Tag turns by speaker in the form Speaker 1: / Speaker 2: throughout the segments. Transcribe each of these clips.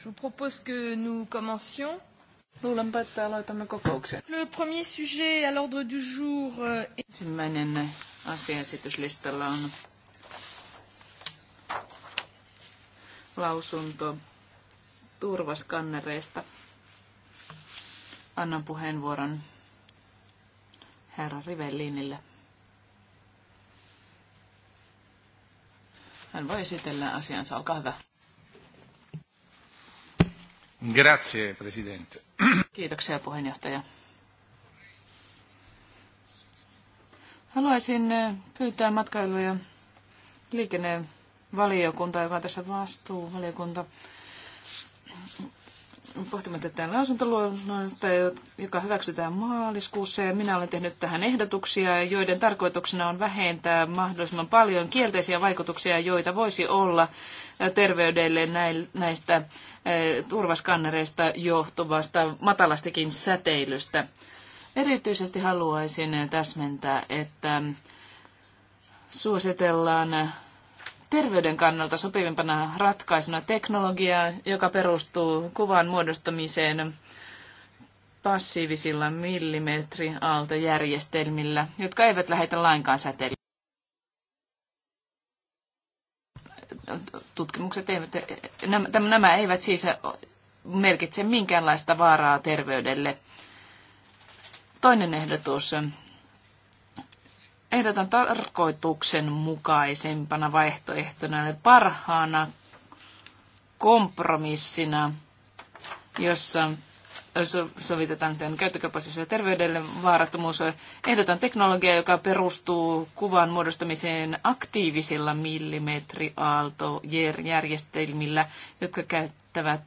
Speaker 1: Je vous propose que nous commencions. Luulenpa, että aloitamme kokouksen. Le premier sujet à l'ordre du jour. Euh, Ensimmäinen asiaesityslistalla on lausunto turvaskannereista. Annan puheenvuoron herra Rivellinille. Hän voi esitellä asiansa. Olkaa hyvä.
Speaker 2: Grazie, presidente.
Speaker 1: Kiitoksia, puheenjohtaja. Haluaisin eh, pyytää matkailu- ja liikennevaliokunta, joka tässä vastuuvaliokunta, valiokunta pohtimme tätä lausuntoluonnosta, joka hyväksytään maaliskuussa. Ja minä olen tehnyt tähän ehdotuksia, joiden tarkoituksena on vähentää mahdollisimman paljon kielteisiä vaikutuksia, joita voisi olla terveydelle näistä eh, turvaskannereista johtuvasta matalastikin säteilystä. Erityisesti haluaisin täsmentää, että suositellaan terveyden kannalta sopivimpana ratkaisuna teknologiaa, joka perustuu kuvan muodostamiseen passiivisilla millimetriaaltojärjestelmillä, jotka eivät lähetä lainkaan säteilyä. Tutkimukset eivät, nämä eivät siis merkitse minkäänlaista vaaraa terveydelle. Toinen ehdotus ehdotan tarkoituksenmukaisempana vaihtoehtona eli parhaana kompromissina, jossa sovitetaan tämän käyttökelpoisuus ja terveydelle vaarattomuus. Ehdotan teknologiaa, joka perustuu kuvan muodostamiseen aktiivisilla millimetriaaltojärjestelmillä, jotka käyttävät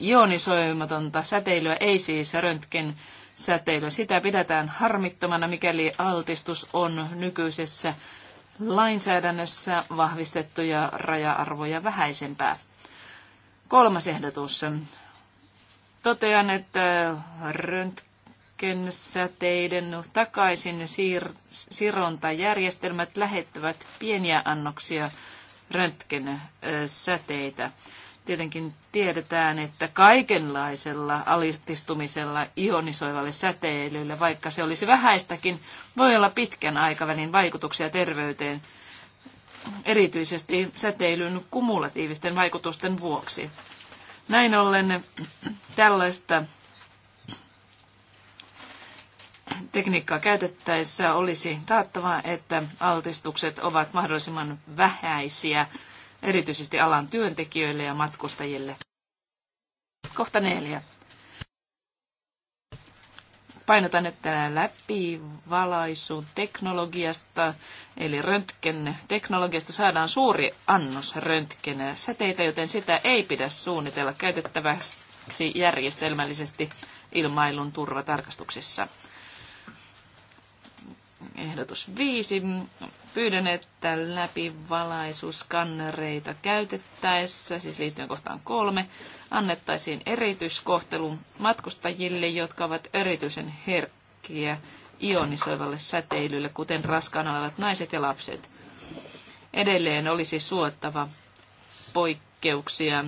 Speaker 1: ionisoimatonta säteilyä, ei siis röntgen säteilyä. Sitä pidetään harmittomana, mikäli altistus on nykyisessä lainsäädännössä vahvistettuja raja-arvoja vähäisempää. Kolmas ehdotus. Totean, että röntgensäteiden takaisin siir- sirontajärjestelmät lähettävät pieniä annoksia röntgensäteitä. Tietenkin tiedetään, että kaikenlaisella alistumisella ionisoivalle säteilylle, vaikka se olisi vähäistäkin, voi olla pitkän aikavälin vaikutuksia terveyteen, erityisesti säteilyn kumulatiivisten vaikutusten vuoksi. Näin ollen tällaista tekniikkaa käytettäessä olisi taattavaa, että altistukset ovat mahdollisimman vähäisiä erityisesti alan työntekijöille ja matkustajille. Kohta neljä. Painotan, että läpivalaisu teknologiasta, eli röntgen teknologiasta saadaan suuri annos röntgen säteitä, joten sitä ei pidä suunnitella käytettäväksi järjestelmällisesti ilmailun turvatarkastuksissa ehdotus viisi Pyydän, että läpivalaisuskannereita käytettäessä, siis liittyen kohtaan kolme, annettaisiin erityiskohtelu matkustajille, jotka ovat erityisen herkkiä ionisoivalle säteilylle, kuten raskaana olevat naiset ja lapset. Edelleen olisi suottava poikkeuksia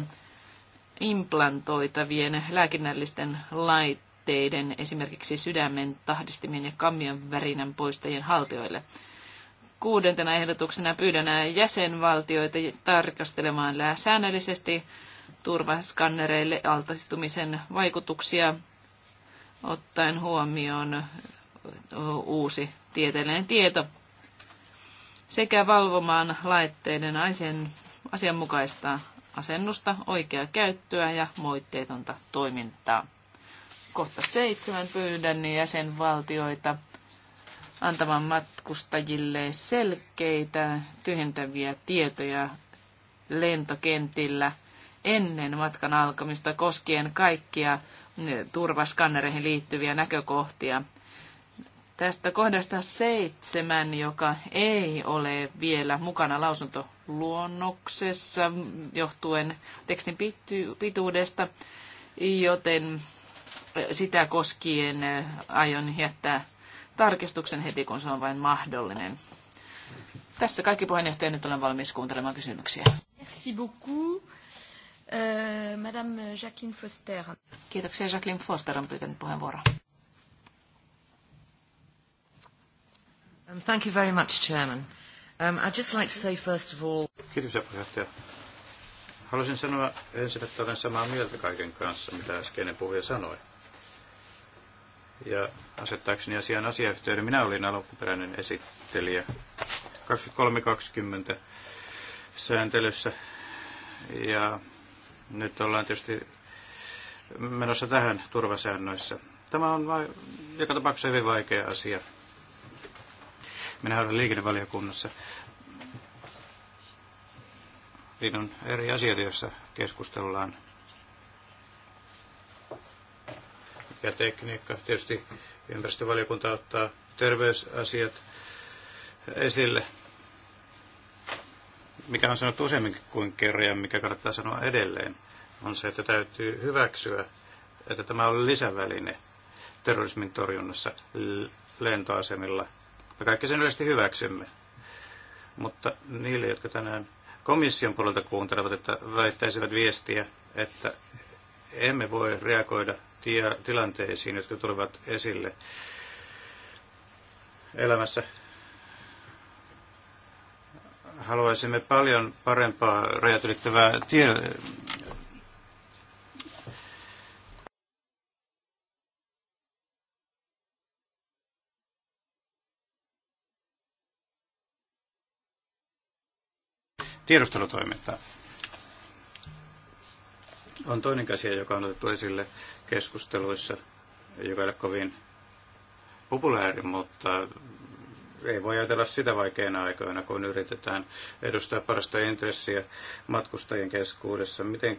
Speaker 1: implantoitavien lääkinnällisten laitteiden jätteiden, esimerkiksi sydämen, tahdistimien ja kammion värinän poistajien haltioille. Kuudentena ehdotuksena pyydän jäsenvaltioita tarkastelemaan säännöllisesti turvaskannereille altistumisen vaikutuksia, ottaen huomioon uusi tieteellinen tieto sekä valvomaan laitteiden asian, asianmukaista asennusta, oikeaa käyttöä ja moitteetonta toimintaa kohta seitsemän pyydän jäsenvaltioita antamaan matkustajille selkeitä, tyhjentäviä tietoja lentokentillä ennen matkan alkamista koskien kaikkia mm, turvaskannereihin liittyviä näkökohtia. Tästä kohdasta seitsemän, joka ei ole vielä mukana lausuntoluonnoksessa johtuen tekstin pituudesta, joten sitä koskien aion jättää tarkistuksen heti, kun se on vain mahdollinen. Tässä kaikki puheenjohtaja, nyt olen valmis kuuntelemaan kysymyksiä.
Speaker 3: Merci beaucoup. Euh, Madame
Speaker 1: Jacqueline Foster. Kiitoksia. Jacqueline Foster on pyytänyt puheenvuoroa.
Speaker 2: Um, thank you very much, Chairman. Um, I'd just like to say
Speaker 3: first of all... Kiitos, puheenjohtaja. Haluaisin sanoa ensin, että olen samaa mieltä kaiken kanssa, mitä äskeinen puhuja sanoi. Ja asettaakseni asian asiayhteyden, minä olin alkuperäinen esittelijä 2320 sääntelyssä. Ja nyt ollaan tietysti menossa tähän turvasäännöissä. Tämä on vai, joka tapauksessa hyvin vaikea asia. Minä olen liikennevaliokunnassa. Siinä on eri asioita, joissa keskustellaan ja tekniikka. Tietysti ympäristövaliokunta ottaa terveysasiat esille, mikä on sanottu useamminkin kuin kerran ja mikä kannattaa sanoa edelleen, on se, että täytyy hyväksyä, että tämä on lisäväline terrorismin torjunnassa lentoasemilla. Me kaikki sen yleisesti hyväksymme. Mutta niille, jotka tänään komission puolelta kuuntelevat, että väittäisivät viestiä, että emme voi reagoida tia tilanteisiin, jotka tulevat esille elämässä. Haluaisimme paljon parempaa rajat ylittävää tie- tiedustelutoimintaa. On toinen käsiä, joka on otettu esille keskusteluissa, joka ei ole kovin populaari, mutta ei voi ajatella sitä vaikeina aikoina, kun yritetään edustaa parasta intressiä matkustajien keskuudessa. Miten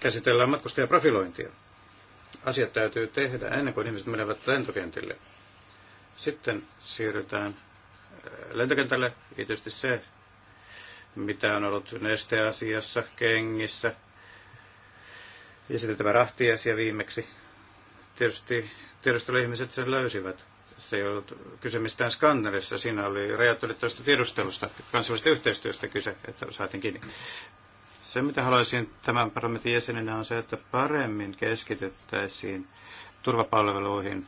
Speaker 3: käsitellään matkustajaprofilointia? Asiat täytyy tehdä ennen kuin ihmiset menevät lentokentille. Sitten siirrytään lentokentälle. Ja tietysti se mitä on ollut nesteasiassa, kengissä ja sitten tämä rahtiasia viimeksi. Tietysti tiedusteluihmiset sen löysivät. Se ei ollut kyse mistään skandalissa. Siinä oli rajoittelettavasta tiedustelusta, kansainvälisestä yhteistyöstä kyse, että saatiin kiinni. Se, mitä haluaisin tämän parlamentin jäsenenä, on se, että paremmin keskityttäisiin turvapalveluihin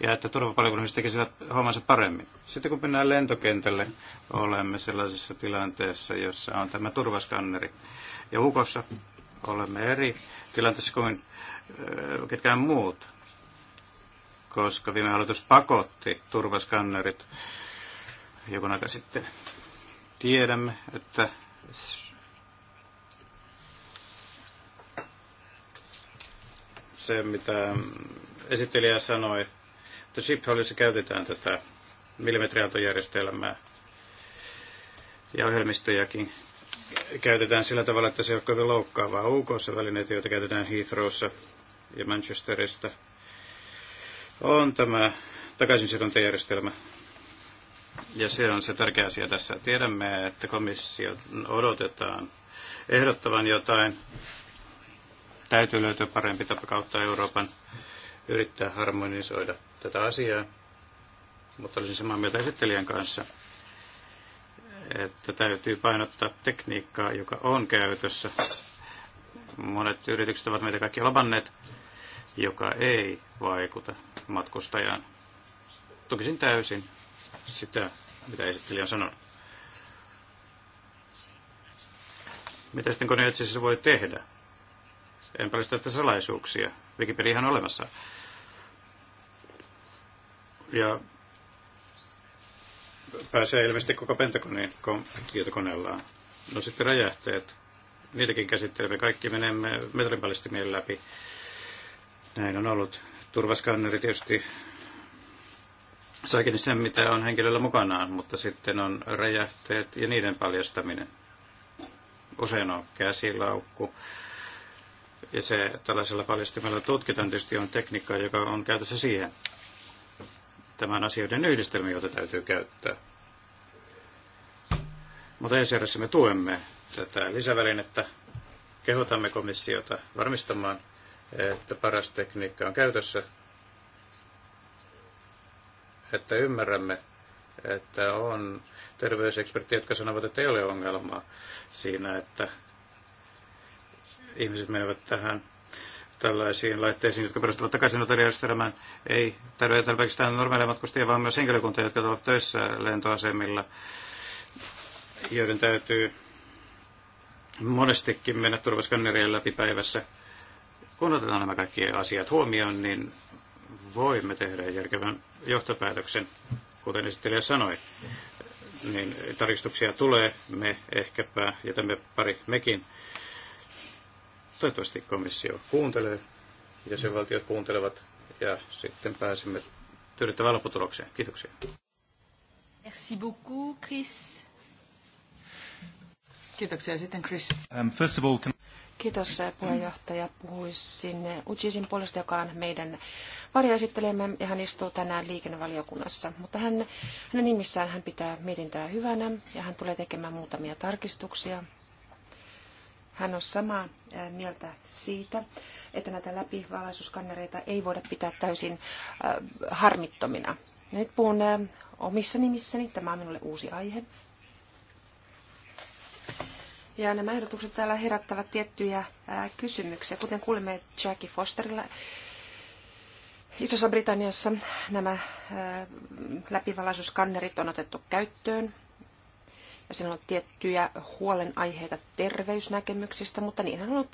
Speaker 3: ja että turvapalvelut tekisivät hommansa paremmin. Sitten kun mennään lentokentälle, olemme sellaisessa tilanteessa, jossa on tämä turvaskanneri. Ja UKossa olemme eri tilanteessa kuin äh, ketkään muut, koska viime hallitus pakotti turvaskannerit joku aika sitten. Tiedämme, että se, mitä esittelijä sanoi Shiphallissa käytetään tätä millimetriaaltojärjestelmää ja ohjelmistojakin käytetään sillä tavalla, että se ei ole kovin loukkaavaa. UKssa välineitä, joita käytetään Heathrowssa ja Manchesterista, on tämä takaisinsitontajärjestelmä. Ja se on se tärkeä asia tässä. Tiedämme, että komissio odotetaan ehdottavan jotain. Täytyy löytyä parempi tapa kautta Euroopan yrittää harmonisoida tätä asiaa, mutta olisin samaa mieltä esittelijän kanssa, että täytyy painottaa tekniikkaa, joka on käytössä. Monet yritykset ovat meitä kaikki labanneet, joka ei vaikuta matkustajaan. Tukisin täysin sitä, mitä esittelijä on sanonut. Mitä sitten kone voi tehdä? En paljasta salaisuuksia. Wikipedia on olemassa. Ja pääsee ilmeisesti koko Pentagonin tietokoneellaan. No sitten räjähteet. Niitäkin käsittelemme. Kaikki menemme metrinpallistimien läpi. Näin on ollut. Turvaskanneri tietysti saakin sen, mitä on henkilöllä mukanaan, mutta sitten on räjähteet ja niiden paljastaminen. Usein on käsilaukku. Ja se tällaisella paljastimella tutkitaan tietysti on tekniikka, joka on käytössä siihen tämän asioiden yhdistelmä, jota täytyy käyttää. Mutta ECRssä me tuemme tätä lisävälinettä. Kehotamme komissiota varmistamaan, että paras tekniikka on käytössä, että ymmärrämme, että on terveyseksperttejä, jotka sanovat, että ei ole ongelmaa siinä, että ihmiset menevät tähän tällaisiin laitteisiin, jotka perustuvat takaisinotelijärjestelmään. Ei tarvita pelkästään normaaleja matkustajia, vaan myös henkilökuntia, jotka ovat töissä lentoasemilla, joiden täytyy monestikin mennä turvaskannereen läpi päivässä. Kun otetaan nämä kaikki asiat huomioon, niin voimme tehdä järkevän johtopäätöksen, kuten esittelijä sanoi. Niin tarkistuksia tulee, me ehkäpä jätämme pari mekin Toivottavasti komissio kuuntelee, valtiot kuuntelevat ja sitten pääsemme tyydyttävään lopputulokseen. Kiitoksia.
Speaker 1: Merci beaucoup, Chris. Kiitoksia. Sitten Chris.
Speaker 3: Um, first of all, can...
Speaker 1: Kiitos
Speaker 4: eh, puheenjohtaja. Puhuisin eh, Uchisin puolesta, joka on meidän varjoesittelijämme ja hän istuu tänään liikennevaliokunnassa. Mutta hän, hänen nimissään hän pitää mietintää hyvänä ja hän tulee tekemään muutamia tarkistuksia hän on samaa mieltä siitä, että näitä läpivalaisuuskannereita ei voida pitää täysin harmittomina. Nyt puhun omissa nimissäni. Tämä on minulle uusi aihe. Ja nämä ehdotukset täällä herättävät tiettyjä kysymyksiä. Kuten kuulemme Jackie Fosterilla, Isossa Britanniassa nämä läpivalaisusskannerit on otettu käyttöön ja siinä on tiettyjä huolenaiheita terveysnäkemyksistä, mutta niin on ollut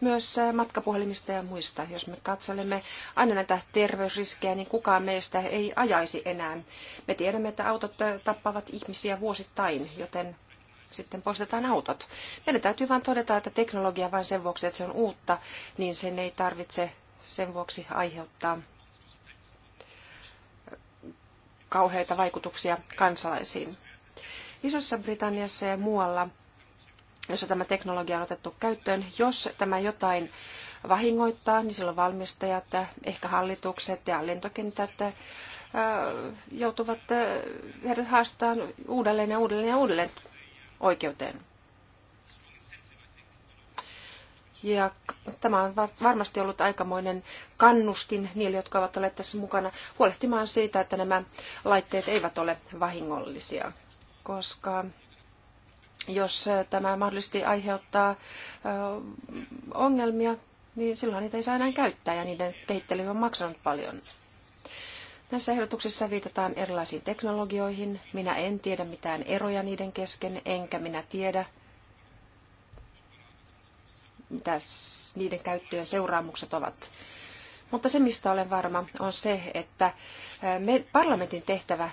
Speaker 4: myös äh, matkapuhelimista ja muista. Jos me katselemme aina näitä terveysriskejä, niin kukaan meistä ei ajaisi enää. Me tiedämme, että autot äh, tappavat ihmisiä vuosittain, joten sitten poistetaan autot. Meidän täytyy vain todeta, että teknologia vain sen vuoksi, että se on uutta, niin sen ei tarvitse sen vuoksi aiheuttaa kauheita vaikutuksia kansalaisiin. Isossa Britanniassa ja muualla, jossa tämä teknologia on otettu käyttöön, jos tämä jotain vahingoittaa, niin silloin valmistajat, ehkä hallitukset ja lentokentät äh, joutuvat äh, heidät haastamaan uudelleen ja uudelleen ja uudelleen oikeuteen. Ja tämä on varmasti ollut aikamoinen kannustin niille, jotka ovat olleet tässä mukana, huolehtimaan siitä, että nämä laitteet eivät ole vahingollisia koska jos tämä mahdollisesti aiheuttaa ongelmia, niin silloin niitä ei saa enää käyttää ja niiden kehittely on maksanut paljon. Näissä ehdotuksissa viitataan erilaisiin teknologioihin. Minä en tiedä mitään eroja niiden kesken, enkä minä tiedä, mitä niiden käyttöjen seuraamukset ovat. Mutta se, mistä olen varma, on se, että me, parlamentin tehtävä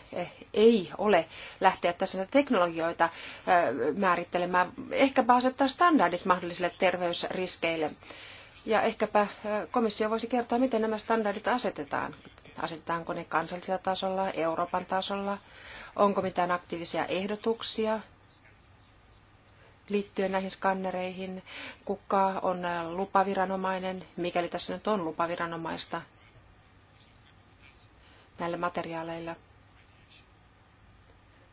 Speaker 4: ei ole lähteä tässä näitä teknologioita määrittelemään, ehkäpä asettaa standardit mahdollisille terveysriskeille. Ja ehkäpä komissio voisi kertoa, miten nämä standardit asetetaan. Asetetaanko ne kansallisella tasolla, Euroopan tasolla? Onko mitään aktiivisia ehdotuksia liittyen näihin skannereihin, kuka on lupaviranomainen, mikäli tässä nyt on lupaviranomaista näillä materiaaleilla,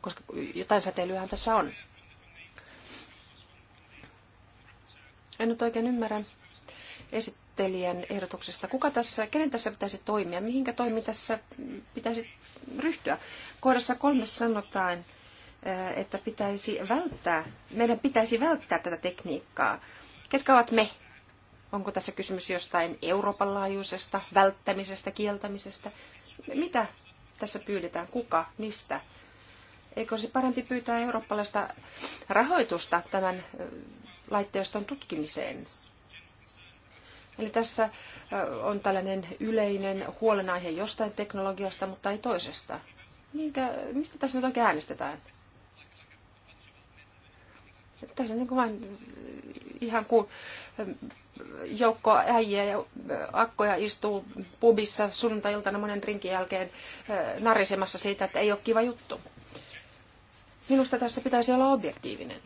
Speaker 4: koska jotain säteilyähän tässä on. En nyt oikein ymmärrä esittelijän ehdotuksesta, kuka tässä, kenen tässä pitäisi toimia, mihinkä toimi tässä pitäisi ryhtyä. Kohdassa kolme sanotaan, että pitäisi välttää, meidän pitäisi välttää tätä tekniikkaa. Ketkä ovat me? Onko tässä kysymys jostain Euroopan laajuisesta välttämisestä, kieltämisestä? Mitä tässä pyydetään? Kuka? Mistä? Eikö olisi parempi pyytää eurooppalaista rahoitusta tämän laitteiston tutkimiseen? Eli tässä on tällainen yleinen huolenaihe jostain teknologiasta, mutta ei toisesta. Niinkä, mistä tässä nyt oikein äänestetään? on niin kuin vain ihan kuin ähm, joukko äijä ja äh, akkoja istuu pubissa sunnuntai-iltana monen rinkin jälkeen äh, narisemassa siitä, että ei ole kiva juttu. Minusta tässä pitäisi olla objektiivinen.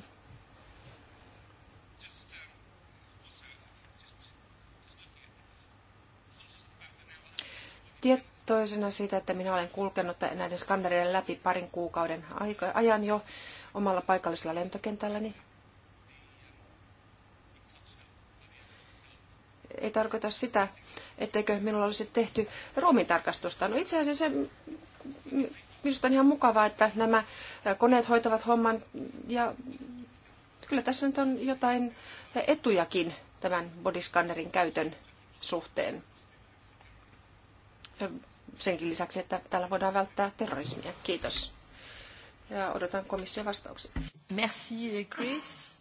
Speaker 4: Tietoisena siitä, että minä olen kulkenut näiden skandaleiden läpi parin kuukauden ajan jo, omalla paikallisella lentokentälläni. Ei tarkoita sitä, etteikö minulla olisi tehty ruumintarkastusta. No itse asiassa se, minusta on ihan mukavaa, että nämä koneet hoitavat homman ja kyllä tässä nyt on jotain etujakin tämän bodyscannerin käytön suhteen. Senkin lisäksi, että tällä voidaan välttää terrorismia. Kiitos ja odotan komission vastauksia.
Speaker 1: Merci Chris.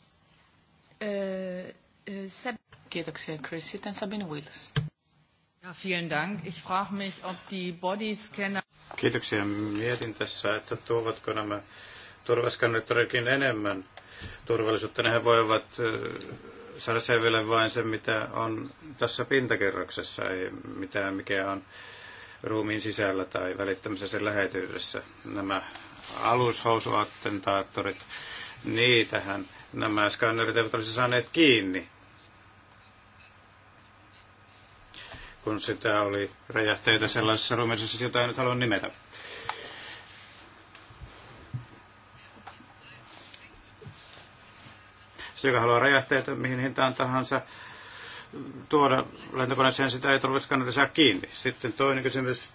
Speaker 1: Kiitoksia Chris. Sitten Sabine Wills. Ja, vielen Dank. Ich frage mich, ob die Bodyscanner...
Speaker 3: Kiitoksia. Mietin tässä, että tuovatko nämä turvaskannerit enemmän turvallisuutta. Nehän voivat saada selville vain se, mitä on tässä pintakerroksessa, ei mitään mikä on ruumiin sisällä tai välittämisessä sen läheisyydessä. Nämä alushousuattentaattorit, niitähän nämä skannerit eivät olisi saaneet kiinni, kun sitä oli räjähteitä sellaisessa ruumiisessa, jota en nyt halua nimetä. Se, joka haluaa räjähteitä mihin hintaan tahansa, tuoda lentokoneeseen, sitä ei turvallisuuskannalta saa kiinni. Sitten toinen kysymys,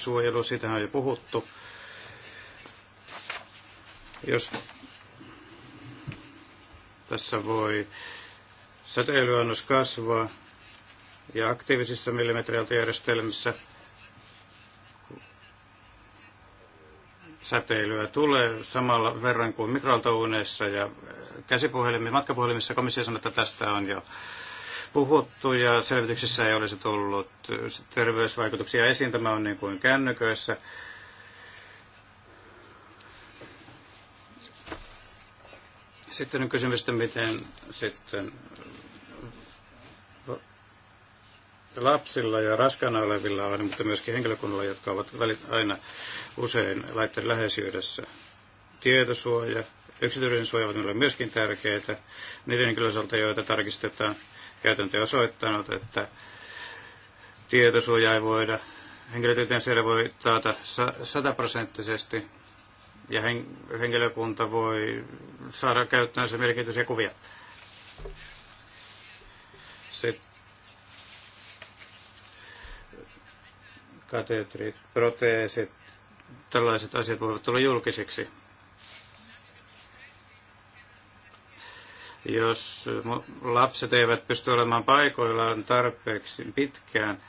Speaker 3: suojelu, siitä on jo puhuttu. Jos tässä voi säteilyannos kasvaa ja aktiivisissa millimetrialtojärjestelmissä säteilyä tulee samalla verran kuin mikroaltouuneissa ja käsipuhelimissa, matkapuhelimissa komissio sanoo, että tästä on jo puhuttu ja selvityksissä ei olisi tullut terveysvaikutuksia esiin. Tämä on niin kuin kännyköissä Sitten on että miten sitten lapsilla ja raskaana olevilla on, mutta myöskin henkilökunnalla, jotka ovat aina usein laitteiden läheisyydessä. Tietosuoja, yksityisen suoja ovat myöskin tärkeitä. Niiden henkilöosalta, joita tarkistetaan, käytäntö osoittanut, että tietosuoja ei voida henkilötietojen siellä voi taata sataprosenttisesti ja henkilökunta voi saada käyttöönsä merkityisiä kuvia. Sitten katetrit proteesit, tällaiset asiat voivat tulla julkisiksi. Jos lapset eivät pysty olemaan paikoillaan tarpeeksi pitkään,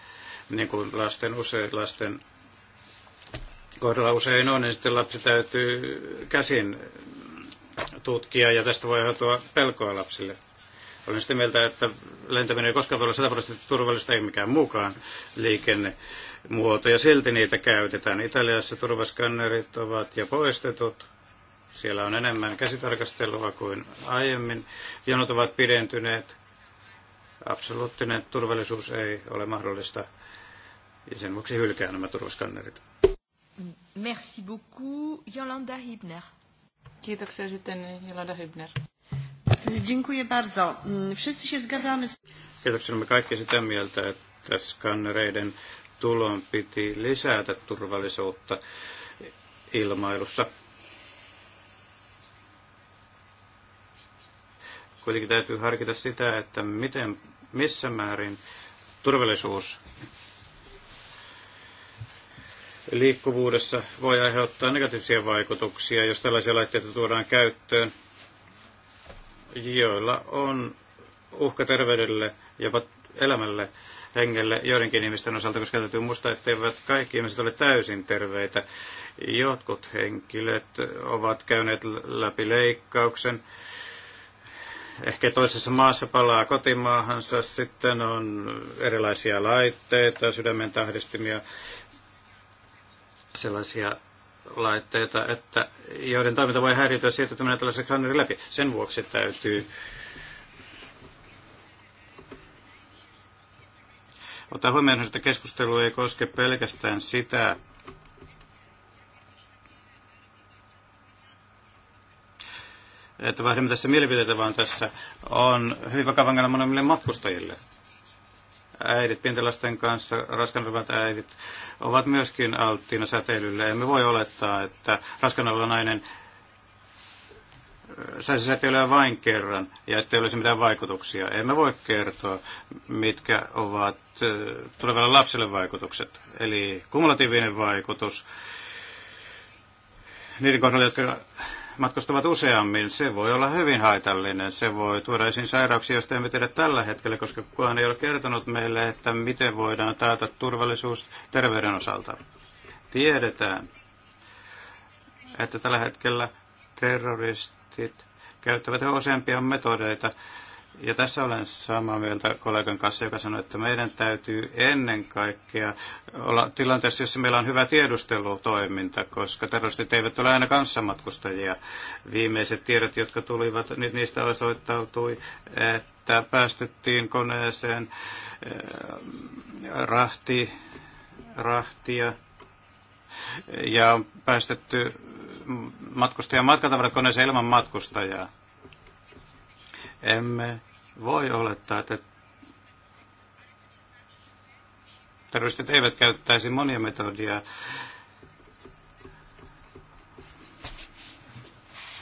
Speaker 3: niin kuin lasten, usein lasten kohdalla usein on, niin sitten lapsi täytyy käsin tutkia ja tästä voi aiheutua pelkoa lapsille. Olen sitä mieltä, että lentäminen ei koskaan voi olla sataprosenttisesti turvallista, ei mikään muukaan liikennemuoto, ja silti niitä käytetään. Italiassa turvaskannerit ovat jo poistetut, siellä on enemmän käsitarkastelua kuin aiemmin, jonot ovat pidentyneet, absoluuttinen turvallisuus ei ole mahdollista, ja sen vuoksi hylkää nämä turvaskannerit.
Speaker 1: Merci beaucoup, Jolanda Hibner. Kiitoksia sitten Jolanda Hibner. Dziękuję bardzo. Mm, wszyscy się zgadzamy.
Speaker 3: Kiitoksia. Me kaikki sitä mieltä, että skannereiden tulon piti lisätä turvallisuutta ilmailussa. Kuitenkin täytyy harkita sitä, että miten, missä määrin turvallisuus liikkuvuudessa voi aiheuttaa negatiivisia vaikutuksia, jos tällaisia laitteita tuodaan käyttöön, joilla on uhka terveydelle, jopa elämälle, hengelle joidenkin ihmisten osalta, koska täytyy muistaa, etteivät kaikki ihmiset ole täysin terveitä. Jotkut henkilöt ovat käyneet läpi leikkauksen, ehkä toisessa maassa palaa kotimaahansa, sitten on erilaisia laitteita, sydämen tahdistimia, sellaisia laitteita, että, joiden toiminta voi häiriötyä siitä, että menee tällaisen skannerin läpi. Sen vuoksi täytyy ottaa huomioon, että keskustelu ei koske pelkästään sitä, että vaihdamme tässä mielipiteitä, vaan tässä on hyvin vakava ongelma monille matkustajille äidit, pienten lasten kanssa, raskan äidit, ovat myöskin alttiina säteilylle. Emme voi olettaa, että raskan nainen saisi säteilyä vain kerran ja ettei olisi mitään vaikutuksia. Emme voi kertoa, mitkä ovat tulevalle lapselle vaikutukset. Eli kumulatiivinen vaikutus niiden kohdalla, jotka matkustavat useammin. Se voi olla hyvin haitallinen. Se voi tuoda esiin sairauksia, joista emme tiedä tällä hetkellä, koska kukaan ei ole kertonut meille, että miten voidaan taata turvallisuus terveyden osalta. Tiedetään, että tällä hetkellä terroristit käyttävät useampia metodeita ja tässä olen samaa mieltä kollegan kanssa, joka sanoi, että meidän täytyy ennen kaikkea olla tilanteessa, jossa meillä on hyvä tiedustelutoiminta, koska terroristit eivät ole aina kanssamatkustajia. Viimeiset tiedot, jotka tulivat, niin niistä osoittautui, että päästettiin koneeseen eh, rahti, rahtia ja on päästetty matkustajan matkatavarakoneeseen ilman matkustajaa emme voi olettaa, että terroristit eivät käyttäisi monia metodia,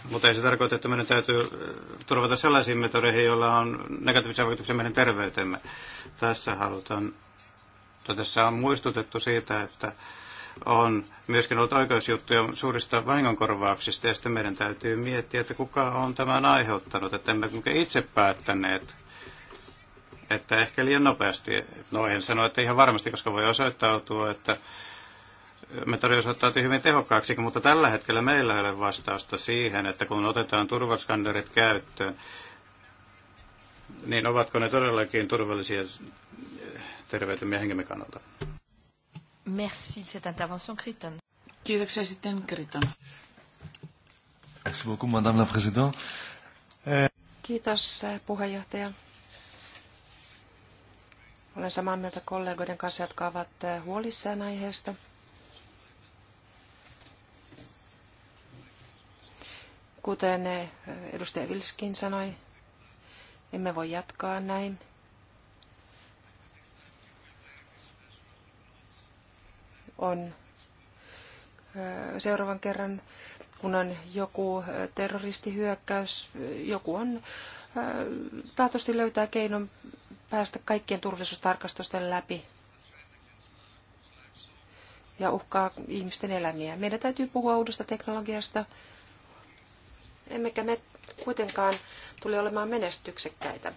Speaker 3: mutta ei se tarkoita, että meidän täytyy äh, turvata sellaisiin metodeihin, joilla on negatiivisia vaikutuksia meidän terveytemme. Tässä halutaan, tässä on muistutettu siitä, että on myöskin ollut oikeusjuttuja suurista vahingonkorvauksista, ja sitten meidän täytyy miettiä, että kuka on tämän aiheuttanut, että emme itse päättäneet, että ehkä liian nopeasti, no en sano, että ihan varmasti, koska voi osoittautua, että me osoittautui hyvin tehokkaaksi, mutta tällä hetkellä meillä ei ole vastausta siihen, että kun otetaan turvaskannerit käyttöön, niin ovatko ne todellakin turvallisia terveytemme ja hengemme kannalta?
Speaker 2: Merci de cette
Speaker 1: intervention, Kiitoksia sitten, eh, Kiitos, eh, puheenjohtaja.
Speaker 4: Olen samaa mieltä kollegoiden kanssa, jotka ovat eh, huolissaan aiheesta. Kuten edustaja Vilskin sanoi, emme voi jatkaa näin. on seuraavan kerran, kun on joku terroristihyökkäys, joku on tahtosti löytää keinon päästä kaikkien turvallisuustarkastusten läpi ja uhkaa ihmisten elämiä. Meidän täytyy puhua uudesta teknologiasta, emmekä me kuitenkaan tule olemaan menestyksekkäitä.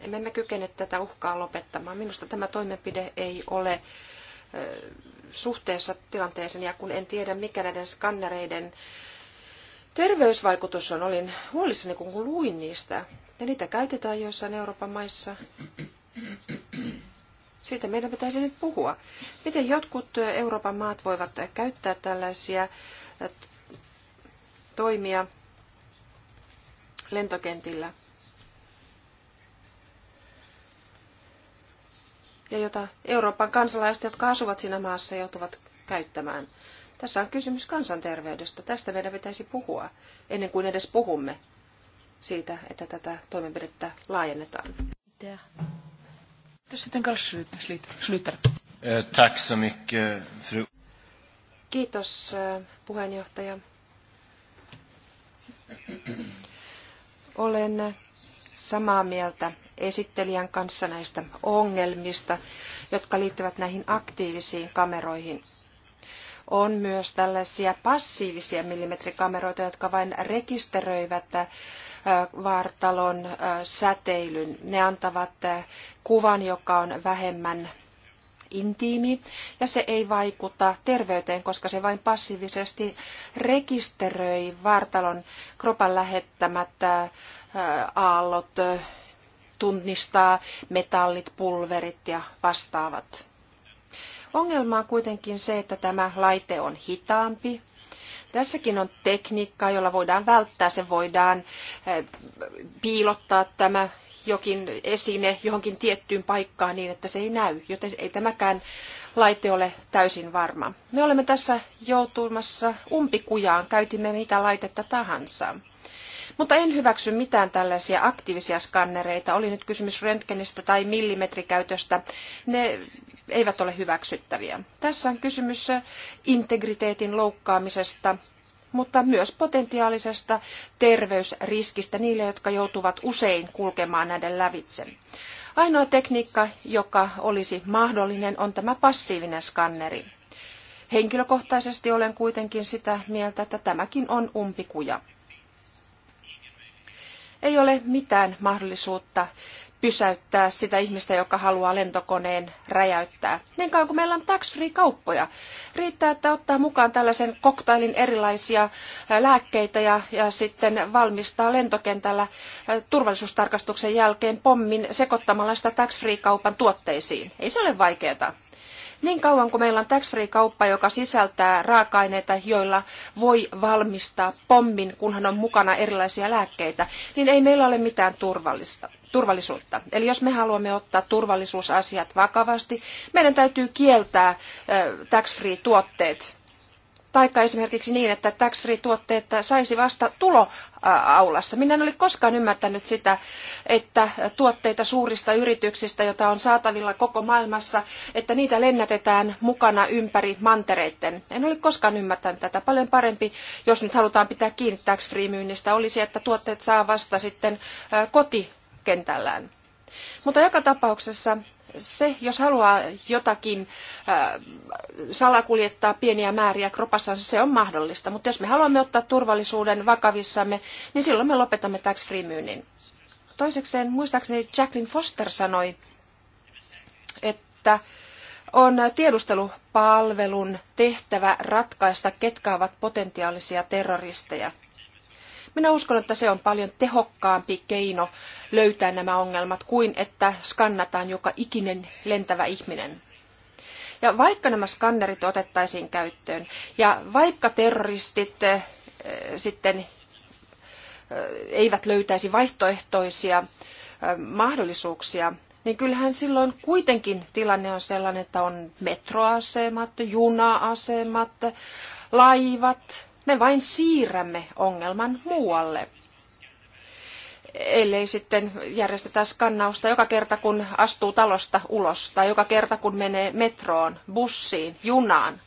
Speaker 4: Emme me kykene tätä uhkaa lopettamaan. Minusta tämä toimenpide ei ole suhteessa tilanteeseen ja kun en tiedä mikä näiden skannereiden terveysvaikutus on, olin huolissani kun luin niistä. Ja niitä käytetään joissain Euroopan maissa. Siitä meidän pitäisi nyt puhua. Miten jotkut Euroopan maat voivat käyttää tällaisia toimia lentokentillä? ja jota Euroopan kansalaiset, jotka asuvat siinä maassa, joutuvat käyttämään. Tässä on kysymys kansanterveydestä. Tästä meidän pitäisi puhua ennen kuin edes puhumme siitä, että tätä toimenpidettä laajennetaan.
Speaker 2: Eh, fru.
Speaker 4: Kiitos, eh, puheenjohtaja. Olen samaa mieltä esittelijän kanssa näistä ongelmista, jotka liittyvät näihin aktiivisiin kameroihin. On myös tällaisia passiivisia millimetrikameroita, jotka vain rekisteröivät äh, vartalon äh, säteilyn. Ne antavat äh, kuvan, joka on vähemmän intiimi ja se ei vaikuta terveyteen, koska se vain passiivisesti rekisteröi vartalon kropan lähettämät aallot tunnistaa metallit, pulverit ja vastaavat. Ongelma on kuitenkin se, että tämä laite on hitaampi. Tässäkin on tekniikkaa, jolla voidaan välttää se, voidaan eh, piilottaa tämä jokin esine johonkin tiettyyn paikkaan niin, että se ei näy, joten ei tämäkään laite ole täysin varma. Me olemme tässä joutumassa umpikujaan, käytimme mitä laitetta tahansa. Mutta en hyväksy mitään tällaisia aktiivisia skannereita, oli nyt kysymys röntgenistä tai millimetrikäytöstä. Ne eivät ole hyväksyttäviä. Tässä on kysymys integriteetin loukkaamisesta, mutta myös potentiaalisesta terveysriskistä niille, jotka joutuvat usein kulkemaan näiden lävitse. Ainoa tekniikka, joka olisi mahdollinen, on tämä passiivinen skanneri. Henkilökohtaisesti olen kuitenkin sitä mieltä, että tämäkin on umpikuja ei ole mitään mahdollisuutta pysäyttää sitä ihmistä, joka haluaa lentokoneen räjäyttää. Niin kauan kuin meillä on tax-free-kauppoja, riittää, että ottaa mukaan tällaisen koktailin erilaisia lääkkeitä ja, ja sitten valmistaa lentokentällä turvallisuustarkastuksen jälkeen pommin sekoittamalla sitä tax-free-kaupan tuotteisiin. Ei se ole vaikeaa. Niin kauan kuin meillä on tax-free-kauppa, joka sisältää raaka-aineita, joilla voi valmistaa pommin, kunhan on mukana erilaisia lääkkeitä, niin ei meillä ole mitään turvallista turvallisuutta. Eli jos me haluamme ottaa turvallisuusasiat vakavasti, meidän täytyy kieltää tax-free-tuotteet Taikka esimerkiksi niin, että tax-free-tuotteet saisi vasta tuloaulassa. Minä en ole koskaan ymmärtänyt sitä, että tuotteita suurista yrityksistä, joita on saatavilla koko maailmassa, että niitä lennätetään mukana ympäri mantereitten. En ole koskaan ymmärtänyt tätä. Paljon parempi, jos nyt halutaan pitää kiinni tax-free-myynnistä, olisi, että tuotteet saa vasta sitten kotikentällään. Mutta joka tapauksessa se, jos haluaa jotakin salakuljettaa pieniä määriä kropassansa, se on mahdollista. Mutta jos me haluamme ottaa turvallisuuden vakavissamme, niin silloin me lopetamme tax-free-myynnin. Toisekseen, muistaakseni Jacqueline Foster sanoi, että on tiedustelupalvelun tehtävä ratkaista, ketkä ovat potentiaalisia terroristeja – minä uskon, että se on paljon tehokkaampi keino löytää nämä ongelmat kuin että skannataan joka ikinen lentävä ihminen. Ja vaikka nämä skannerit otettaisiin käyttöön ja vaikka terroristit eh, sitten eh, eivät löytäisi vaihtoehtoisia eh, mahdollisuuksia, niin kyllähän silloin kuitenkin tilanne on sellainen, että on metroasemat, juna-asemat, laivat, me vain siirrämme ongelman muualle ellei sitten järjestetä skannausta joka kerta, kun astuu talosta ulos tai joka kerta, kun menee metroon, bussiin, junaan.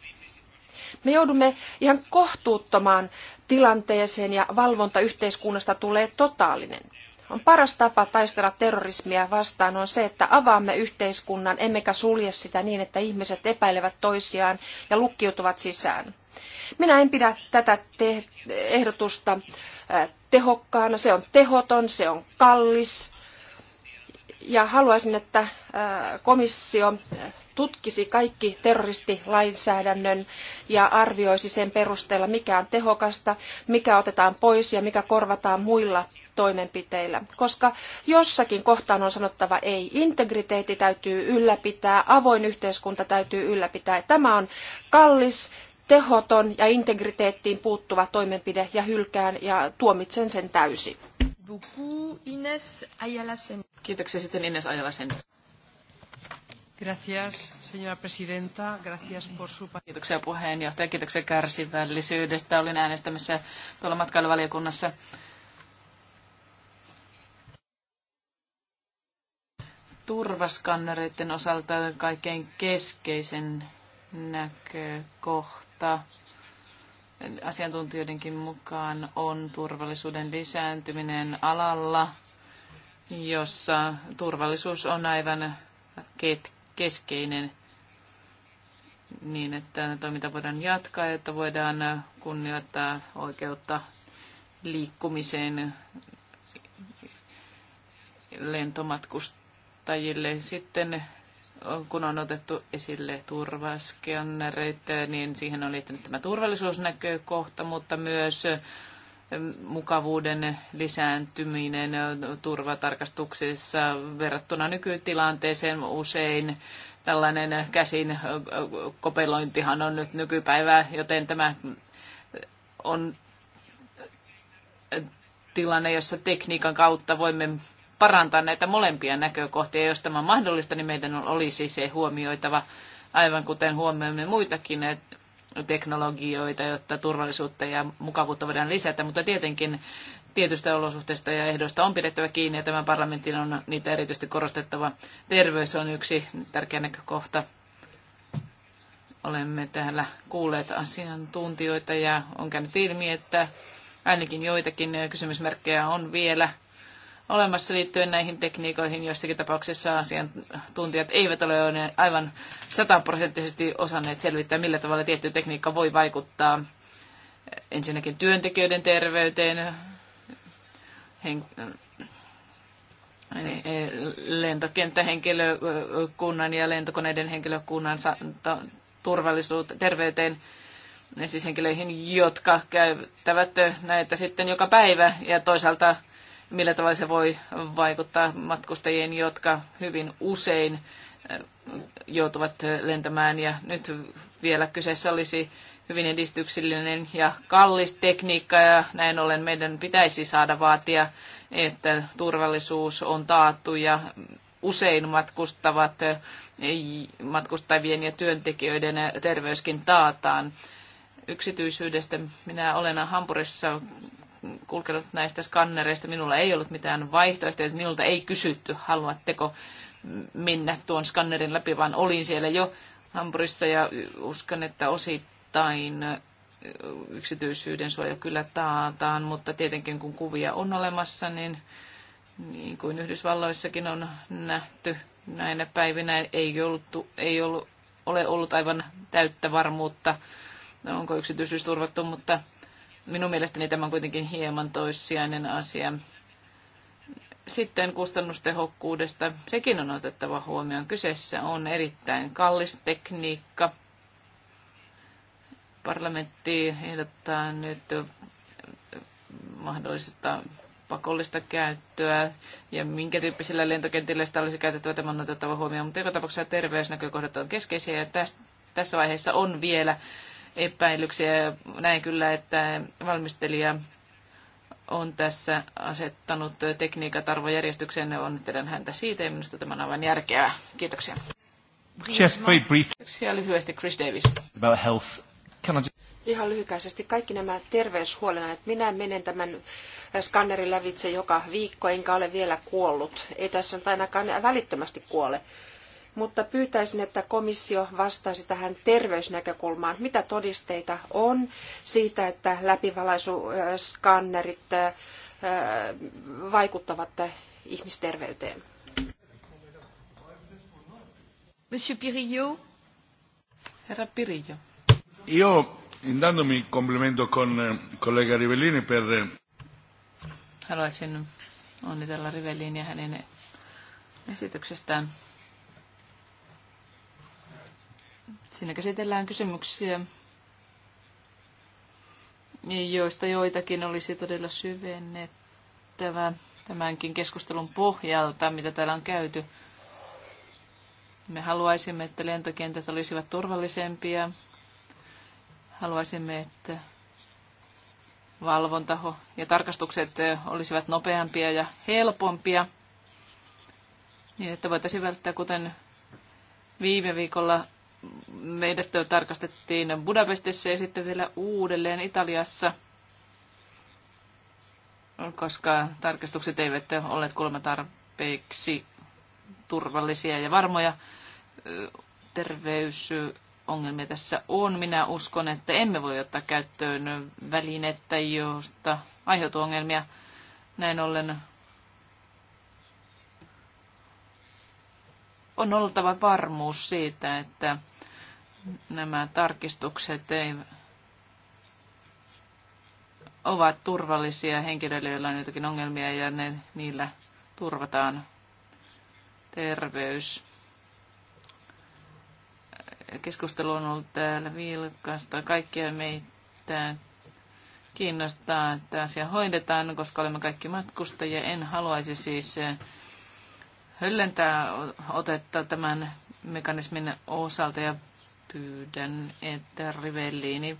Speaker 4: Me joudumme ihan kohtuuttomaan tilanteeseen ja valvonta yhteiskunnasta tulee totaalinen. On paras tapa taistella terrorismia vastaan on se, että avaamme yhteiskunnan, emmekä sulje sitä niin, että ihmiset epäilevät toisiaan ja lukkiutuvat sisään. Minä en pidä tätä te- ehdotusta äh, tehokkaana. Se on tehoton, se on kallis. Ja haluaisin, että äh, komissio äh, tutkisi kaikki terroristilainsäädännön ja arvioisi sen perusteella, mikä on tehokasta, mikä otetaan pois ja mikä korvataan muilla toimenpiteillä, koska jossakin kohtaan on sanottava ei. Integriteetti täytyy ylläpitää, avoin yhteiskunta täytyy ylläpitää. Tämä on kallis, tehoton ja integriteettiin puuttuva toimenpide ja hylkään ja tuomitsen sen
Speaker 1: täysin.
Speaker 2: Ines Ayalasen.
Speaker 1: Kiitoksia sitten Ines Ayalasen. Gracias,
Speaker 4: señora presidenta.
Speaker 1: Gracias por su... Kiitoksia puheenjohtaja. Kiitoksia kärsivällisyydestä. Olin äänestämässä tuolla matkailuvaliokunnassa. Turvaskannereiden osalta kaikkein keskeisen näkökohta asiantuntijoidenkin mukaan on turvallisuuden lisääntyminen alalla, jossa turvallisuus on aivan keskeinen niin, että toiminta voidaan jatkaa, että voidaan kunnioittaa oikeutta liikkumiseen lentomatkustajille. Sitten kun on otettu esille turvaskennereitä, niin siihen on liittynyt tämä turvallisuusnäkökohta, mutta myös mukavuuden lisääntyminen turvatarkastuksissa verrattuna nykytilanteeseen usein. Tällainen käsin kopelointihan on nyt nykypäivää, joten tämä on tilanne, jossa tekniikan kautta voimme parantaa näitä molempia näkökohtia. Jos tämä on mahdollista, niin meidän olisi se huomioitava, aivan kuten huomioimme muitakin eh, teknologioita, jotta turvallisuutta ja mukavuutta voidaan lisätä, mutta tietenkin tietystä olosuhteista ja ehdoista on pidettävä kiinni ja tämän parlamentin on niitä erityisesti korostettava. Terveys on yksi tärkeä näkökohta. Olemme täällä kuulleet asiantuntijoita ja on käynyt ilmi, että ainakin joitakin kysymysmerkkejä on vielä – olemassa liittyen näihin tekniikoihin. Joissakin tapauksissa asiantuntijat eivät ole aivan sataprosenttisesti osanneet selvittää, millä tavalla tietty tekniikka voi vaikuttaa ensinnäkin työntekijöiden terveyteen, hen- eh, lentokenttähenkilökunnan ja lentokoneiden henkilökunnan turvallisuuteen, terveyteen, siis henkilöihin, jotka käyttävät näitä sitten joka päivä ja toisaalta millä tavalla se voi vaikuttaa matkustajien, jotka hyvin usein äh, joutuvat äh, lentämään. Ja nyt vielä kyseessä olisi hyvin edistyksellinen ja kallis tekniikka ja näin ollen meidän pitäisi saada vaatia, että turvallisuus on taattu ja usein matkustavat äh, matkustavien ja työntekijöiden terveyskin taataan. Yksityisyydestä minä olen Hampurissa kulkenut näistä skannereista. Minulla ei ollut mitään vaihtoehtoja, että minulta ei kysytty, haluatteko mennä tuon skannerin läpi, vaan olin siellä jo Hampurissa ja uskon, että osittain yksityisyyden suoja kyllä taataan, mutta tietenkin kun kuvia on olemassa, niin niin kuin Yhdysvalloissakin on nähty näinä päivinä, ei, ollut, ei ollut, ole ollut aivan täyttä varmuutta, onko yksityisyys turvattu, mutta Minun mielestäni tämä on kuitenkin hieman toissijainen asia. Sitten kustannustehokkuudesta. Sekin on otettava huomioon. Kyseessä on erittäin kallis tekniikka. Parlamentti ehdottaa nyt mahdollista pakollista käyttöä ja minkä tyyppisillä lentokentillä sitä olisi käytettävä, tämä on otettava huomioon. Mutta joka tapauksessa terveysnäkökohdat on keskeisiä ja tässä vaiheessa on vielä epäilyksiä. Näin kyllä, että valmistelija on tässä asettanut tekniikat arvojärjestykseen. Onnittelen häntä siitä ja minusta tämä on aivan järkeää. Kiitoksia.
Speaker 2: Just very brief.
Speaker 1: Kiitoksia lyhyesti Chris Davis. About health. Can I just...
Speaker 4: Ihan lyhykäisesti kaikki nämä terveyshuolena, että minä menen tämän skannerin lävitse joka viikko, enkä ole vielä kuollut. Ei tässä ainakaan välittömästi kuole mutta pyytäisin, että komissio vastaisi tähän terveysnäkökulmaan. Mitä todisteita on siitä, että läpivalaisuskanneri ihmiset äh, vaikuttavat ihmisterveyteen.
Speaker 1: Monsieur Pirillo. Herra Pirillo.
Speaker 2: Io intanto mi complimento con eh, collega Rivellini per... Eh,
Speaker 1: Haluaisin onnitella Rivellinia hänen esityksestään. Siinä käsitellään kysymyksiä, joista joitakin olisi todella syvennettävä tämänkin keskustelun pohjalta, mitä täällä on käyty. Me haluaisimme, että lentokentät olisivat turvallisempia. Haluaisimme, että valvontaho ja tarkastukset olisivat nopeampia ja helpompia, niin että voitaisiin välttää, kuten viime viikolla meidät tarkastettiin Budapestissa ja sitten vielä uudelleen Italiassa, koska tarkastukset eivät olleet kuulemma tarpeeksi turvallisia ja varmoja. Terveysongelmia tässä on. Minä uskon, että emme voi ottaa käyttöön välinettä, josta aiheutuu ongelmia. Näin ollen on oltava varmuus siitä, että nämä tarkistukset ei, ovat turvallisia henkilöille, joilla on jotakin ongelmia ja ne, niillä turvataan terveys. Keskustelu on ollut täällä vilkasta. Kaikkia meitä kiinnostaa, että asia hoidetaan, koska olemme kaikki matkustajia. En haluaisi siis eh, höllentää otetta tämän mekanismin osalta ja pyydän, että Rivelliini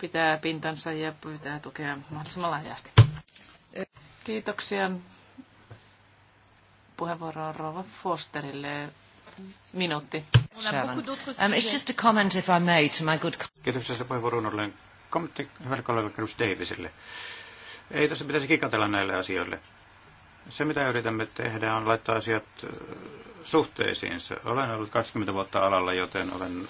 Speaker 1: pitää pintansa ja pyytää tukea mahdollisimman laajasti. Kiitoksia puheenvuoroon Rova Fosterille. Minuutti. Um, it's just a comment if I may to my good...
Speaker 3: Kiitoksia se puheenvuoron ollen. Kommentti hyvälle kollegalle Davisille. Ei tässä pitäisi kikatella näille asioille. Se, mitä yritämme tehdä, on laittaa asiat suhteisiinsa. Olen ollut 20 vuotta alalla, joten olen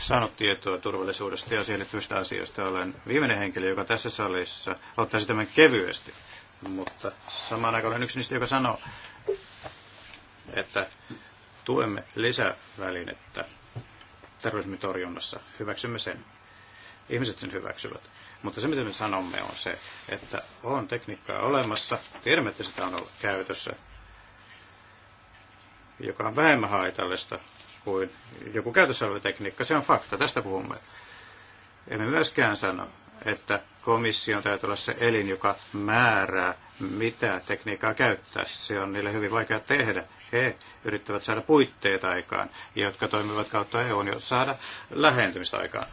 Speaker 3: saanut tietoa turvallisuudesta ja siihen liittyvistä asioista. Olen viimeinen henkilö, joka tässä salissa ottaisi tämän kevyesti, mutta samaan aikaan olen yksi niistä, joka sanoo, että tuemme lisävälinettä terrorismitorjunnassa. Hyväksymme sen. Ihmiset sen hyväksyvät. Mutta se, mitä me sanomme, on se, että on tekniikkaa olemassa. Tiedämme, että sitä on ollut käytössä, joka on vähemmän haitallista kuin joku käytössä oleva tekniikka. Se on fakta, tästä puhumme. Emme myöskään sano, että komission täytyy olla se elin, joka määrää, mitä tekniikkaa käyttää. Se on niille hyvin vaikea tehdä. He yrittävät saada puitteet aikaan, jotka toimivat kautta e jotta saada lähentymistä aikaan.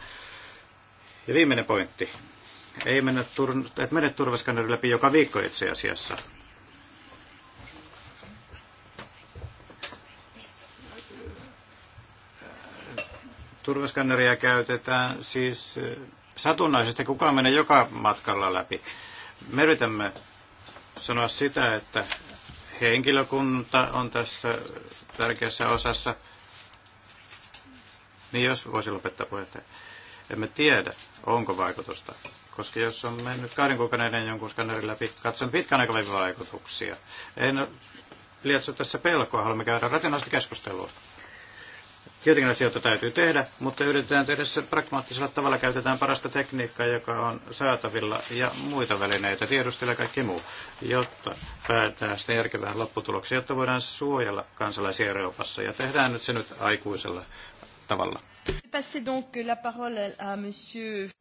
Speaker 3: Ja viimeinen pointti. Ei mennä tur- et mene turvaskannerin läpi joka viikko itse asiassa. Turvaskanneria käytetään siis eh, satunnaisesti, kukaan menee joka matkalla läpi. Me yritämme sanoa sitä, että henkilökunta on tässä tärkeässä osassa. Niin jos voisi lopettaa puheenjohtaja emme tiedä, onko vaikutusta. Koska jos on mennyt kahden kuukauden jonkun skannerin läpi, katson pitkän aikavälin vaikutuksia. En lietso tässä pelkoa, haluamme käydä rationaalista keskustelua. Jotenkin asioita täytyy tehdä, mutta yritetään tehdä se pragmaattisella tavalla. Käytetään parasta tekniikkaa, joka on saatavilla, ja muita välineitä, tiedustella ja kaikki muu, jotta päätään sitä järkevään lopputulokseen, jotta voidaan suojella kansalaisia Euroopassa. Ja tehdään nyt se nyt aikuisella tavalla.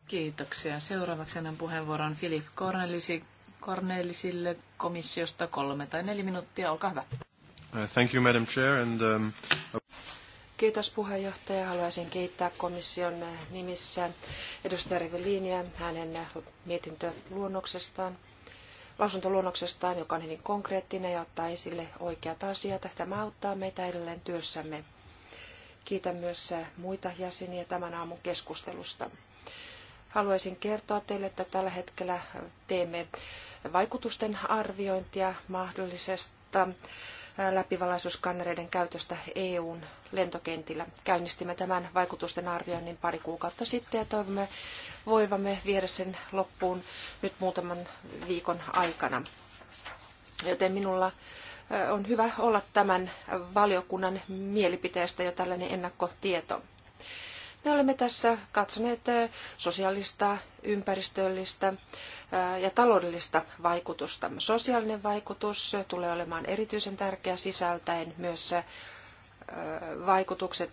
Speaker 1: Kiitoksia. Seuraavaksi annan puheenvuoron Filip Cornelisi, Cornelisille komissiosta kolme tai neljä minuuttia. Olkaa hyvä.
Speaker 3: Uh, thank you, Madam Chair. And, um...
Speaker 1: Kiitos puheenjohtaja. Haluaisin kiittää komission
Speaker 4: nimissä edustaja Rivelliniä hänen mietintöluonnoksestaan lausuntoluonnoksestaan, joka on hyvin konkreettinen ja ottaa esille oikeat asiat. Tämä auttaa meitä edelleen työssämme. Kiitän myös muita jäseniä tämän aamun keskustelusta. Haluaisin kertoa teille, että tällä hetkellä teemme vaikutusten arviointia mahdollisesta läpivalaisuskannereiden käytöstä EUn lentokentillä. Käynnistimme tämän vaikutusten arvioinnin pari kuukautta sitten ja toivomme voivamme viedä sen loppuun nyt muutaman viikon aikana. Joten minulla on hyvä olla tämän valiokunnan mielipiteestä jo tällainen ennakkotieto. Me olemme tässä katsoneet sosiaalista, ympäristöllistä ja taloudellista vaikutusta. Sosiaalinen vaikutus tulee olemaan erityisen tärkeä sisältäen myös vaikutukset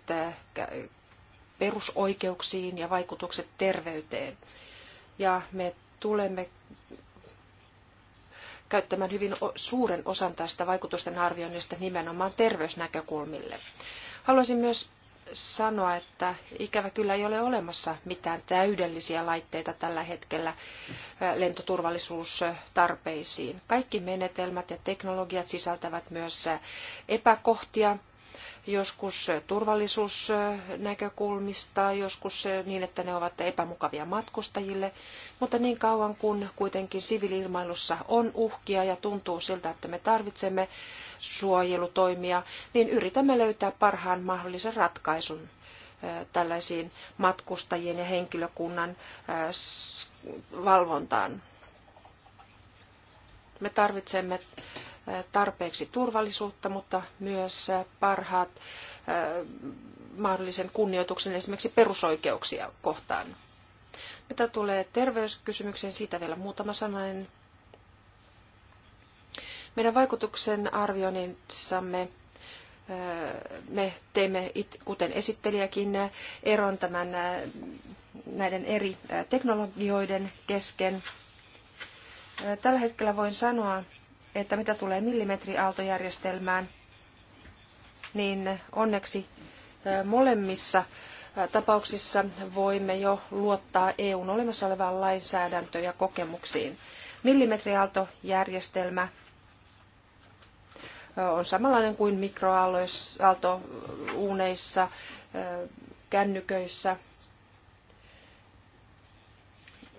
Speaker 4: perusoikeuksiin ja vaikutukset terveyteen. Ja me tulemme käyttämään hyvin suuren osan tästä vaikutusten arvioinnista nimenomaan terveysnäkökulmille. Haluaisin myös sanoa, että ikävä kyllä ei ole olemassa mitään täydellisiä laitteita tällä hetkellä lentoturvallisuustarpeisiin. Kaikki menetelmät ja teknologiat sisältävät myös epäkohtia, joskus turvallisuusnäkökulmista, joskus niin, että ne ovat epämukavia matkustajille, mutta niin kauan kun kuitenkin siviiliilmailussa on uhkia ja tuntuu siltä, että me tarvitsemme suojelutoimia, niin yritämme löytää parhaan mahdollisen ratkaisun tällaisiin matkustajien ja henkilökunnan valvontaan. Me tarvitsemme tarpeeksi turvallisuutta, mutta myös parhaat mahdollisen kunnioituksen esimerkiksi perusoikeuksia kohtaan. Mitä tulee terveyskysymykseen, siitä vielä muutama sananen. Meidän vaikutuksen arvioinnissamme me teemme, kuten esittelijäkin, eron tämän näiden eri teknologioiden kesken. Tällä hetkellä voin sanoa, että mitä tulee millimetriaaltojärjestelmään, niin onneksi molemmissa tapauksissa voimme jo luottaa EUn olemassa olevaan lainsäädäntöön ja kokemuksiin. Millimetriaaltojärjestelmä on samanlainen kuin mikroaaltouuneissa, kännyköissä –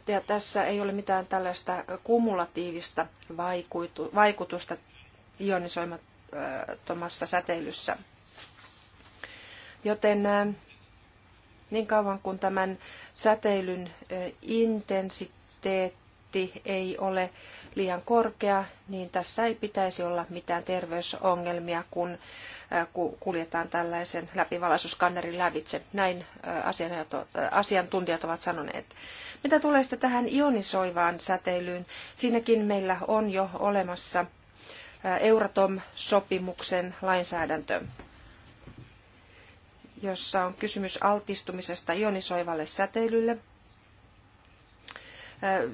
Speaker 4: ja tässä ei ole mitään tällaista kumulatiivista vaikutusta ionisoimattomassa säteilyssä. Joten äh, niin kauan kuin tämän säteilyn äh, intensiteetti ei ole liian korkea, niin tässä ei pitäisi olla mitään terveysongelmia, kun äh, kuljetaan tällaisen läpivalaisuskannerin lävitse. Näin asiantuntijat ovat sanoneet. Mitä tulee sitten tähän ionisoivaan säteilyyn, siinäkin meillä on jo olemassa Euratom-sopimuksen lainsäädäntö, jossa on kysymys altistumisesta ionisoivalle säteilylle.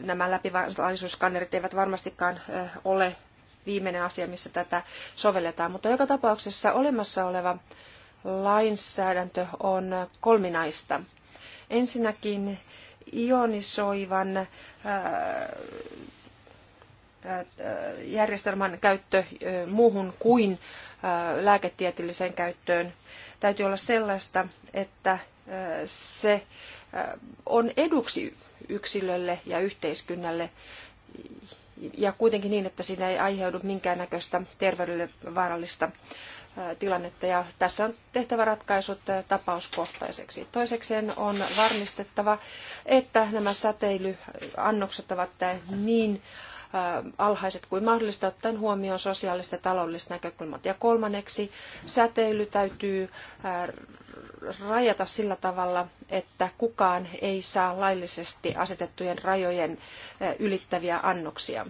Speaker 4: Nämä läpivalaisuuskannerit eivät varmastikaan ole viimeinen asia, missä tätä sovelletaan, mutta joka tapauksessa olemassa oleva lainsäädäntö on kolminaista. Ensinnäkin ionisoivan äh, äh, järjestelmän käyttö äh, muuhun kuin lääketieteelliseen käyttöön täytyy olla sellaista, että se on eduksi yksilölle ja yhteiskunnalle ja kuitenkin niin, että siinä ei aiheudu minkäännäköistä terveydelle vaarallista tilannetta ja tässä on tehtävä ratkaisut tapauskohtaiseksi. Toisekseen on varmistettava, että nämä säteilyannokset ovat niin alhaiset kuin mahdollista ottaen huomioon sosiaaliset ja taloudelliset näkökulmat. Ja kolmanneksi säteily täytyy rajata sillä tavalla, että kukaan ei saa laillisesti asetettujen rajojen ylittäviä annoksia.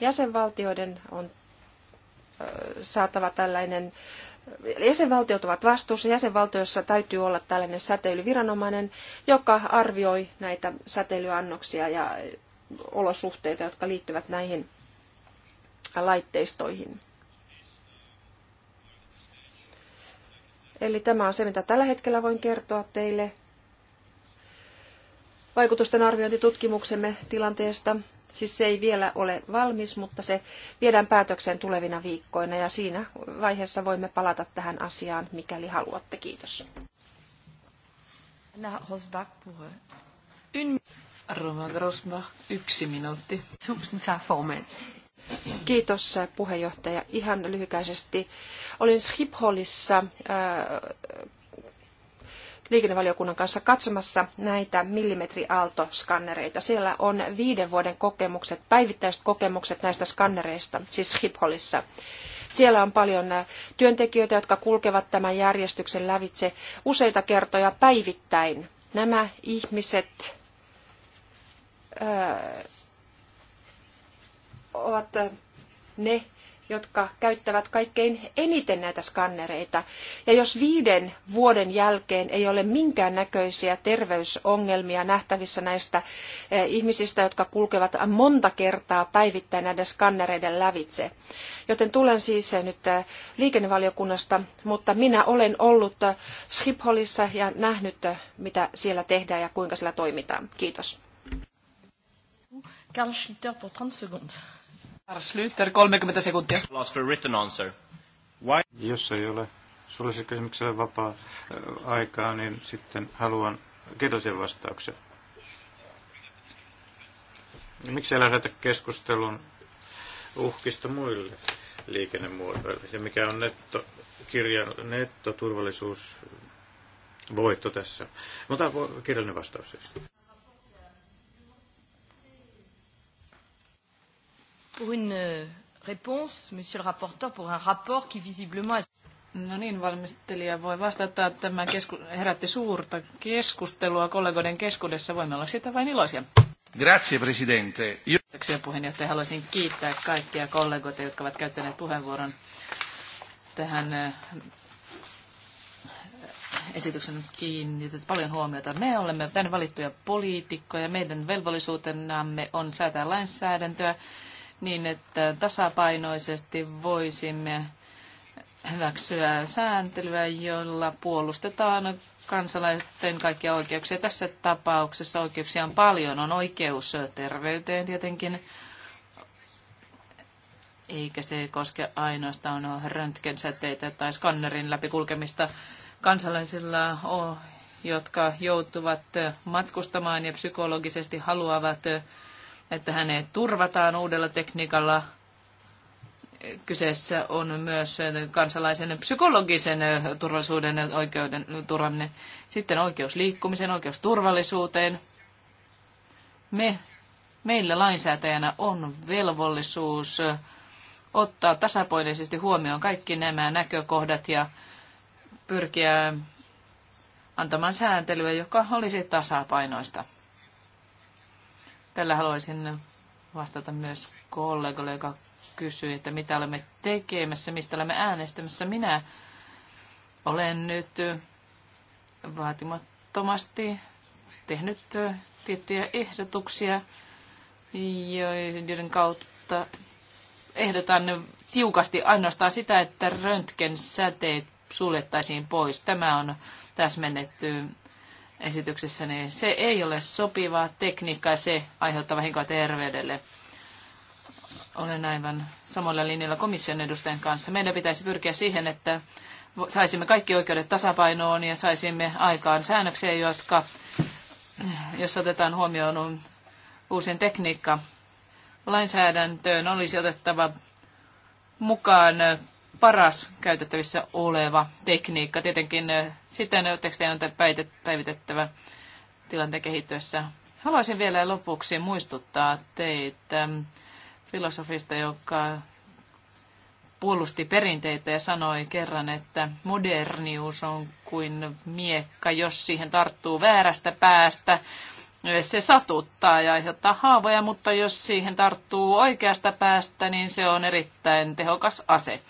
Speaker 4: Jäsenvaltioiden on saatava tällainen Jäsenvaltiot ovat vastuussa. Jäsenvaltioissa täytyy olla tällainen säteilyviranomainen, joka arvioi näitä säteilyannoksia ja olosuhteita, jotka liittyvät näihin laitteistoihin. Eli tämä on se, mitä tällä hetkellä voin kertoa teille vaikutusten arviointitutkimuksemme tilanteesta. Siis se ei vielä ole valmis, mutta se viedään päätökseen tulevina viikkoina ja siinä vaiheessa voimme palata tähän asiaan, mikäli haluatte. Kiitos.
Speaker 1: Anna Roma Grosbach, yksi minuutti.
Speaker 4: Kiitos äh, puheenjohtaja. Ihan lyhykäisesti. Olin Schipholissa äh, liikennevaliokunnan kanssa katsomassa näitä millimetriaaltoskannereita. Siellä on viiden vuoden kokemukset, päivittäiset kokemukset näistä skannereista, siis Schipholissa. Siellä on paljon äh, työntekijöitä, jotka kulkevat tämän järjestyksen lävitse useita kertoja päivittäin. Nämä ihmiset öö, ovat äh, ne jotka käyttävät kaikkein eniten näitä skannereita. Ja jos viiden vuoden jälkeen ei ole minkään näköisiä terveysongelmia nähtävissä näistä eh, ihmisistä, jotka kulkevat monta kertaa päivittäin näiden skannereiden lävitse. Joten tulen siis eh, nyt eh, liikennevaliokunnasta, mutta minä olen ollut Schipholissa ja nähnyt, mitä siellä tehdään ja kuinka siellä toimitaan. Kiitos.
Speaker 1: Schlitter pour 30 secondes. Slyter, 30 sekuntia. Last for written answer.
Speaker 3: Why? Jos ei ole sulle kysymykselle vapaa aikaa, niin sitten haluan kirjallisen vastauksen. Miksi ei lähdetä keskustelun uhkista muille liikennemuodoille ja mikä on netto, kirja, voitto tässä? Mutta kirjallinen vastaus siis.
Speaker 2: pour une euh, réponse, monsieur le rapporteur, pour un rapport qui visiblement...
Speaker 1: No niin, valmistelija voi vastata, että tämä kesku- herätti suurta keskustelua kollegoiden keskuudessa. Voimme olla siitä vain iloisia.
Speaker 2: Grazie, presidente. Io... Kiitoksia
Speaker 1: puheenjohtaja. Haluaisin kiittää kaikkia kollegoita, jotka ovat käyttäneet puheenvuoron tähän esityksen kiinnitetty paljon huomiota. Me olemme tänne valittuja poliitikkoja. Meidän velvollisuutenamme on säätää lainsäädäntöä niin, että tasapainoisesti voisimme hyväksyä sääntelyä, jolla puolustetaan kansalaisten kaikkia oikeuksia. Tässä tapauksessa oikeuksia on paljon. On oikeus terveyteen tietenkin, eikä se koske ainoastaan röntgensäteitä tai skannerin läpikulkemista kansalaisilla, jotka joutuvat matkustamaan ja psykologisesti haluavat että hänet turvataan uudella tekniikalla. Kyseessä on myös kansalaisen psykologisen turvallisuuden oikeuden turvaaminen. Sitten oikeus liikkumiseen, oikeus turvallisuuteen. Me, meillä lainsäätäjänä on velvollisuus ottaa tasapuolisesti huomioon kaikki nämä näkökohdat ja pyrkiä antamaan sääntelyä, joka olisi tasapainoista. Tällä haluaisin vastata myös kollegalle, joka kysyi, että mitä olemme tekemässä, mistä olemme äänestämässä. Minä olen nyt vaatimattomasti tehnyt tiettyjä ehdotuksia, joiden kautta ehdotan tiukasti ainoastaan sitä, että röntgensäteet suljettaisiin pois. Tämä on täsmennetty esityksessä, niin se ei ole sopiva tekniikka ja se aiheuttaa vahinkoa terveydelle. Olen aivan samalla linjalla komission edustajan kanssa. Meidän pitäisi pyrkiä siihen, että saisimme kaikki oikeudet tasapainoon ja saisimme aikaan säännöksiä, jotka, jos otetaan huomioon uusien tekniikka, lainsäädäntöön olisi otettava mukaan paras käytettävissä oleva tekniikka. Tietenkin eh, sitten tekstejä on päivitettävä tilanteen kehittyessä. Haluaisin vielä lopuksi muistuttaa teitä filosofista, joka puolusti perinteitä ja sanoi kerran, että modernius on kuin miekka, jos siihen tarttuu väärästä päästä. Se satuttaa ja aiheuttaa haavoja, mutta jos siihen tarttuu oikeasta päästä, niin se on erittäin tehokas ase.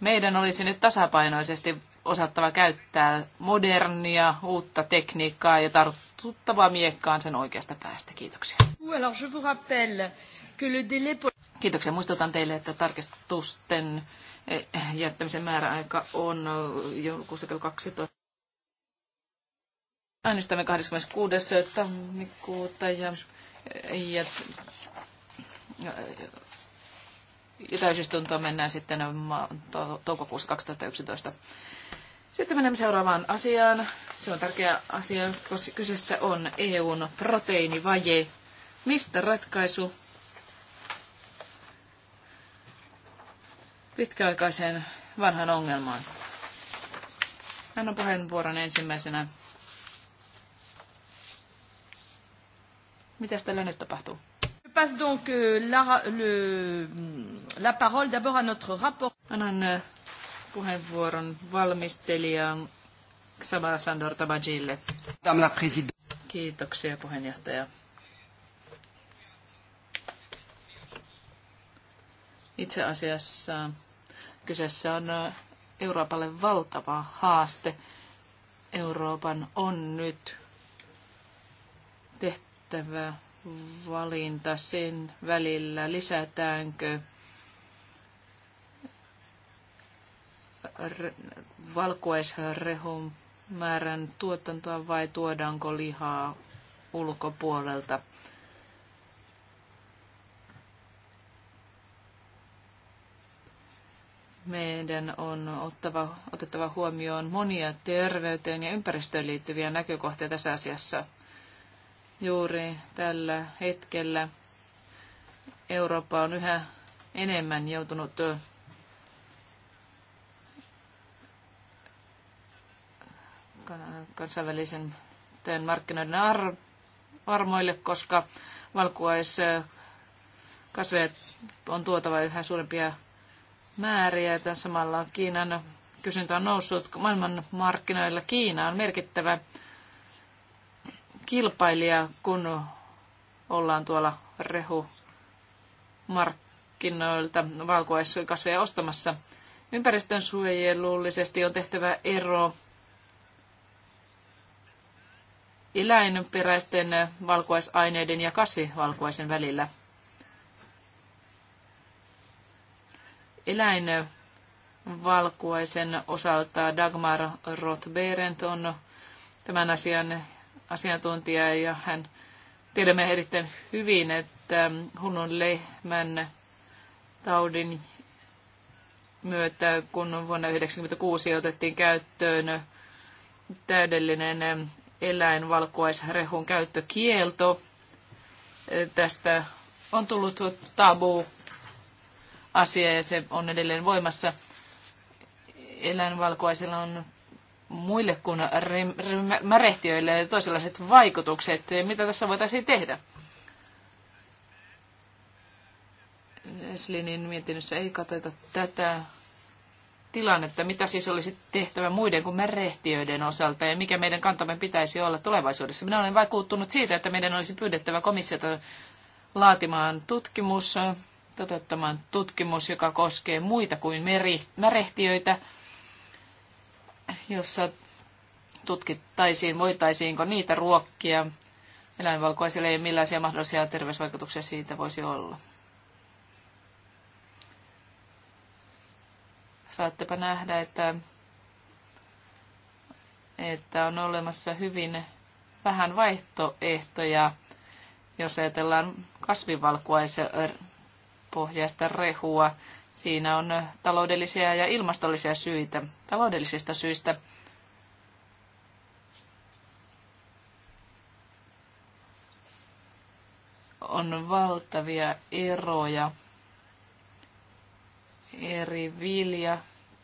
Speaker 1: Meidän olisi nyt tasapainoisesti osattava käyttää modernia, uutta tekniikkaa ja tartuttava miekkaan sen oikeasta päästä. Kiitoksia. Kiitoksia. Muistutan teille, että tarkistusten eh, jättämisen määräaika on eh, jo 12. Äänestämme 26. tammikuuta ja, eh, ja, ja täysistuntoon mennään sitten toukokuussa 2011. Sitten menemme seuraavaan asiaan. Se on tärkeä asia, koska kyseessä on EUn proteiinivaje. Mistä ratkaisu pitkäaikaiseen vanhan ongelmaan? on puheenvuoron ensimmäisenä. Mitäs tällä nyt tapahtuu? passe donc euh, la, le, mm, la parole d'abord à notre rapport. Annan euh, puheenvuoron valmistelija Xaba Sandor Tabajille. Madame la Présidente. Kiitoksia puheenjohtaja. Itse asiassa kyseessä on Euroopalle valtava haaste. Euroopan on nyt tehtävä valinta sen välillä, lisätäänkö valkuaisrehun määrän tuotantoa vai tuodaanko lihaa ulkopuolelta. meidän on ottava, otettava huomioon monia terveyteen ja ympäristöön liittyviä näkökohtia tässä asiassa juuri tällä hetkellä Eurooppa on yhä enemmän joutunut kansainvälisen markkinoiden ar- armoille, koska valkuaiskasveja on tuotava yhä suurempia määriä. Tämän samalla Kiinan kysyntä on noussut maailman markkinoilla. Kiina on merkittävä kilpailija, kun ollaan tuolla rehu markkinoilta valkuaiskasveja ostamassa. Ympäristön suojelullisesti on tehtävä ero eläinperäisten valkuaisaineiden ja kasvivalkuaisen välillä. Eläinvalkuaisen osalta Dagmar Rothberent on tämän asian asiantuntija ja hän tiedämme erittäin hyvin, että hunnon lehmän taudin myötä, kun vuonna 1996 otettiin käyttöön täydellinen eläinvalkuaisrehun käyttökielto. Tästä on tullut tabu asia ja se on edelleen voimassa. Eläinvalkuaisilla on muille kuin märehtiöille toisenlaiset vaikutukset. Mitä tässä voitaisiin tehdä? Eslinin mietinnössä ei katsota tätä tilannetta, mitä siis olisi tehtävä muiden kuin märehtiöiden osalta ja mikä meidän kantamme pitäisi olla tulevaisuudessa. Minä olen vaikuttunut siitä, että meidän olisi pyydettävä komissiota laatimaan tutkimus, toteuttamaan tutkimus, joka koskee muita kuin märehtiöitä jossa tutkittaisiin, voitaisiinko niitä ruokkia eläinvalkoisille ja millaisia mahdollisia terveysvaikutuksia siitä voisi olla. Saattepa nähdä, että, että on olemassa hyvin vähän vaihtoehtoja, jos ajatellaan kasvivalkuaisen pohjaista rehua. Siinä on taloudellisia ja ilmastollisia syitä. Taloudellisista syistä on valtavia eroja eri vilja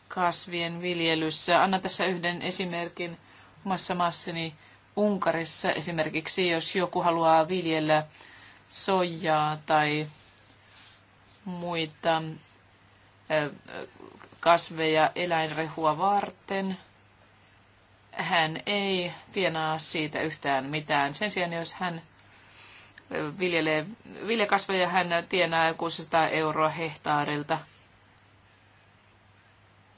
Speaker 1: kasvien viljelyssä. Anna tässä yhden esimerkin omassa maassani Unkarissa esimerkiksi, jos joku haluaa viljellä sojaa tai muita kasveja eläinrehua varten. Hän ei tienaa siitä yhtään mitään. Sen sijaan, jos hän viljelee viljakasveja, hän tienaa 600 euroa hehtaarilta.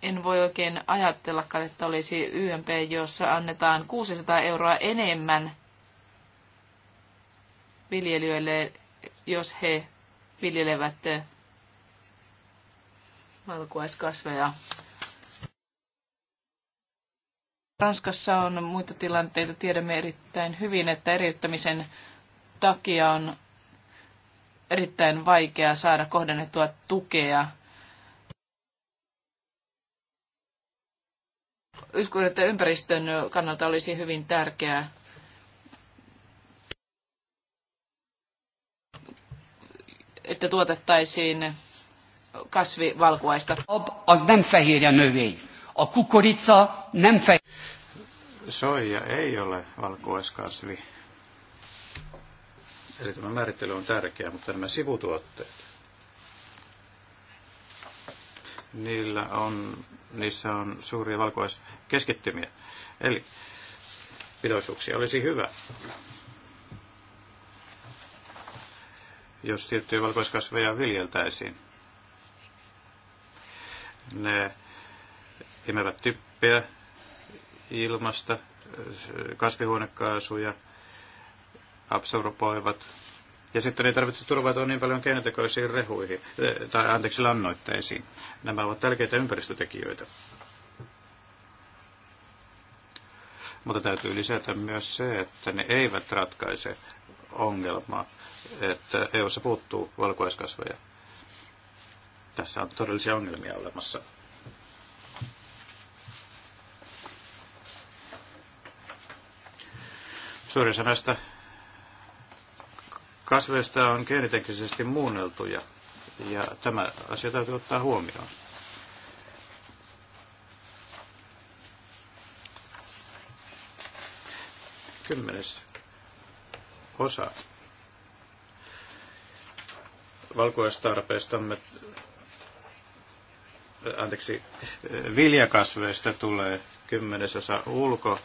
Speaker 1: En voi oikein ajatella, että olisi YMP, jossa annetaan 600 euroa enemmän viljelijöille, jos he viljelevät valkuaiskasveja. Ranskassa on muita tilanteita. Tiedämme erittäin hyvin, että eriyttämisen takia on erittäin vaikea saada kohdennettua tukea. Uskon, että ympäristön kannalta olisi hyvin tärkeää että tuotettaisiin kasvivalkuaista.
Speaker 4: Az nem fehérje növény. A kukorica nem fehérje.
Speaker 3: Soija ei ole valkuaiskasvi. Eli tämä määrittely on tärkeä, mutta nämä sivutuotteet, niillä on, niissä on suuria valkuaiskeskittymiä. Eli pidoisuuksia olisi hyvä, jos tiettyjä valkuaiskasveja viljeltäisiin. Ne imevät typpeä ilmasta, kasvihuonekaasuja, absorboivat. Ja sitten ei tarvitse turvautua niin paljon keinotekoisiin rehuihin, eh, tai anteeksi lannoitteisiin. Nämä ovat tärkeitä ympäristötekijöitä. Mutta täytyy lisätä myös se, että ne eivät ratkaise ongelmaa, että EU-ssa puuttuu valkuaiskasveja. Tässä on todellisia ongelmia olemassa. Suuri näistä kasveista on geeniteknisesti muunneltuja ja tämä asia täytyy ottaa huomioon. Kymmenes osa valkuaistarpeistamme Äh, anteeksi, äh, viljakasveista tulee kymmenesosa ulko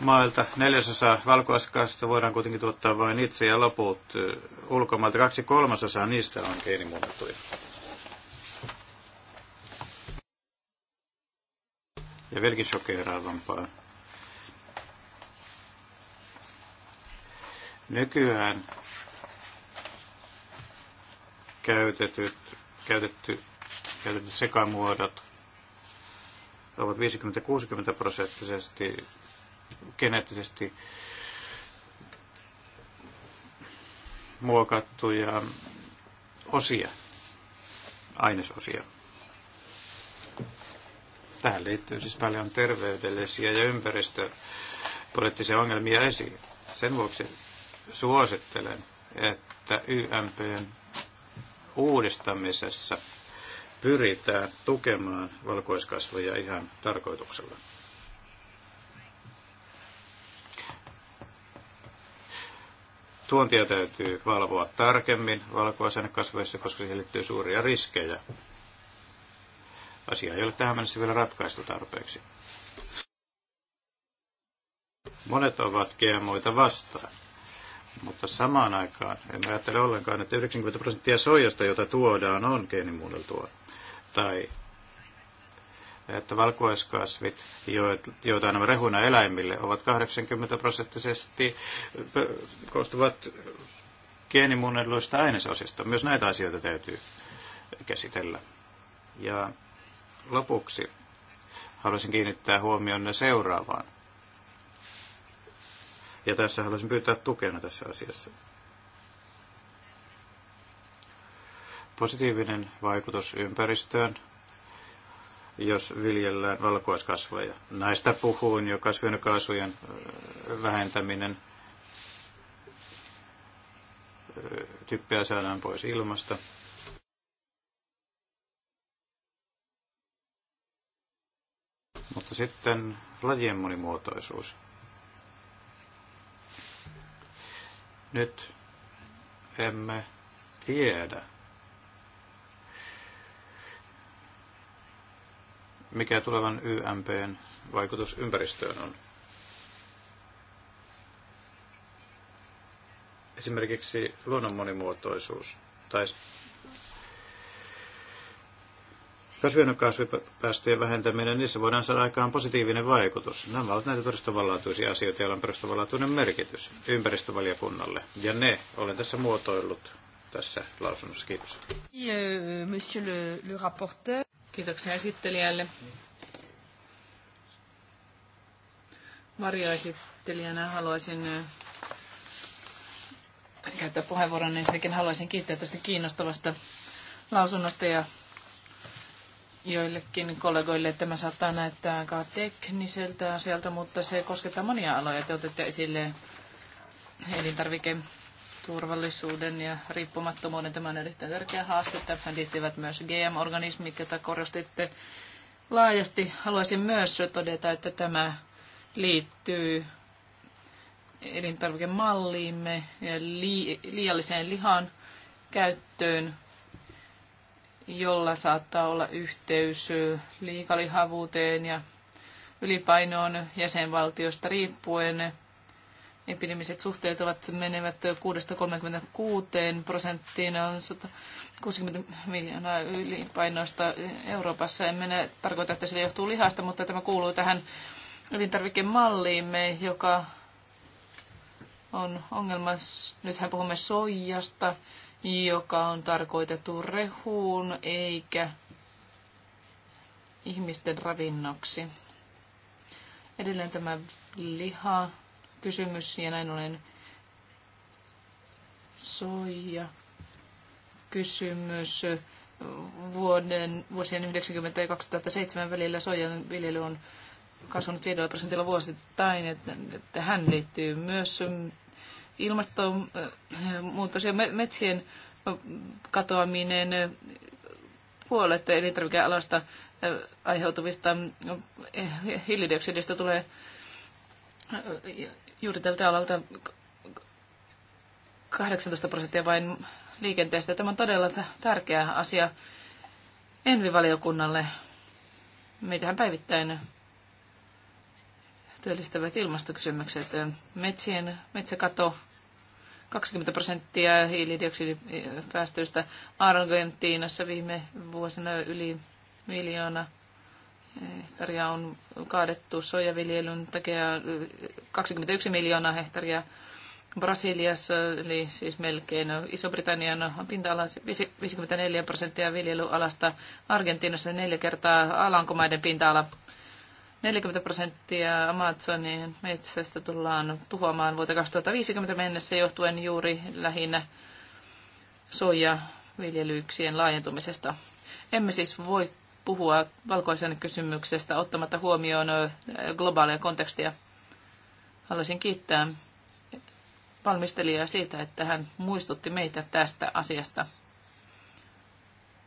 Speaker 3: mailta. Neljäsosa valkoaskasta voidaan kuitenkin tuottaa vain itse ja loput äh, ulkomailta. Kaksi kolmasosaa niistä on geenimuunnettuja. Ja vieläkin shokeeraavampaa. Nykyään käytetyt, käytetty käytetyt sekamuodot ovat 50-60 prosenttisesti geneettisesti muokattuja osia, ainesosia. Tähän liittyy siis paljon terveydellisiä ja ympäristöpoliittisia ongelmia esiin. Sen vuoksi suosittelen, että YMPn uudistamisessa – pyritään tukemaan valkoiskasveja ihan tarkoituksella. Tuontia täytyy valvoa tarkemmin kasveissa, koska siihen liittyy suuria riskejä. Asia ei ole tähän mennessä vielä ratkaistu tarpeeksi. Monet ovat GMOita vastaan mutta samaan aikaan en ajattele ollenkaan, että 90 prosenttia soijasta, jota tuodaan, on geenimuunneltua tai että valkuaiskasvit, joita nämä rehuna eläimille, ovat 80 prosenttisesti koostuvat geenimuunnelluista ainesosista. Myös näitä asioita täytyy käsitellä. Ja lopuksi haluaisin kiinnittää huomioon seuraavaan. Ja tässä haluaisin pyytää tukena tässä asiassa. positiivinen vaikutus ympäristöön, jos viljellään valkuaiskasveja. Näistä puhuin jo kasvihuonekaasujen vähentäminen. Typpeä saadaan pois ilmasta. Mutta sitten lajien monimuotoisuus. Nyt emme tiedä, mikä tulevan YMPn vaikutus ympäristöön on. Esimerkiksi luonnon monimuotoisuus tai kasvihuonekaasupäästöjen vähentäminen, niissä voidaan saada aikaan positiivinen vaikutus. Nämä ovat näitä perustavanlaatuisia asioita, joilla on perustavanlaatuinen merkitys ympäristövaliokunnalle. Ja ne olen tässä muotoillut tässä lausunnossa. Kiitos.
Speaker 1: Monsieur le, le rapporteur. Kiitoksia esittelijälle. Varjoesittelijänä haluaisin käyttää puheenvuoron, niin sekin haluaisin kiittää tästä kiinnostavasta lausunnosta ja joillekin kollegoille että tämä saattaa näyttää aika tekniseltä asialta, mutta se koskettaa monia aloja. Te otette esille elintarvike- turvallisuuden ja riippumattomuuden. Tämä on erittäin tärkeä haaste. Tähän liittyvät myös GM-organismit, joita korostitte laajasti. Haluaisin myös todeta, että tämä liittyy elintarvikemalliimme ja liialliseen lihan käyttöön, jolla saattaa olla yhteys liikalihavuuteen ja ylipainoon jäsenvaltiosta riippuen epidemiset suhteet ovat menevät 6-36 prosenttiin, on 160 miljoonaa ylipainoista Euroopassa. En mene tarkoita, että se johtuu lihasta, mutta tämä kuuluu tähän elintarvikemalliimme, joka on ongelma. Nythän puhumme soijasta, joka on tarkoitettu rehuun eikä ihmisten ravinnoksi. Edelleen tämä liha kysymys ja näin ollen soija kysymys vuoden, vuosien 90 ja 2007 välillä soijan viljely on kasvanut 5 prosentilla vuosittain, että, että hän liittyy myös mm, ilmastonmuutos mm, ja metsien katoaminen puolet elintarvikealasta mm, aiheutuvista hiilidioksidista tulee juuri tältä alalta 18 prosenttia vain liikenteestä. Tämä on todella tärkeä asia Envivaliokunnalle. Meitähän päivittäin työllistävät ilmastokysymykset. Metsien, metsäkato, 20 prosenttia hiilidioksidipäästöistä Argentiinassa viime vuosina yli miljoona hehtaaria on kaadettu sojaviljelyn takia 21 miljoonaa hehtaaria Brasiliassa, eli siis melkein Iso-Britannian pinta alan 54 prosenttia viljelyalasta, Argentiinassa neljä kertaa Alankomaiden pinta-ala. 40 prosenttia Amazonin metsästä tullaan tuhoamaan vuoteen 2050 mennessä johtuen juuri lähinnä soijaviljelyksien laajentumisesta. Emme siis voi puhua valkoisen kysymyksestä ottamatta huomioon globaalia kontekstia. Haluaisin kiittää valmistelijaa siitä, että hän muistutti meitä tästä asiasta.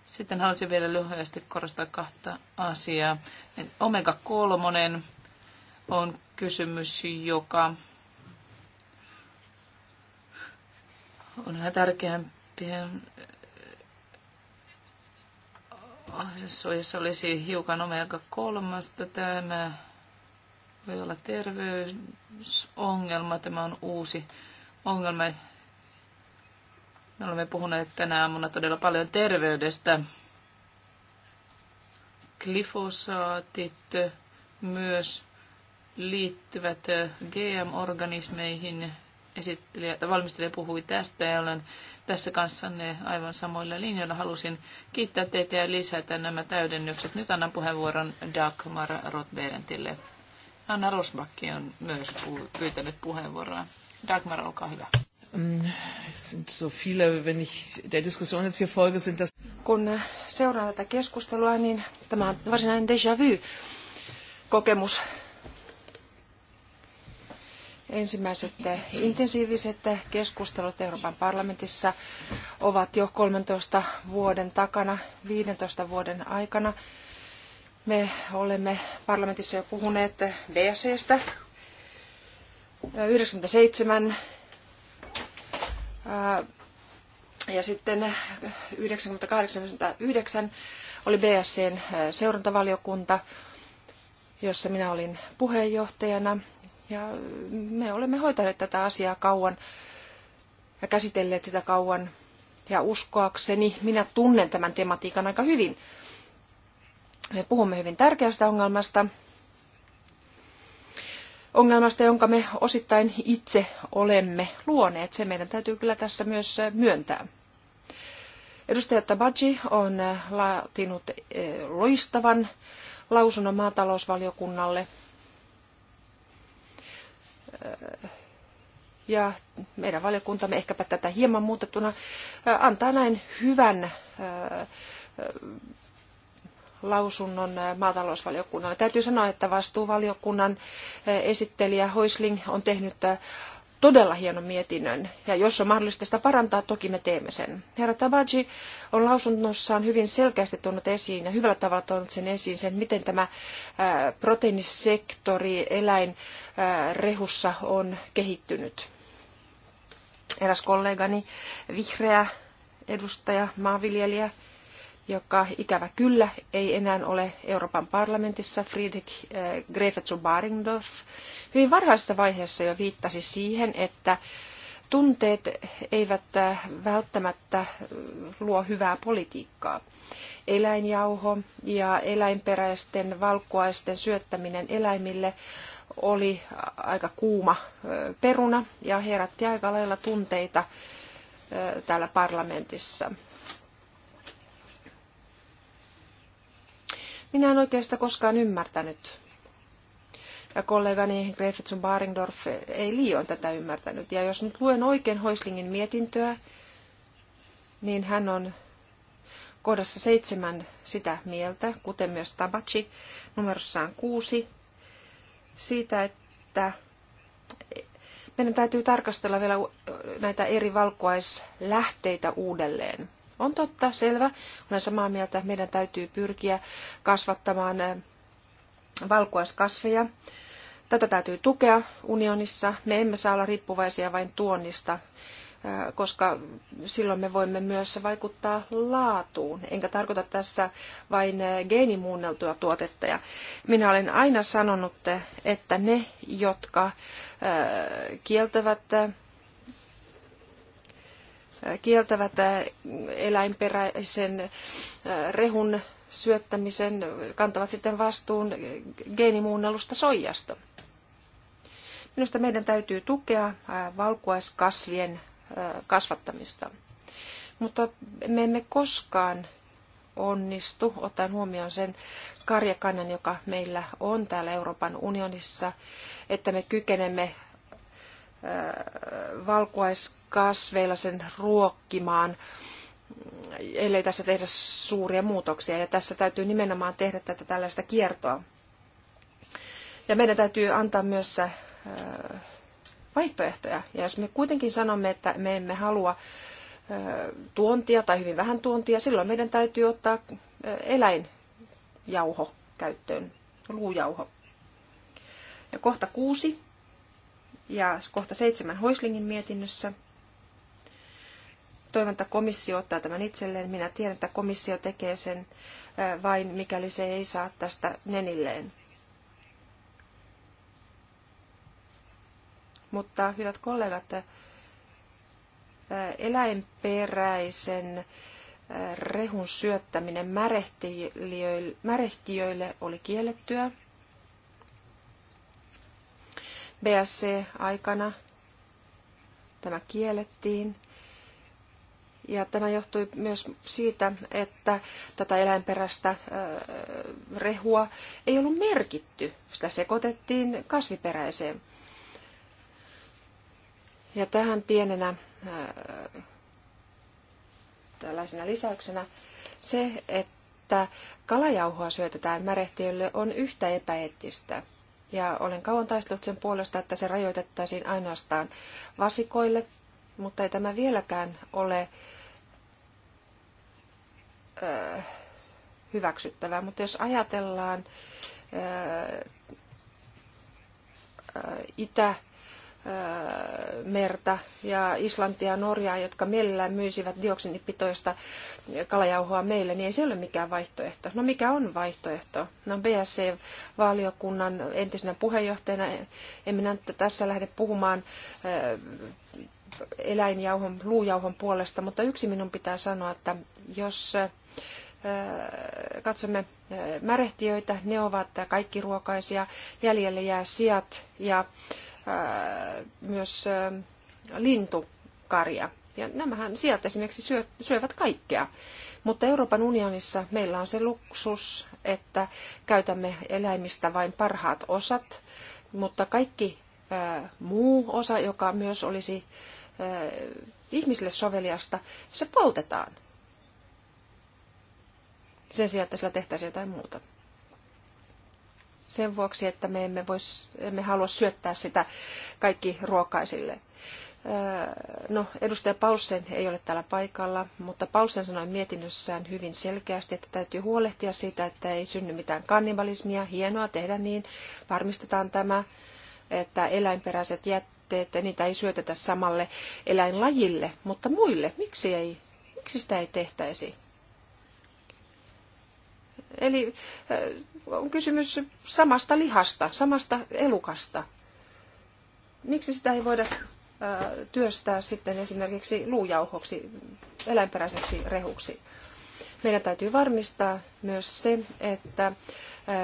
Speaker 1: Sitten haluaisin vielä lyhyesti korostaa kahta asiaa. Omega-3 on kysymys, joka on vähän tärkeämpi suojassa olisi hiukan omega kolmasta. Tämä voi olla terveysongelma. Tämä on uusi ongelma. Me olemme puhuneet tänä aamuna todella paljon terveydestä. Glyfosaatit myös liittyvät GM-organismeihin esittelijä, että valmistelija puhui tästä ja olen tässä kanssanne aivan samoilla linjoilla. Halusin kiittää teitä ja lisätä nämä täydennykset. Nyt annan puheenvuoron Dagmar Rotberentille. Anna Rosbakki on myös pyytänyt puheenvuoroa. Dagmar, olkaa hyvä.
Speaker 2: Mm,
Speaker 4: Kun seuraa tätä keskustelua, niin tämä on varsinainen déjà vu kokemus Ensimmäiset intensiiviset keskustelut Euroopan parlamentissa ovat jo 13 vuoden takana, 15 vuoden aikana. Me olemme parlamentissa jo puhuneet BSEstä 97 ja sitten 98 yhdeksän oli BSCn seurantavaliokunta, jossa minä olin puheenjohtajana – ja me olemme hoitaneet tätä asiaa kauan ja käsitelleet sitä kauan. Ja uskoakseni minä tunnen tämän tematiikan aika hyvin. Me puhumme hyvin tärkeästä ongelmasta, ongelmasta, jonka me osittain itse olemme luoneet. Se meidän täytyy kyllä tässä myös myöntää. Edustaja Tabaji on laatinut eh, loistavan lausunnon maatalousvaliokunnalle ja meidän valiokuntamme ehkäpä tätä hieman muutettuna antaa näin hyvän lausunnon maatalousvaliokunnalle. Täytyy sanoa, että vastuuvaliokunnan esittelijä Hoisling on tehnyt todella hienon mietinnön, ja jos on mahdollista sitä parantaa, toki me teemme sen. Herra Tabaji on lausunnossaan hyvin selkeästi tuonut esiin ja hyvällä tavalla tuonut sen esiin sen, miten tämä ää, äh, proteiinisektori eläinrehussa äh, on kehittynyt. Eräs kollegani, vihreä edustaja, maanviljelijä, joka ikävä kyllä ei enää ole Euroopan parlamentissa, Friedrich eh, Greifetz Baringdorf, hyvin varhaisessa vaiheessa jo viittasi siihen, että tunteet eivät eh, välttämättä eh, luo hyvää politiikkaa. Eläinjauho ja eläinperäisten valkuaisten syöttäminen eläimille oli aika kuuma peruna ja herätti aika lailla tunteita täällä parlamentissa. Minä en oikeastaan koskaan ymmärtänyt. Ja kollegani Greifetsun Baringdorf ei liioin tätä ymmärtänyt. Ja jos nyt luen oikein Hoislingin mietintöä, niin hän on kohdassa seitsemän sitä mieltä, kuten myös Tabachi numerossaan kuusi, siitä, että meidän täytyy tarkastella vielä näitä eri valkuaislähteitä uudelleen. On totta, selvä. Olen samaa mieltä, että meidän täytyy pyrkiä kasvattamaan eh, valkuaiskasveja. Tätä täytyy tukea unionissa. Me emme saa olla riippuvaisia vain tuonnista, eh, koska silloin me voimme myös vaikuttaa laatuun. Enkä tarkoita tässä vain eh, geenimuunneltua tuotetta. minä olen aina sanonut, että ne, jotka kieltävät kieltävät äh, eläinperäisen äh, rehun syöttämisen, kantavat sitten vastuun geenimuunnelusta soijasta. Minusta meidän täytyy tukea äh, valkuaiskasvien kasvattamista. Mutta me emme koskaan onnistu, ottaen huomioon sen karjakannan, joka meillä on täällä Euroopan unionissa, että me kykenemme Äh, valkuaiskasveilla sen ruokkimaan, ellei tässä tehdä suuria muutoksia. Ja tässä täytyy nimenomaan tehdä tätä tällaista kiertoa. Ja meidän täytyy antaa myös äh, vaihtoehtoja. Ja jos me kuitenkin sanomme, että me emme halua äh, tuontia tai hyvin vähän tuontia, silloin meidän täytyy ottaa eläinjauho käyttöön, luujauho. Ja kohta kuusi ja kohta seitsemän Hoislingin mietinnössä. Toivon, että komissio ottaa tämän itselleen. Minä tiedän, että komissio tekee sen vain, mikäli se ei saa tästä nenilleen. Mutta hyvät kollegat, eläinperäisen rehun syöttäminen märehtijöille oli kiellettyä. BSC-aikana tämä kiellettiin. Ja tämä johtui myös siitä, että tätä eläinperäistä rehua ei ollut merkitty. Sitä sekoitettiin kasviperäiseen. Ja tähän pienenä tällaisena lisäyksenä se, että kalajauhoa syötetään märehtiölle on yhtä epäeettistä – ja olen kauan taistellut sen puolesta, että se rajoitettaisiin ainoastaan vasikoille, mutta ei tämä vieläkään ole ö, hyväksyttävää. Mutta jos ajatellaan ö, Itä- merta ja Islantia ja Norjaa, jotka mielellään myisivät dioksinipitoista kalajauhoa meille, niin ei se ole mikään vaihtoehto. No mikä on vaihtoehto? No BSC-valiokunnan entisenä puheenjohtajana en minä tässä lähde puhumaan eläinjauhon, luujauhon puolesta, mutta yksi minun pitää sanoa, että jos katsomme märehtiöitä, ne ovat kaikki ruokaisia, jäljelle jää siat ja Äh, myös äh, lintukaria. Ja nämähän sieltä esimerkiksi syövät kaikkea. Mutta Euroopan unionissa meillä on se luksus, että käytämme eläimistä vain parhaat osat, mutta kaikki äh, muu osa, joka myös olisi ihmisille soveliasta, se poltetaan. Sen sijaan, että sillä tehtäisiin jotain muuta sen vuoksi, että me emme, vois, emme halua syöttää sitä kaikki ruokaisille. Öö, no, edustaja Paulsen ei ole täällä paikalla, mutta Paulsen sanoi mietinnössään hyvin selkeästi, että täytyy huolehtia siitä, että ei synny mitään kannibalismia. Hienoa tehdä niin. Varmistetaan tämä, että eläinperäiset jätteet, niitä ei syötetä samalle eläinlajille, mutta muille. Miksi ei? Miksi sitä ei tehtäisi? Eli äh, on kysymys samasta lihasta, samasta elukasta. Miksi sitä ei voida äh, työstää sitten esimerkiksi luujauhoksi, eläinperäiseksi rehuksi? Meidän täytyy varmistaa myös se, että äh,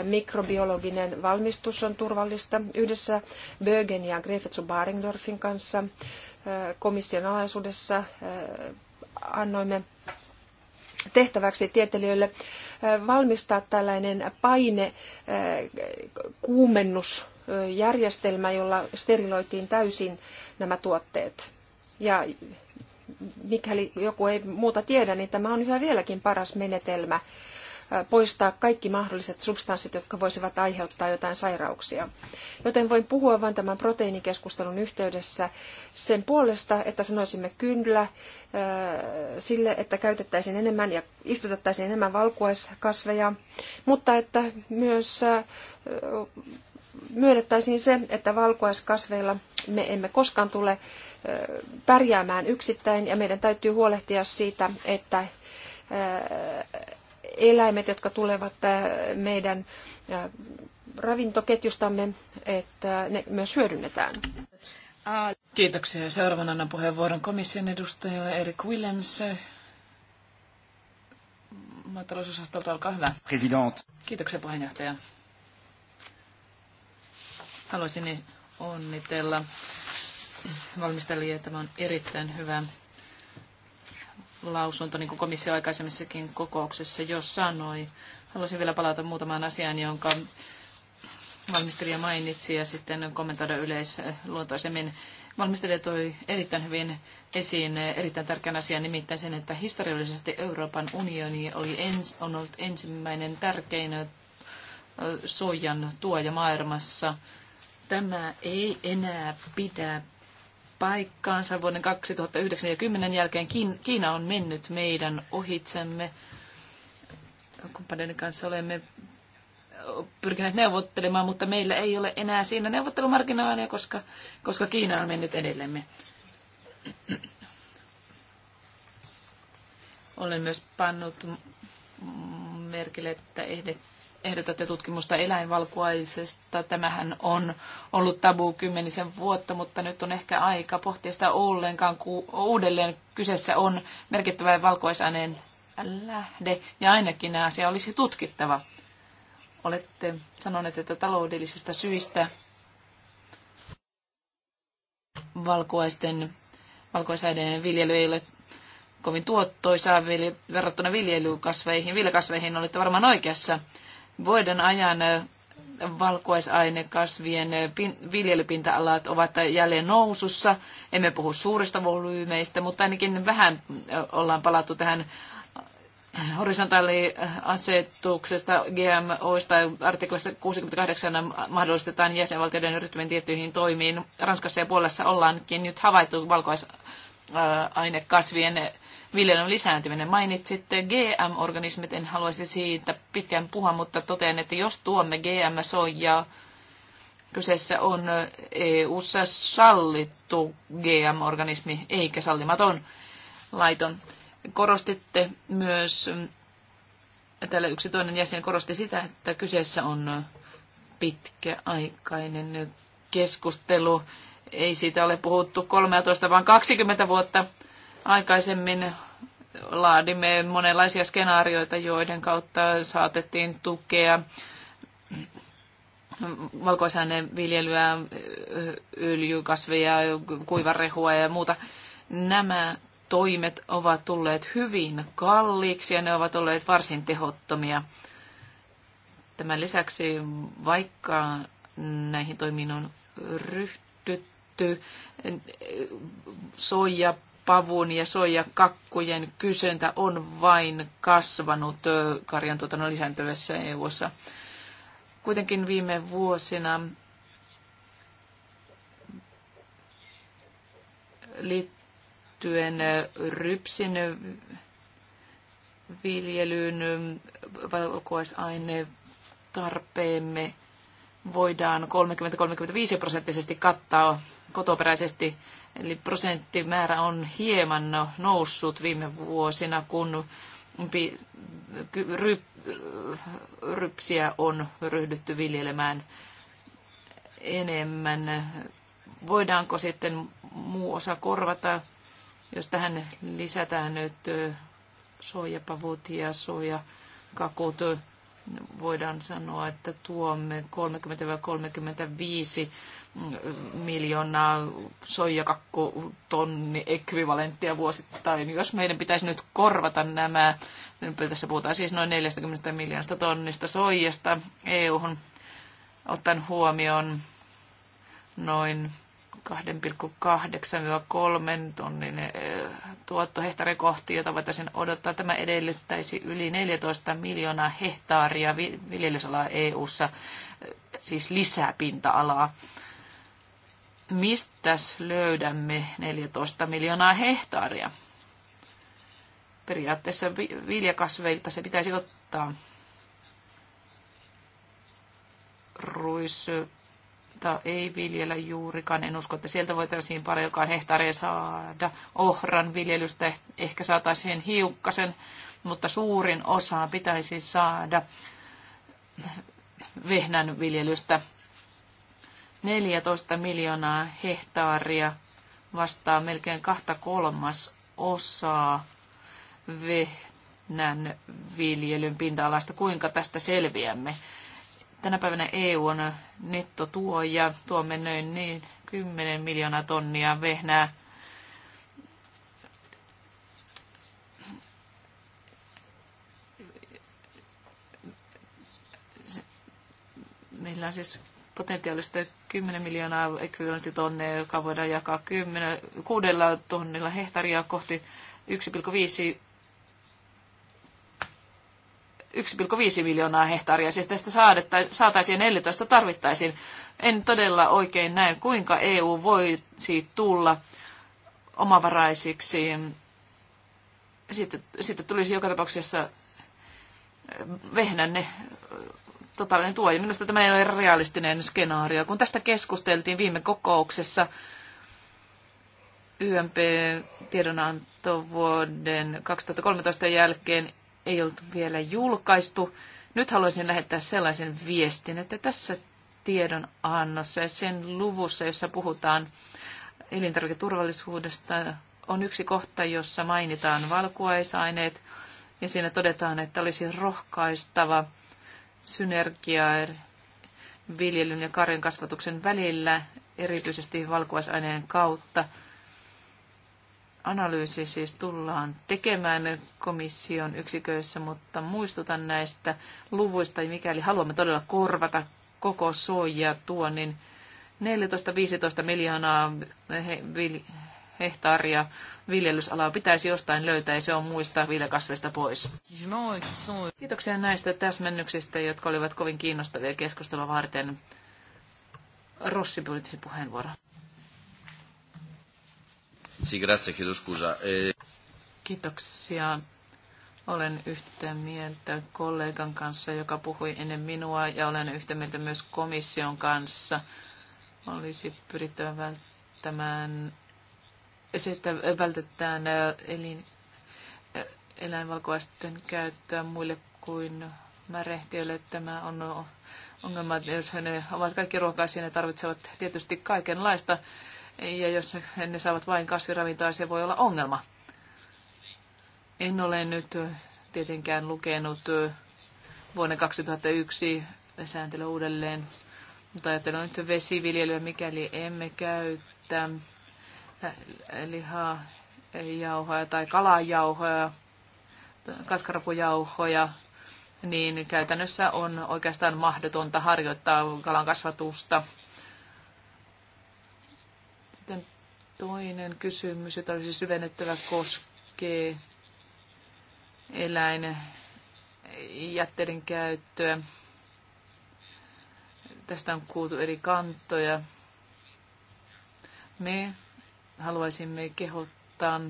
Speaker 4: mikrobiologinen valmistus on turvallista. Yhdessä Bögen ja Grefetsu Baringdorfin kanssa komission alaisuudessa annoimme tehtäväksi tieteilijöille valmistaa tällainen paine kuumennusjärjestelmä, jolla steriloitiin täysin nämä tuotteet. Ja mikäli joku ei muuta tiedä, niin tämä on yhä vieläkin paras menetelmä poistaa kaikki mahdolliset substanssit, jotka voisivat aiheuttaa jotain sairauksia. Joten voin puhua vain tämän proteiinikeskustelun yhteydessä sen puolesta, että sanoisimme kyllä sille, että käytettäisiin enemmän ja istutettaisiin enemmän valkuaiskasveja, mutta että myös myönnettäisiin se, että valkuaiskasveilla me emme koskaan tule pärjäämään yksittäin ja meidän täytyy huolehtia siitä, että eläimet, jotka tulevat äh, meidän äh, ravintoketjustamme, että ne myös hyödynnetään.
Speaker 1: Kiitoksia. Seuraavana annan puheenvuoron komission edustajalle Erik Willems. Maatalousosastolta, olkaa hyvä. President. Kiitoksia puheenjohtaja. Haluaisin onnitella valmistelijia. Tämä on erittäin hyvä lausunto, niin kuin komissio aikaisemmissakin kokouksessa jo sanoi. Haluaisin vielä palata muutamaan asiaan, jonka valmistelija mainitsi ja sitten kommentoida yleisluontoisemmin. Valmistelija toi erittäin hyvin esiin erittäin tärkeän asian, nimittäin sen, että historiallisesti Euroopan unioni oli ens, on ollut ensimmäinen tärkein soijan tuoja maailmassa. Tämä ei enää pidä paikkaansa vuoden 2009 ja 10 jälkeen. Kiina on mennyt meidän ohitsemme. Kumppaneiden kanssa olemme pyrkineet neuvottelemaan, mutta meillä ei ole enää siinä neuvottelumarginaalia, koska, koska Kiina on mennyt edellemme. Olen myös pannut merkille, että ehdotatte tutkimusta eläinvalkuaisesta. Tämähän on ollut tabu kymmenisen vuotta, mutta nyt on ehkä aika pohtia sitä ollenkaan, kun uudelleen kyseessä on merkittävä valkuaisaineen lähde, ja ainakin nämä asia olisi tutkittava. Olette sanoneet, että taloudellisista syistä valkuaisten, valkuaisäiden viljely ei ole kovin tuottoisaa verrattuna viljelykasveihin. Viljakasveihin olette varmaan oikeassa vuoden ajan valkuaisainekasvien viljelypinta-alat ovat jälleen nousussa. Emme puhu suurista volyymeistä, mutta ainakin vähän ollaan palattu tähän horisontaaliasetuksesta GMOista artiklassa 68 mahdollistetaan jäsenvaltioiden ryhtymien tiettyihin toimiin. Ranskassa ja Puolassa ollaankin nyt havaittu valkoisainekasvien viljelyn lisääntyminen. Mainitsitte GM-organismit, en haluaisi siitä pitkään puhua, mutta totean, että jos tuomme GM-soijaa, kyseessä on eu sallittu GM-organismi, eikä sallimaton laiton. Korostitte myös, täällä yksi toinen jäsen korosti sitä, että kyseessä on pitkäaikainen keskustelu. Ei siitä ole puhuttu 13, vaan 20 vuotta Aikaisemmin laadimme monenlaisia skenaarioita, joiden kautta saatettiin tukea valkoisäinen viljelyä, öljykasveja, kuivarehua ja muuta. Nämä toimet ovat tulleet hyvin kalliiksi ja ne ovat olleet varsin tehottomia. Tämän lisäksi, vaikka näihin toimiin on ryhdytty, soija pavun ja soijakakkujen kysyntä on vain kasvanut tuotannon lisääntyessä EU-ssa. Kuitenkin viime vuosina liittyen rypsin viljelyyn valkuaisaine tarpeemme voidaan 30-35 prosenttisesti kattaa kotoperäisesti Eli prosenttimäärä on hieman noussut viime vuosina, kun rypsiä on ryhdytty viljelemään enemmän. Voidaanko sitten muu osa korvata, jos tähän lisätään nyt soijapavut ja soijakakut? voidaan sanoa, että tuomme 30-35 miljoonaa soijakakkutonni ekvivalenttia vuosittain. Jos meidän pitäisi nyt korvata nämä, niin tässä puhutaan siis noin 40 miljoonasta tonnista soijasta EU-hun, ottaen huomioon noin 2,8-3 tonnin eh, tuotto kohti, jota voitaisiin odottaa. Tämä edellyttäisi yli 14 miljoonaa hehtaaria viljelysalaa EU-ssa, eh, siis lisää pinta-alaa. Mistäs löydämme 14 miljoonaa hehtaaria? Periaatteessa viljakasveilta se pitäisi ottaa ruis jota ei viljellä juurikaan. En usko, että sieltä voitaisiin paljonkaan hehtaareja saada. Ohran viljelystä eh- ehkä saataisiin hiukkasen, mutta suurin osa pitäisi saada vehnän viljelystä. 14 miljoonaa hehtaaria vastaa melkein kahta kolmas osaa vehnän viljelyn pinta-alasta. Kuinka tästä selviämme? Tänä päivänä EU on nettotuoja. Tuomme noin niin 10 miljoonaa tonnia vehnää. Meillä on siis potentiaalista 10 miljoonaa ekvivalenttitonnia, joka voidaan jakaa 10, 6 tonnilla hehtaaria kohti 1,5 1,5 miljoonaa hehtaaria, siis tästä saataisiin 14 tarvittaisiin. En todella oikein näe, kuinka EU voisi tulla omavaraisiksi. Siitä, tulisi joka tapauksessa äh, vehnänne äh, totaalinen tuo. minusta tämä ei ole realistinen skenaario. Kun tästä keskusteltiin viime kokouksessa, YMP-tiedonanto vuoden 2013 jälkeen ei ollut vielä julkaistu. Nyt haluaisin lähettää sellaisen viestin, että tässä tiedonannossa ja sen luvussa, jossa puhutaan elintarviketurvallisuudesta, on yksi kohta, jossa mainitaan valkuaisaineet ja siinä todetaan, että olisi rohkaistava synergia viljelyn ja karjan kasvatuksen välillä, erityisesti valkuaisaineen kautta analyysi siis tullaan tekemään komission yksiköissä, mutta muistutan näistä luvuista, mikäli haluamme todella korvata koko soija niin 14-15 miljoonaa he, vil, hehtaaria viljelysalaa pitäisi jostain löytää ja se on muista viljakasveista pois. Kiitoksia näistä täsmennyksistä, jotka olivat kovin kiinnostavia keskustelua varten. Rossi pyytsi puheenvuoron.
Speaker 2: Sì, grazie, chiedo scusa. E-
Speaker 1: Kiitoksia. Olen yhtä mieltä kollegan kanssa, joka puhui ennen minua, ja olen yhtä mieltä myös komission kanssa. Olisi pyrittävä välttämään se, että vältetään elin, eläinvalkoisten käyttöä muille kuin
Speaker 3: märehtiöille.
Speaker 1: Tämä on ongelma, jos he ovat kaikki ruokaisia, siinä tarvitsevat tietysti kaikenlaista ja jos ne saavat vain kasviravintoa, se voi olla ongelma. En ole nyt tietenkään lukenut vuonna 2001 sääntely uudelleen, mutta ajattelen nyt vesiviljelyä, mikäli emme käytä lihaa, jauhoja tai kalajauhoja, katkarapujauhoja, niin käytännössä on oikeastaan mahdotonta harjoittaa kalan kasvatusta Toinen kysymys, jota olisi syvennettävä, koskee eläinjätteiden käyttöä. Tästä on kuultu eri kantoja. Me haluaisimme kehottaa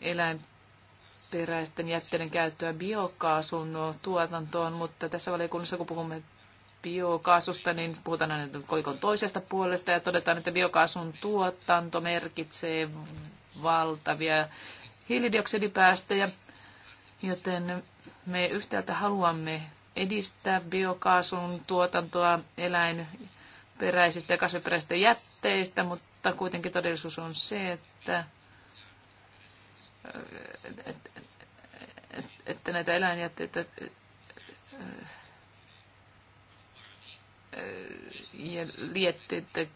Speaker 1: eläinperäisten jätteiden käyttöä biokaasun tuotantoon, mutta tässä valiokunnassa kun puhumme biokaasusta, niin puhutaan aina kolikon toisesta puolesta ja todetaan, että biokaasun tuotanto merkitsee valtavia hiilidioksidipäästöjä, joten me yhtäältä haluamme edistää biokaasun tuotantoa eläinperäisistä ja kasviperäisistä jätteistä, mutta kuitenkin todellisuus on se, että, että näitä eläinjätteitä ja lietteitä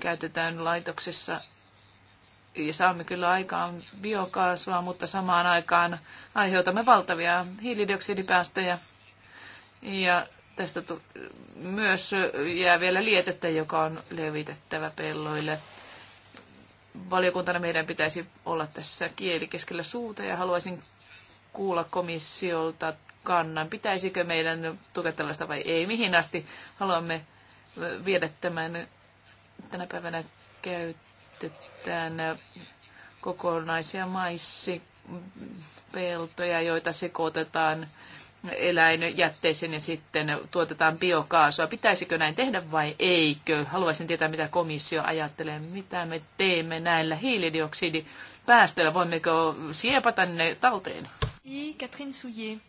Speaker 1: käytetään laitoksessa ja saamme kyllä aikaan biokaasua, mutta samaan aikaan aiheutamme valtavia hiilidioksidipäästöjä. Ja tästä myös jää vielä lietettä, joka on levitettävä pelloille. Valiokuntana meidän pitäisi olla tässä kieli keskellä suuta ja haluaisin kuulla komissiolta kannan. Pitäisikö meidän tukea tällaista vai ei? Mihin asti haluamme viedä tämän tänä päivänä käytetään kokonaisia maissipeltoja, joita sekoitetaan eläinjätteeseen ja sitten tuotetaan biokaasua. Pitäisikö näin tehdä vai eikö? Haluaisin tietää, mitä komissio ajattelee. Mitä me teemme näillä hiilidioksidipäästöillä? Voimmeko siepata ne talteen? Katrin Souillet.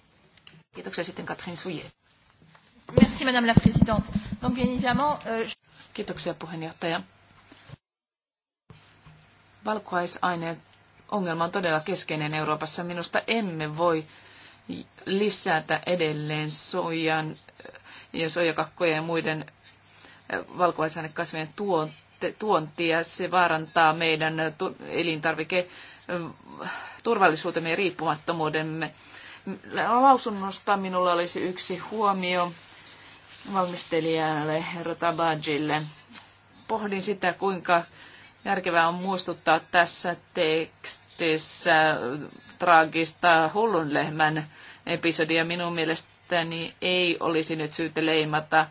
Speaker 1: Kiitoksia sitten Katrin Suje. Merci madame la présidente. Donc bien évidemment, euh... Kiitoksia puheenjohtaja. Valkuaisaineen ongelma on todella keskeinen Euroopassa. Minusta emme voi lisätä edelleen soijan ja soijakakkojen ja muiden valkuaisainekasvien tuontia. Se vaarantaa meidän elintarvike turvallisuutemme ja riippumattomuudemme lausunnosta minulla olisi yksi huomio valmistelijalle, herra Tabajille. Pohdin sitä, kuinka järkevää on muistuttaa tässä tekstissä traagista hullunlehmän episodia. Minun mielestäni ei olisi nyt syytä leimata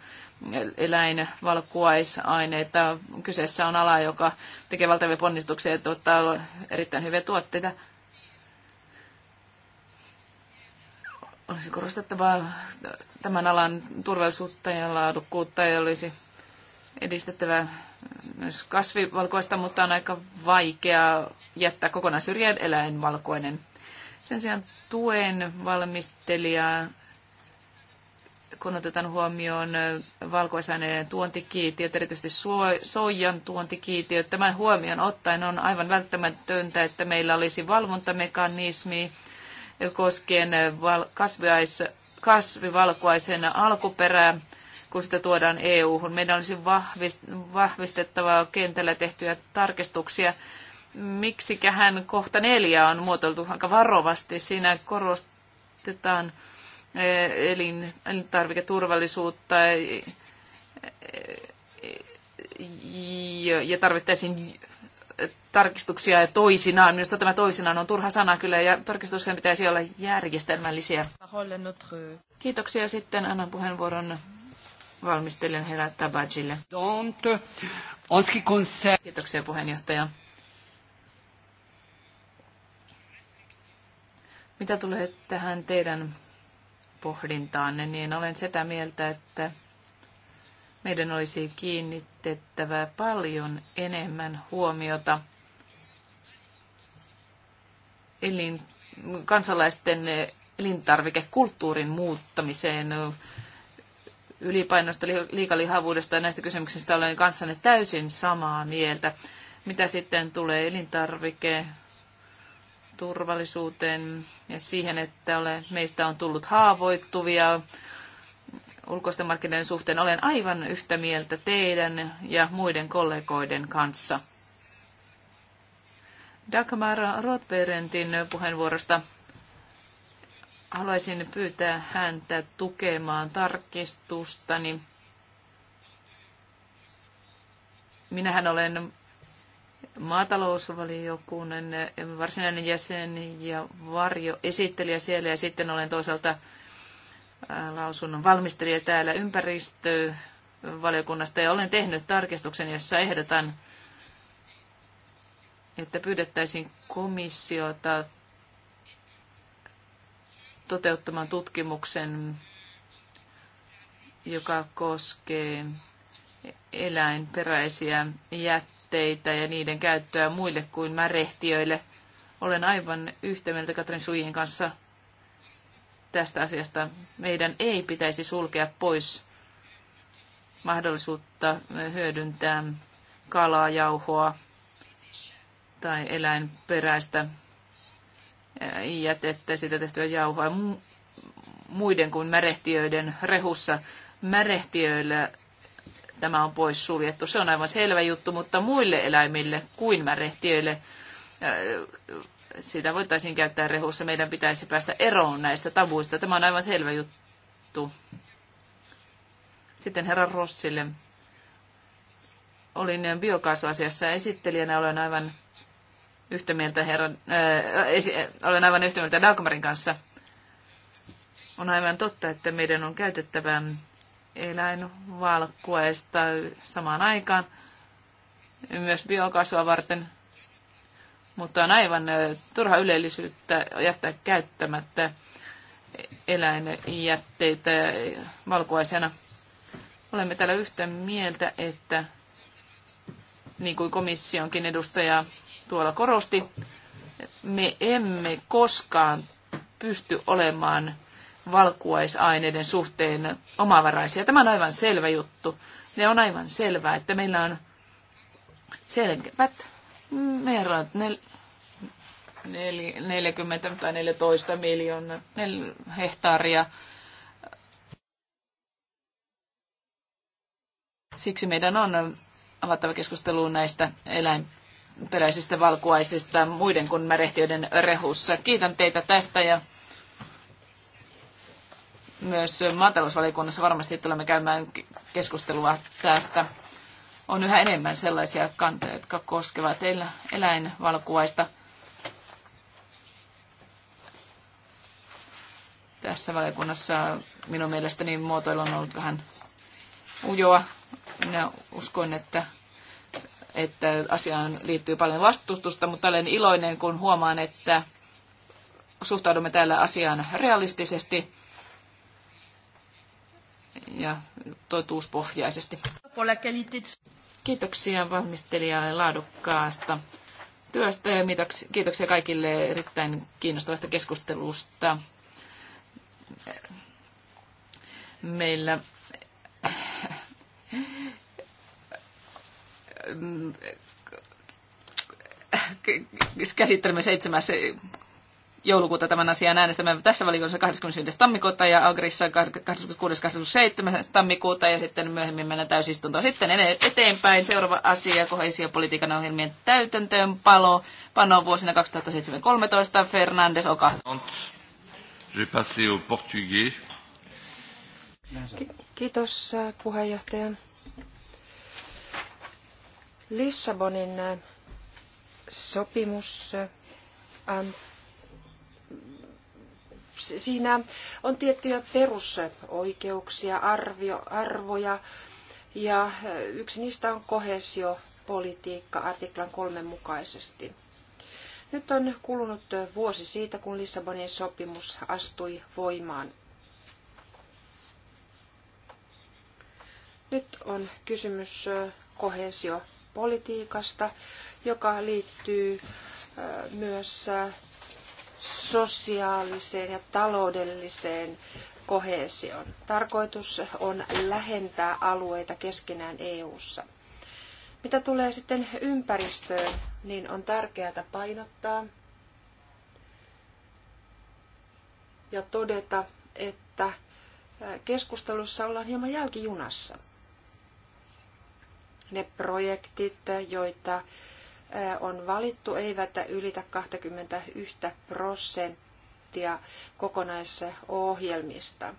Speaker 1: eläinvalkuaisaineita. Kyseessä on ala, joka tekee valtavia ponnistuksia ja tuottaa erittäin hyviä tuotteita. olisi korostettava tämän alan turvallisuutta ja laadukkuutta ja olisi edistettävä myös kasvivalkoista, mutta on aika vaikea jättää kokonaan syrjään eläinvalkoinen. Sen sijaan tuen valmistelijaa, kun otetaan huomioon valkoisaineiden tuontikiitiöt, erityisesti soijan tuontikiitiöt, tämän huomioon ottaen on aivan välttämätöntä, että meillä olisi valvontamekanismi, koskien kasviais, kasvivalkuaisen alkuperää, kun sitä tuodaan EU-hun. Meidän olisi vahvistettava kentällä tehtyjä tarkistuksia. Miksiköhän kohta neljä on muotoiltu aika varovasti. Siinä korostetaan eh, elin, elintarviketurvallisuutta eh, eh, ja tarvittaisiin tarkistuksia ja toisinaan. Minusta tämä toisinaan on turha sana kyllä, ja tarkistusten pitäisi olla järjestelmällisiä. Kiitoksia. Sitten annan puheenvuoron valmistelijan Hela Tabajille. Kiitoksia puheenjohtaja. Mitä tulee tähän teidän pohdintaanne, niin olen sitä mieltä, että meidän olisi kiinnitettävä paljon enemmän huomiota elin, kansalaisten elintarvikekulttuurin muuttamiseen. Ylipainosta, liikalihavuudesta ja näistä kysymyksistä olen kanssanne täysin samaa mieltä. Mitä sitten tulee elintarvike turvallisuuteen ja siihen, että ole, meistä on tullut haavoittuvia, ulkoisten markkinoiden suhteen olen aivan yhtä mieltä teidän ja muiden kollegoiden kanssa. Dagmar Rothberentin puheenvuorosta haluaisin pyytää häntä tukemaan tarkistustani. Minähän olen maatalousvaliokunnan varsinainen jäsen ja varjo esittelijä siellä ja sitten olen toisaalta lausunnon valmistelija täällä ympäristövaliokunnasta ja olen tehnyt tarkistuksen, jossa ehdotan, että pyydettäisiin komissiota toteuttamaan tutkimuksen, joka koskee eläinperäisiä jätteitä ja niiden käyttöä muille kuin märehtiöille. Olen aivan yhtä mieltä Katrin Suihin kanssa tästä asiasta. Meidän ei pitäisi sulkea pois mahdollisuutta hyödyntää kalaa, jauhoa tai eläinperäistä jätettä, sitä tehtyä jauhoa muiden kuin märehtiöiden rehussa. Märehtiöillä tämä on pois suljettu. Se on aivan selvä juttu, mutta muille eläimille kuin märehtiöille sitä voitaisiin käyttää rehussa. Meidän pitäisi päästä eroon näistä tavuista. Tämä on aivan selvä juttu. Sitten herra Rossille. Olin biokaasuasiassa esittelijänä. Olen aivan yhtä mieltä, herran, ää, äh, esi- olen aivan yhtä mieltä Dalkomarin kanssa. On aivan totta, että meidän on käytettävä eläinvalkkuaista samaan aikaan myös biokaasua varten mutta on aivan turha ylellisyyttä jättää käyttämättä eläinjätteitä valkuaisena. Olemme täällä yhtä mieltä, että niin kuin komissionkin edustaja tuolla korosti, me emme koskaan pysty olemaan valkuaisaineiden suhteen omavaraisia. Tämä on aivan selvä juttu. Ne on aivan selvää, että meillä on selvät verrat, nel, nel, 40 tai 14 miljoonaa nel, hehtaaria. Siksi meidän on avattava keskustelu näistä eläinperäisistä valkuaisista muiden kuin märehtiöiden rehussa. Kiitän teitä tästä ja myös maatalousvaliokunnassa varmasti tulemme käymään keskustelua tästä on yhä enemmän sellaisia kantoja, jotka koskevat eläinvalkuaista. Tässä valiokunnassa minun mielestäni muotoilu on ollut vähän ujoa. Minä uskon, että, että asiaan liittyy paljon vastustusta, mutta olen iloinen, kun huomaan, että suhtaudumme täällä asiaan realistisesti ja totuuspohjaisesti. Kiitoksia valmistelijalle laadukkaasta työstä ja kiitoksia kaikille erittäin kiinnostavasta keskustelusta. Meillä käsittelemme seitsemässä joulukuuta tämän asian äänestämään tässä valikossa 25. tammikuuta ja Agrissa 26.27. tammikuuta ja sitten myöhemmin mennään täysistuntoon. Sitten eteenpäin seuraava asia, kohesiopolitiikan ohjelmien palo pano vuosina 2007-2013. Fernandes, Oka.
Speaker 4: Kiitos äh, puheenjohtaja. Lissabonin äh, sopimus äh, antaa siinä on tiettyjä perusoikeuksia, arvio, arvoja ja yksi niistä on kohesiopolitiikka artiklan kolmen mukaisesti. Nyt on kulunut vuosi siitä, kun Lissabonin sopimus astui voimaan. Nyt on kysymys kohesiopolitiikasta, joka liittyy myös sosiaaliseen ja taloudelliseen koheesioon. Tarkoitus on lähentää alueita keskenään EU:ssa. Mitä tulee sitten ympäristöön, niin on tärkeää painottaa ja todeta, että keskustelussa ollaan hieman jälkijunassa. Ne projektit, joita on valittu eivät ylitä 21 prosenttia kokonaisohjelmista.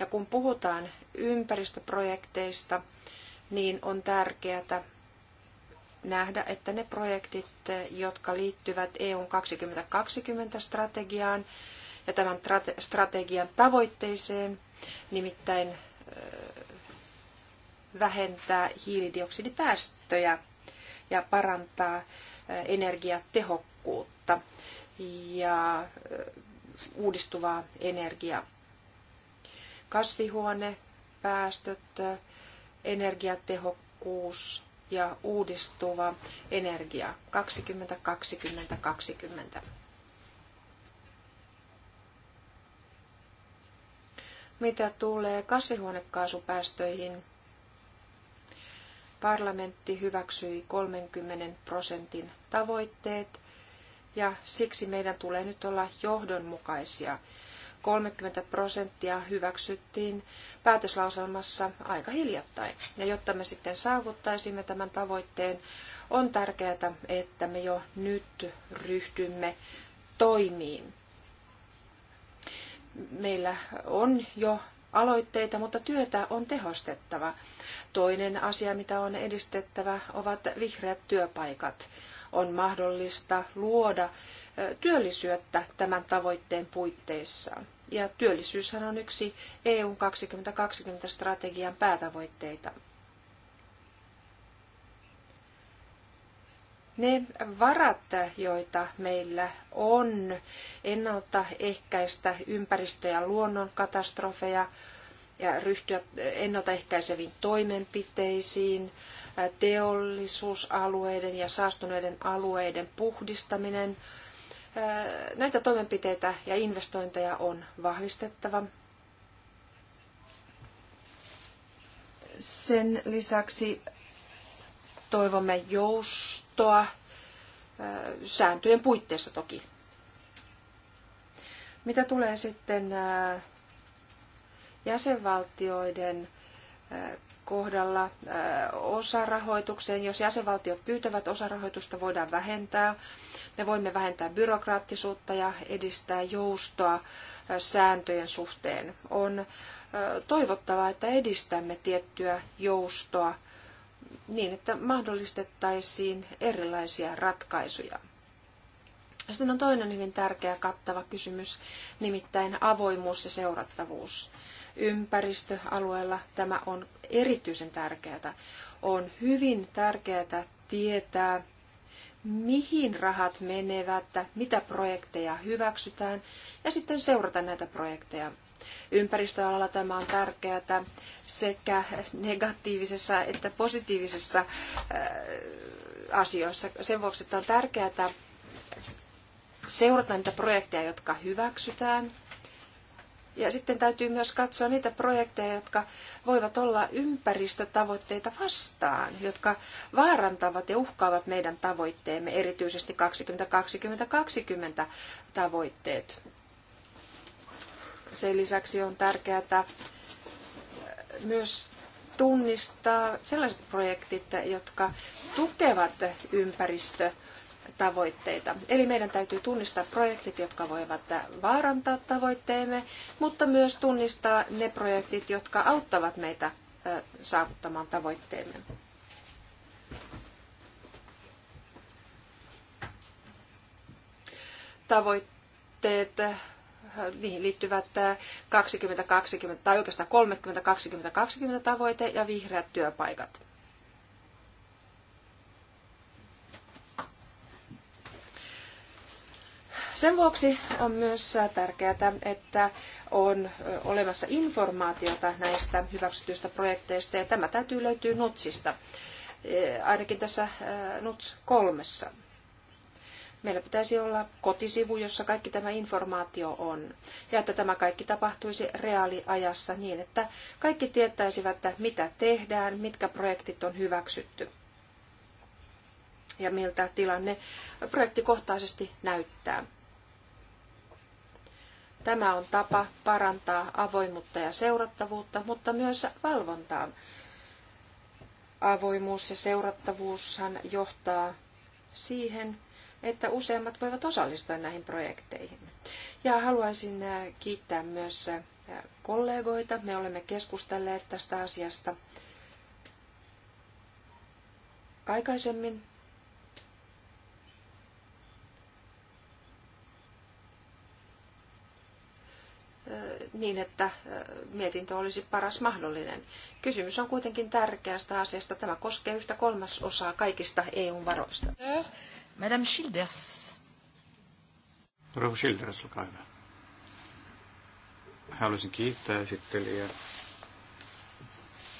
Speaker 4: Ja kun puhutaan ympäristöprojekteista, niin on tärkeää nähdä, että ne projektit, jotka liittyvät EUn 2020-strategiaan ja tämän strategian tavoitteeseen, nimittäin vähentää hiilidioksidipäästöjä ja parantaa energiatehokkuutta ja uudistuvaa energiaa. Kasvihuonepäästöt, energiatehokkuus ja uudistuva energia 20 20 20. Mitä tulee kasvihuonekaasupäästöihin, parlamentti hyväksyi 30 prosentin tavoitteet ja siksi meidän tulee nyt olla johdonmukaisia. 30 prosenttia hyväksyttiin päätöslauselmassa aika hiljattain. Ja jotta me sitten saavuttaisimme tämän tavoitteen, on tärkeää, että me jo nyt ryhdymme toimiin. Meillä on jo aloitteita, mutta työtä on tehostettava. Toinen asia, mitä on edistettävä, ovat vihreät työpaikat. On mahdollista luoda työllisyyttä tämän tavoitteen puitteissa. Ja työllisyyshän on yksi EUn 2020 strategian päätavoitteita. Ne varat, joita meillä on ennaltaehkäistä ympäristö- ja luonnonkatastrofeja ja ryhtyä ennaltaehkäiseviin toimenpiteisiin, teollisuusalueiden ja saastuneiden alueiden puhdistaminen. Näitä toimenpiteitä ja investointeja on vahvistettava. Sen lisäksi toivomme joustoa sääntöjen puitteissa toki. Mitä tulee sitten jäsenvaltioiden kohdalla osarahoitukseen. Jos jäsenvaltiot pyytävät osarahoitusta, voidaan vähentää. Me voimme vähentää byrokraattisuutta ja edistää joustoa sääntöjen suhteen. On toivottavaa, että edistämme tiettyä joustoa niin, että mahdollistettaisiin erilaisia ratkaisuja. Sitten on toinen hyvin tärkeä kattava kysymys, nimittäin avoimuus ja seurattavuus. Ympäristöalueella tämä on erityisen tärkeää. On hyvin tärkeää tietää, mihin rahat menevät, mitä projekteja hyväksytään ja sitten seurata näitä projekteja. Ympäristöalalla tämä on tärkeää sekä negatiivisessa että positiivisessa äh, asioissa. Sen vuoksi, että on tärkeää seurata niitä projekteja, jotka hyväksytään. Ja sitten täytyy myös katsoa niitä projekteja, jotka voivat olla ympäristötavoitteita vastaan, jotka vaarantavat ja uhkaavat meidän tavoitteemme, erityisesti 2020-2020 tavoitteet. Sen lisäksi on tärkeää äh, myös tunnistaa sellaiset projektit, jotka tukevat ympäristötavoitteita. Eli meidän täytyy tunnistaa projektit, jotka voivat vaarantaa tavoitteemme, mutta myös tunnistaa ne projektit, jotka auttavat meitä äh, saavuttamaan tavoitteemme. Tavoitteet niihin liittyvät 2020 äh, tai oikeastaan 30 20 20 tavoite ja vihreät työpaikat. Sen vuoksi on myös äh, tärkeää, että on äh, olemassa informaatiota näistä hyväksytyistä projekteista ja tämä täytyy löytyä NUTSista, ainakin tässä NUTS kolmessa. Meillä pitäisi olla kotisivu, jossa kaikki tämä informaatio on. Ja että tämä kaikki tapahtuisi reaaliajassa niin, että kaikki tietäisivät, että mitä tehdään, mitkä projektit on hyväksytty ja miltä tilanne projektikohtaisesti näyttää. Tämä on tapa parantaa avoimuutta ja seurattavuutta, mutta myös valvontaa. Avoimuus ja seurattavuushan johtaa siihen, että useammat voivat osallistua näihin projekteihin. Ja haluaisin äh, kiittää myös äh, kollegoita. Me olemme keskustelleet tästä asiasta aikaisemmin. Äh, niin, että mietintö olisi paras mahdollinen. Kysymys on kuitenkin tärkeästä asiasta. Tämä koskee yhtä kolmasosaa kaikista EU-varoista.
Speaker 1: Madame Childers.
Speaker 3: Rouva Childers, olkaa hyvä. Haluaisin kiittää esittelijää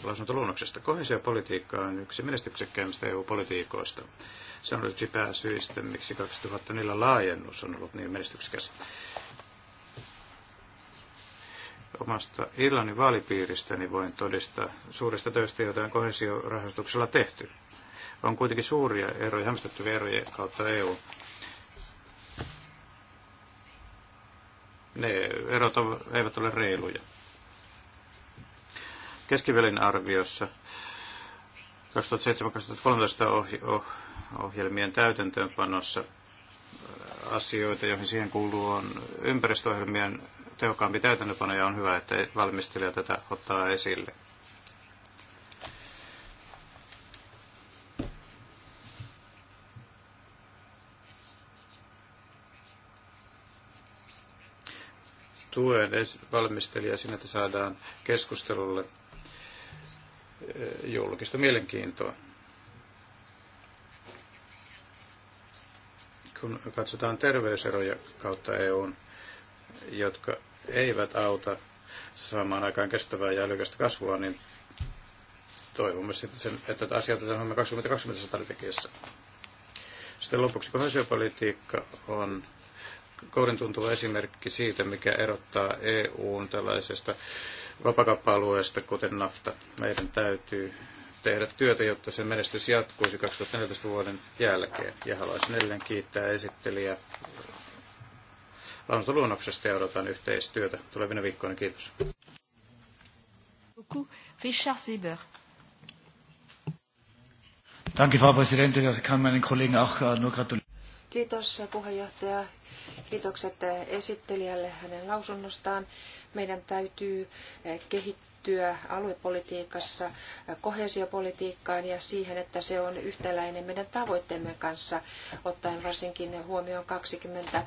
Speaker 3: lausuntoluonnoksesta. Kohesiopolitiikka on yksi menestyksekkäimmistä EU-politiikoista. Se on yksi pääsyistä, miksi 2004 laajennus on ollut niin menestyksekäs. Omasta Irlannin vaalipiiristäni voin todistaa suurista töistä, joita on kohesiorahoituksella tehty on kuitenkin suuria eroja, hämmästyttäviä eroja kautta EU. Ne erot eivät ole reiluja. Keskivälin arviossa 2007-2013 ohjelmien täytäntöönpanossa äh, asioita, joihin siihen kuuluu on ympäristöohjelmien tehokkaampi täytäntöpano ja on hyvä, että valmistelija tätä ottaa esille. tuen valmistelijaa siinä, että saadaan keskustelulle eh, julkista mielenkiintoa. Kun katsotaan terveyseroja kautta EUn, jotka eivät auta saamaan aikaan kestävää ja älykästä kasvua, niin toivomme sitten, että asiat otetaan huomioon 2020 strategiassa. Sitten lopuksi kohesiopolitiikka on kourin tuntuva esimerkki siitä, mikä erottaa EUn tällaisesta vapakauppa-alueesta, kuten NAFTA. Meidän täytyy tehdä työtä, jotta se menestys jatkuisi 2014 vuoden jälkeen. Ja haluaisin edelleen kiittää esittelijä lausuntoluonnoksesta ja odotan yhteistyötä tulevina viikkoina. Kiitos.
Speaker 1: Richard Sieber. Danke, Frau Präsidentin. Ich kann meinen Kollegen auch äh, nur gratulieren.
Speaker 4: Kiitos puheenjohtaja. Kiitokset esittelijälle hänen lausunnostaan. Meidän täytyy eh, kehittyä aluepolitiikassa eh, kohesiopolitiikkaan ja siihen, että se on yhtäläinen meidän tavoitteemme kanssa, ottaen varsinkin huomioon 20,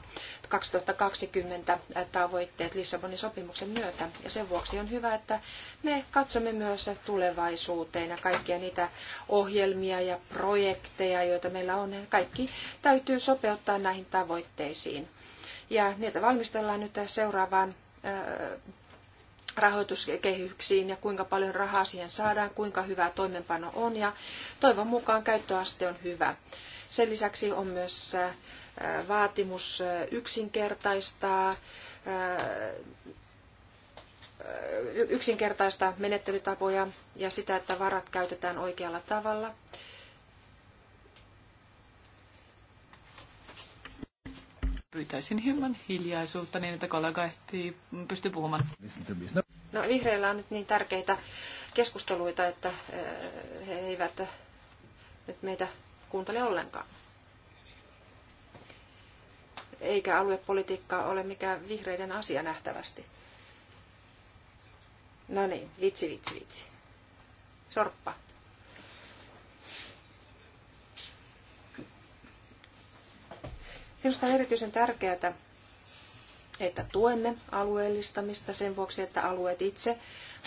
Speaker 4: 2020 eh, tavoitteet Lissabonin sopimuksen myötä. Ja sen vuoksi on hyvä, että me katsomme myös tulevaisuuteen ja kaikkia niitä ohjelmia ja projekteja, joita meillä on. Kaikki täytyy sopeuttaa näihin tavoitteisiin ja niitä valmistellaan nyt seuraavaan rahoituskehyksiin ja kuinka paljon rahaa siihen saadaan, kuinka hyvä toimenpano on ja toivon mukaan käyttöaste on hyvä. Sen lisäksi on myös vaatimus yksinkertaistaa yksinkertaista menettelytapoja ja sitä, että varat käytetään oikealla tavalla.
Speaker 1: pyytäisin hieman hiljaisuutta niin, että kollega ehtii pysty puhumaan.
Speaker 4: No vihreillä on nyt niin tärkeitä keskusteluita, että eh, he eivät nyt meitä kuuntele ollenkaan. Eikä aluepolitiikka ole mikään vihreiden asia nähtävästi. No niin, vitsi, vitsi, vitsi. Sorppa. Minusta on erityisen tärkeää, että tuemme alueellistamista sen vuoksi, että alueet itse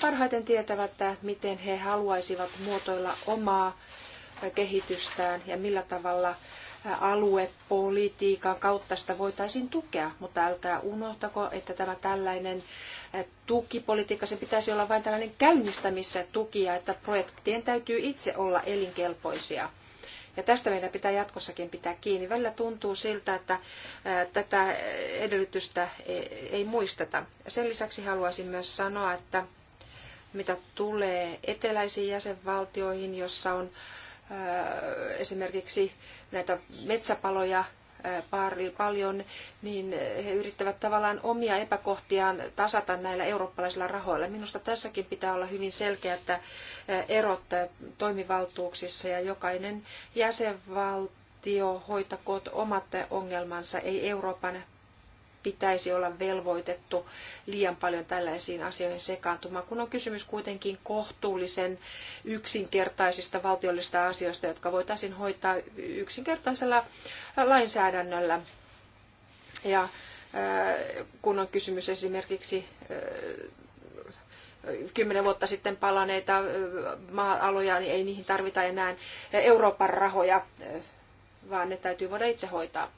Speaker 4: parhaiten tietävät, miten he haluaisivat muotoilla omaa kehitystään ja millä tavalla aluepolitiikan kautta sitä voitaisiin tukea, mutta älkää unohtako, että tämä tällainen tukipolitiikka, se pitäisi olla vain tällainen käynnistämissä tukia, että projektien täytyy itse olla elinkelpoisia. Ja tästä meidän pitää jatkossakin pitää kiinni. Välillä tuntuu siltä, että tätä edellytystä e, ei muisteta. Sen lisäksi haluaisin myös sanoa, että mitä tulee eteläisiin jäsenvaltioihin, jossa on esimerkiksi näitä metsäpaloja paljon, niin he yrittävät tavallaan omia epäkohtiaan tasata näillä eurooppalaisilla rahoilla. Minusta tässäkin pitää olla hyvin että erot toimivaltuuksissa ja jokainen jäsenvaltio hoitakoot omat ongelmansa, ei Euroopan pitäisi olla velvoitettu liian paljon tällaisiin asioihin sekaantumaan, kun on kysymys kuitenkin kohtuullisen yksinkertaisista valtiollisista asioista, jotka voitaisiin hoitaa yksinkertaisella lainsäädännöllä. Ja äh, kun on kysymys esimerkiksi äh, kymmenen vuotta sitten palaneita äh, maa-aloja, niin ei niihin tarvita enää Euroopan rahoja, vaan ne täytyy voida itse hoitaa.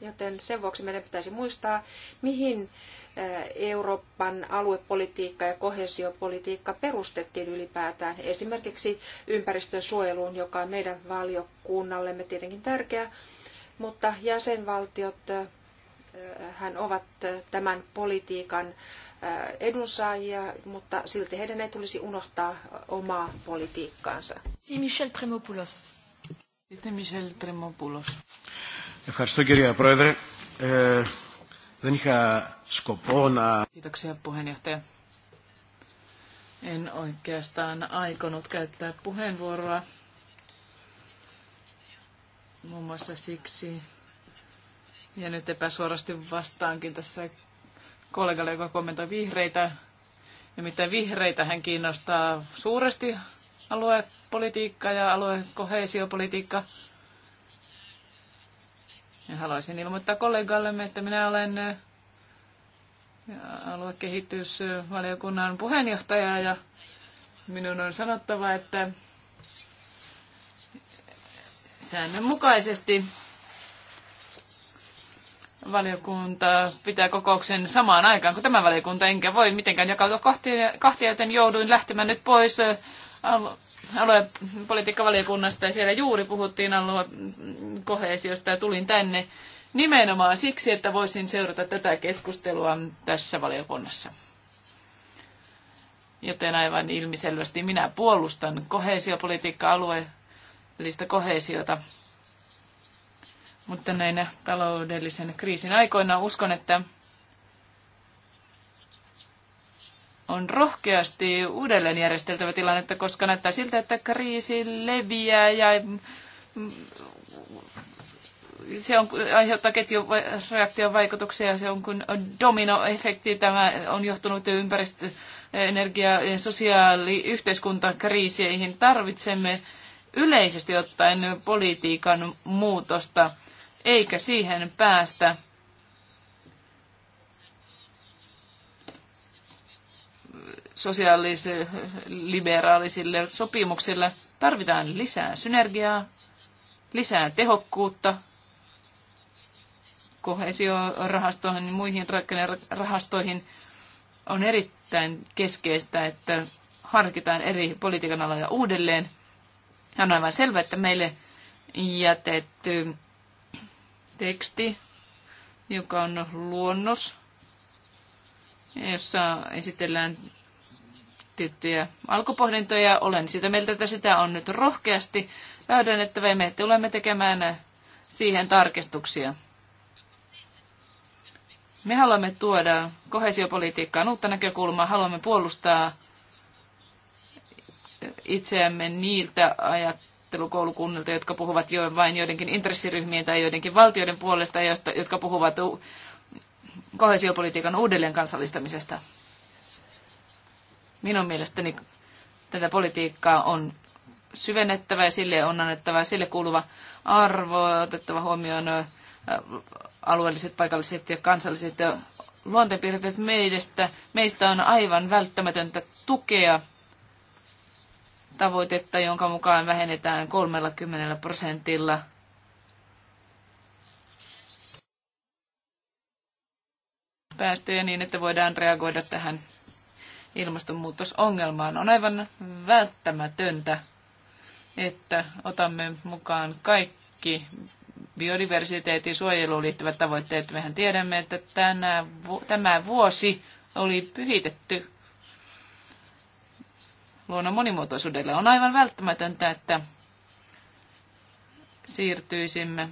Speaker 4: Joten sen vuoksi meidän pitäisi muistaa, mihin Euroopan aluepolitiikka ja kohesiopolitiikka perustettiin ylipäätään. Esimerkiksi ympäristön suojeluun, joka on meidän valiokunnallemme tietenkin tärkeä, mutta jäsenvaltiot hän ovat tämän politiikan edunsaajia, mutta silti heidän ei tulisi unohtaa omaa
Speaker 1: politiikkaansa. Si Michel Tremopoulos.
Speaker 3: Ευχαριστώ κυρία Πρόεδρε. Ε, δεν είχα σκοπό να...
Speaker 1: Kiitoksia puheenjohtaja. En oikeastaan aikonut käyttää puheenvuoroa muun muassa siksi, ja nyt epäsuorasti vastaankin tässä kollegalle, joka kommentoi vihreitä. mitä vihreitä hän kiinnostaa suuresti aluepolitiikka ja aluekohesiopolitiikka. Ja haluaisin ilmoittaa kollegallemme, että minä olen aluekehitysvaliokunnan puheenjohtaja ja minun on sanottava, että säännönmukaisesti valiokunta pitää kokouksen samaan aikaan kuin tämä valiokunta, enkä voi mitenkään jakautua kahtia, joten jouduin lähtemään nyt pois aluepolitiikkavaliokunnasta ja siellä juuri puhuttiin aluekohesiosta ja tulin tänne nimenomaan siksi, että voisin seurata tätä keskustelua tässä valiokunnassa. Joten aivan ilmiselvästi minä puolustan kohesiopolitiikkaa alueellista kohesiota. Mutta näinä taloudellisen kriisin aikoina uskon, että on rohkeasti uudelleen järjesteltävä tilannetta, koska näyttää siltä, että kriisi leviää ja mm, se on, aiheuttaa ketjureaktion vaikutuksia, se on kuin dominoefekti, tämä on johtunut ympäristö, energia- ja sosiaali- yhteiskuntakriiseihin. Tarvitsemme yleisesti ottaen politiikan muutosta, eikä siihen päästä sosiaalis-liberaalisille sopimuksille. Tarvitaan lisää synergiaa, lisää tehokkuutta kohesiorahastoihin ja niin muihin rakennerahastoihin. On erittäin keskeistä, että harkitaan eri politiikan aloja uudelleen. On aivan selvää, että meille jätetty teksti, joka on luonnos, jossa esitellään tiettyjä alkupohdintoja. Olen sitä mieltä, että sitä on nyt rohkeasti täydennettävä ja me tulemme tekemään siihen tarkistuksia. Me haluamme tuoda kohesiopolitiikkaan uutta näkökulmaa, haluamme puolustaa itseämme niiltä ajattelukoulukunnilta, jotka puhuvat jo vain joidenkin intressiryhmien tai joidenkin valtioiden puolesta, jotka puhuvat kohesiopolitiikan uudelleen kansallistamisesta. Minun mielestäni tätä politiikkaa on syvennettävä ja sille on annettava sille kuuluva arvo, otettava huomioon alueelliset, paikalliset ja kansalliset luonteenpiirteet meistä. Meistä on aivan välttämätöntä tukea tavoitetta, jonka mukaan vähennetään 30 prosentilla päästöjä niin, että voidaan reagoida tähän ilmastonmuutosongelmaan. On aivan välttämätöntä, että otamme mukaan kaikki biodiversiteetin suojeluun liittyvät tavoitteet. Mehän tiedämme, että tänä, tämä vuosi oli pyhitetty luonnon monimuotoisuudelle. On aivan välttämätöntä, että siirtyisimme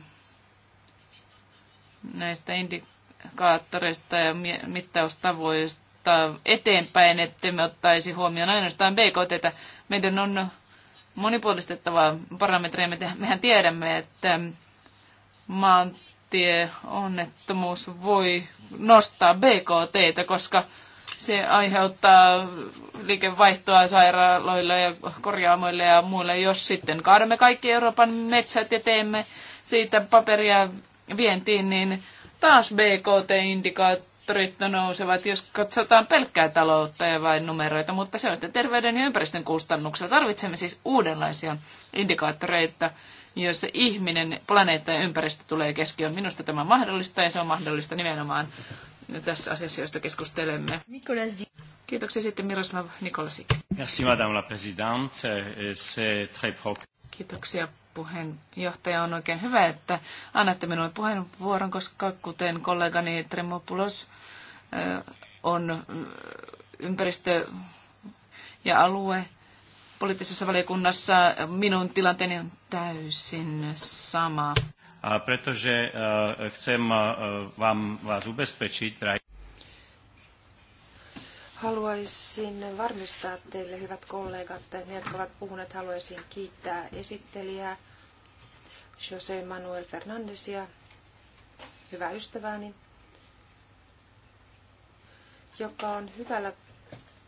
Speaker 1: näistä indikaattoreista ja mittaustavoista ottaa eteenpäin, että me ottaisi huomioon ainoastaan BKT. Meidän on monipuolistettava parametreja. Mehän tiedämme, että maantieonnettomuus voi nostaa BKT, koska se aiheuttaa liikevaihtoa sairaaloille ja korjaamoille ja muille, jos sitten kaadamme kaikki Euroopan metsät ja teemme siitä paperia vientiin, niin taas bkt indikaattori sektorit nousevat, jos katsotaan pelkkää taloutta ja vain numeroita, mutta se on sitten terveyden ja ympäristön kustannuksella. Tarvitsemme siis uudenlaisia indikaattoreita, joissa ihminen, planeetta ja ympäristö tulee keskiöön. Minusta tämä on mahdollista ja se on mahdollista nimenomaan tässä asiassa, josta keskustelemme. Nikolasi. Kiitoksia sitten Miroslav Nikolasi.
Speaker 3: Merci madame la présidente. C'est très propre.
Speaker 1: Kiitoksia puheenjohtaja. On oikein hyvä, että annatte minulle puheenvuoron, koska kuten kollegani Tremopulos on ympäristö- ja alue poliittisessa valiokunnassa, minun tilanteeni on täysin sama.
Speaker 3: Pretože chcem vám vás ubezpečiť,
Speaker 4: Haluaisin varmistaa teille, hyvät kollegat, ne, jotka ovat puhuneet, haluaisin kiittää esittelijää Jose Manuel Fernandesia, hyvää ystävääni, joka on hyvällä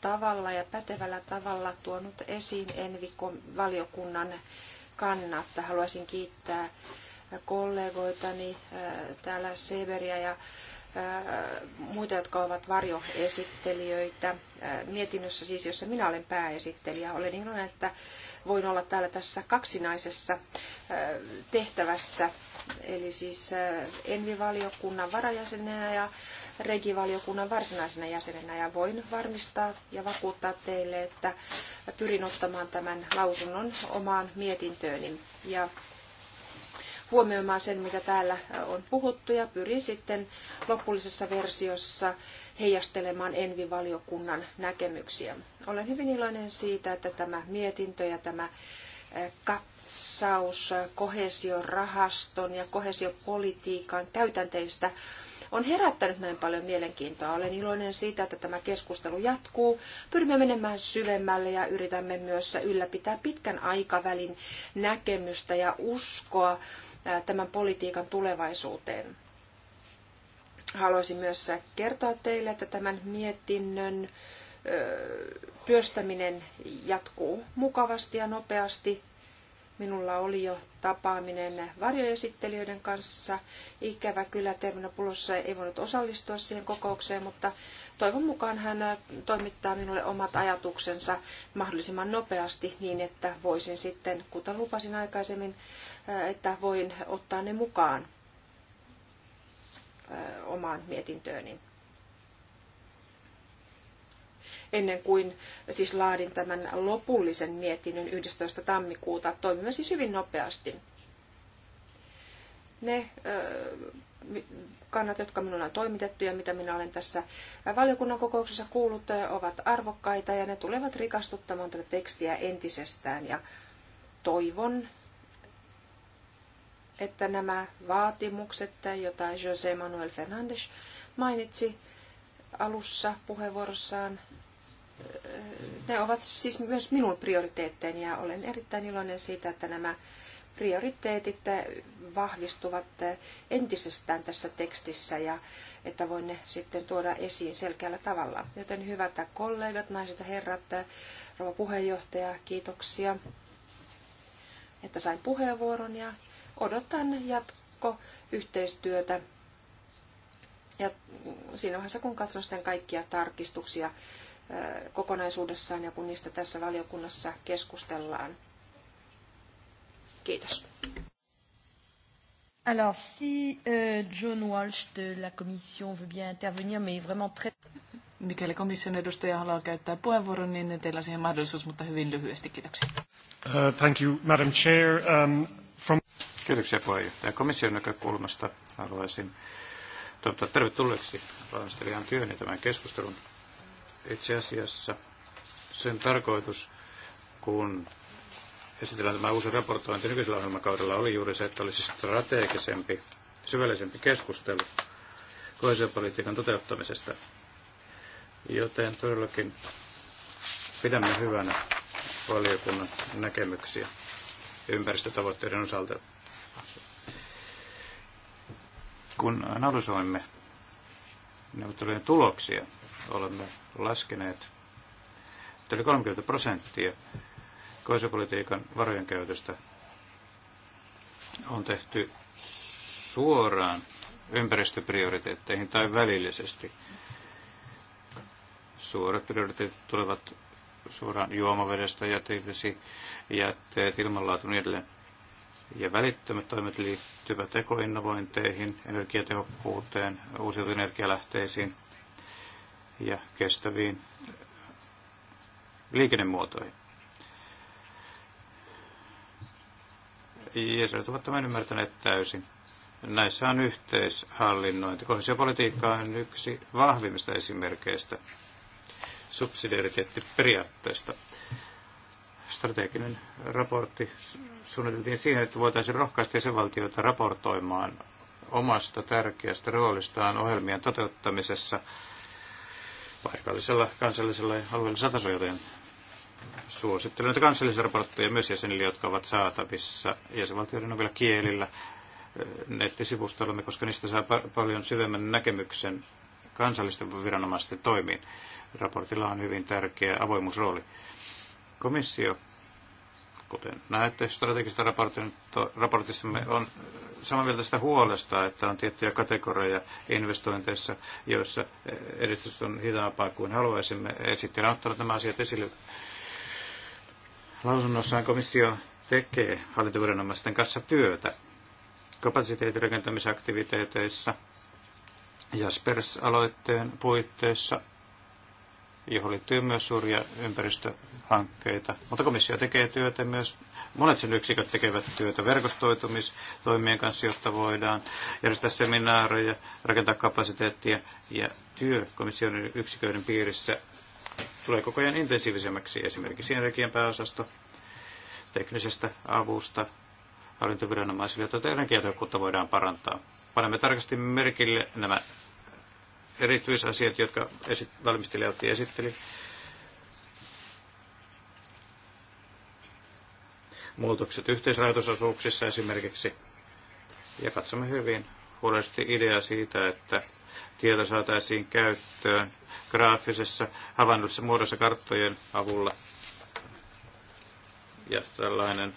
Speaker 4: tavalla ja pätevällä tavalla tuonut esiin envi valiokunnan kannat. Haluaisin kiittää kollegoitani täällä Severia ja muita, jotka ovat varjoesittelijöitä. Mietinnössä siis, jossa minä olen pääesittelijä, olen iloinen, että voin olla täällä tässä kaksinaisessa tehtävässä, eli siis Envivaliokunnan varajäsenenä ja Regivaliokunnan varsinaisena jäsenenä ja voin varmistaa ja vakuuttaa teille, että pyrin ottamaan tämän lausunnon omaan mietintööni. Ja huomioimaan sen, mitä täällä on puhuttu ja pyrin sitten lopullisessa versiossa heijastelemaan Envi-valiokunnan näkemyksiä. Olen hyvin iloinen siitä, että tämä mietintö ja tämä eh, katsaus kohesiorahaston ja kohesiopolitiikan käytänteistä on herättänyt näin paljon mielenkiintoa. Olen iloinen siitä, että tämä keskustelu jatkuu. Pyrimme menemään syvemmälle ja yritämme myös ylläpitää pitkän aikavälin näkemystä ja uskoa tämän politiikan tulevaisuuteen. Haluaisin myös kertoa teille, että tämän mietinnön työstäminen jatkuu mukavasti ja nopeasti. Minulla oli jo tapaaminen varjoesittelijöiden kanssa. Ikävä kyllä Termina Pulossa ei voinut osallistua siihen kokoukseen, mutta toivon mukaan hän toimittaa minulle omat ajatuksensa mahdollisimman nopeasti niin, että voisin sitten, kuten lupasin aikaisemmin, että voin ottaa ne mukaan omaan mietintööni. Ennen kuin siis laadin tämän lopullisen mietinnön 11. tammikuuta, toimimme siis hyvin nopeasti. Ne kannat, jotka minulla on toimitettu ja mitä minä olen tässä valiokunnan kokouksessa kuullut, ovat arvokkaita ja ne tulevat rikastuttamaan tätä tekstiä entisestään. Ja toivon, että nämä vaatimukset, joita José Manuel Fernandes mainitsi alussa puheenvuorossaan, ne ovat siis myös minun prioriteetteeni ja olen erittäin iloinen siitä, että nämä prioriteetit vahvistuvat entisestään tässä tekstissä ja että voin ne sitten tuoda esiin selkeällä tavalla. Joten hyvät kollegat, naiset ja herrat, rouva puheenjohtaja, kiitoksia, että sain puheenvuoron ja odotan jatko yhteistyötä ja siinä vaiheessa, kun katson sitten kaikkia tarkistuksia kokonaisuudessaan ja kun niistä tässä valiokunnassa keskustellaan. Kiitos. Alors, si euh, John Walsh de la Commission veut bien intervenir, mais vraiment très...
Speaker 1: Mikäli komission edustaja haluaa käyttää puheenvuoron, niin teillä on siihen mahdollisuus, mutta hyvin lyhyesti. Kiitoksia.
Speaker 3: Uh, thank you, Madam Chair. Um, from... Kiitoksia puheenjohtaja. Komission näkökulmasta haluaisin toivottaa tervetulleeksi valmistelijan työn ja tämän keskustelun. Itse asiassa sen tarkoitus, kun esitellään tämä uusi raportointi nykyisellä ohjelmakaudella, oli juuri se, että olisi strategisempi, syvällisempi keskustelu koesiopolitiikan toteuttamisesta. Joten todellakin pidämme hyvänä valiokunnan näkemyksiä ympäristötavoitteiden osalta kun analysoimme neuvottelujen tuloksia, olemme laskeneet, että oli 30 prosenttia koisopolitiikan varojen käytöstä on tehty suoraan ympäristöprioriteetteihin tai välillisesti. Suorat prioriteetit tulevat suoraan juomavedestä, jätevesi, jätteet, ilmanlaatu ja niin edelleen. Ja välittömät toimet liittyvät ekoinnovointeihin, energiatehokkuuteen, uusiutuviin energialähteisiin ja kestäviin liikennemuotoihin. Jeesus ovat tämän ymmärtäneet täysin. Näissä on yhteishallinnointi. Kohesiopolitiikka on yksi vahvimmista esimerkkeistä subsidiariteettiperiaatteesta strateginen raportti suunniteltiin siihen, että voitaisiin rohkaista jäsenvaltioita raportoimaan omasta tärkeästä roolistaan ohjelmien toteuttamisessa paikallisella, kansallisella ja alueellisella tasolla, joten suosittelen näitä kansallisia raportteja myös jäsenille, jotka ovat saatavissa jäsenvaltioiden vielä kielillä eh, nettisivustollamme, koska niistä saa paljon syvemmän näkemyksen kansallisten viranomaisten toimiin. Raportilla on hyvin tärkeä avoimuusrooli. Komissio, kuten näette strategista raportissamme, on samaa mieltä sitä huolesta, että on tiettyjä kategorioja investointeissa, joissa eh, edistys on hitaampaa kuin haluaisimme. on ottanut nämä asiat esille lausunnossaan komissio tekee hallintoviranomaisten kanssa työtä kapasiteetin rakentamisaktiviteeteissa Jaspers-aloitteen puitteissa, johon liittyy myös suuria ympäristö- hankkeita, mutta komissio tekee työtä myös, monet sen yksiköt tekevät työtä verkostoitumistoimien kanssa, jotta voidaan järjestää seminaareja, rakentaa kapasiteettia ja työ komission yksiköiden piirissä tulee koko ajan intensiivisemmäksi esimerkiksi energian pääosasto teknisestä avusta hallintoviranomaisille, jotta energiatehokkuutta voidaan parantaa. Panemme tarkasti merkille nämä erityisasiat, jotka esit- valmistelija otti esitteli. muutokset yhteisrahoitusosuuksissa esimerkiksi. Ja katsomme hyvin huolellisesti ideaa siitä, että tieto saataisiin käyttöön graafisessa havainnollisessa muodossa karttojen avulla. Ja tällainen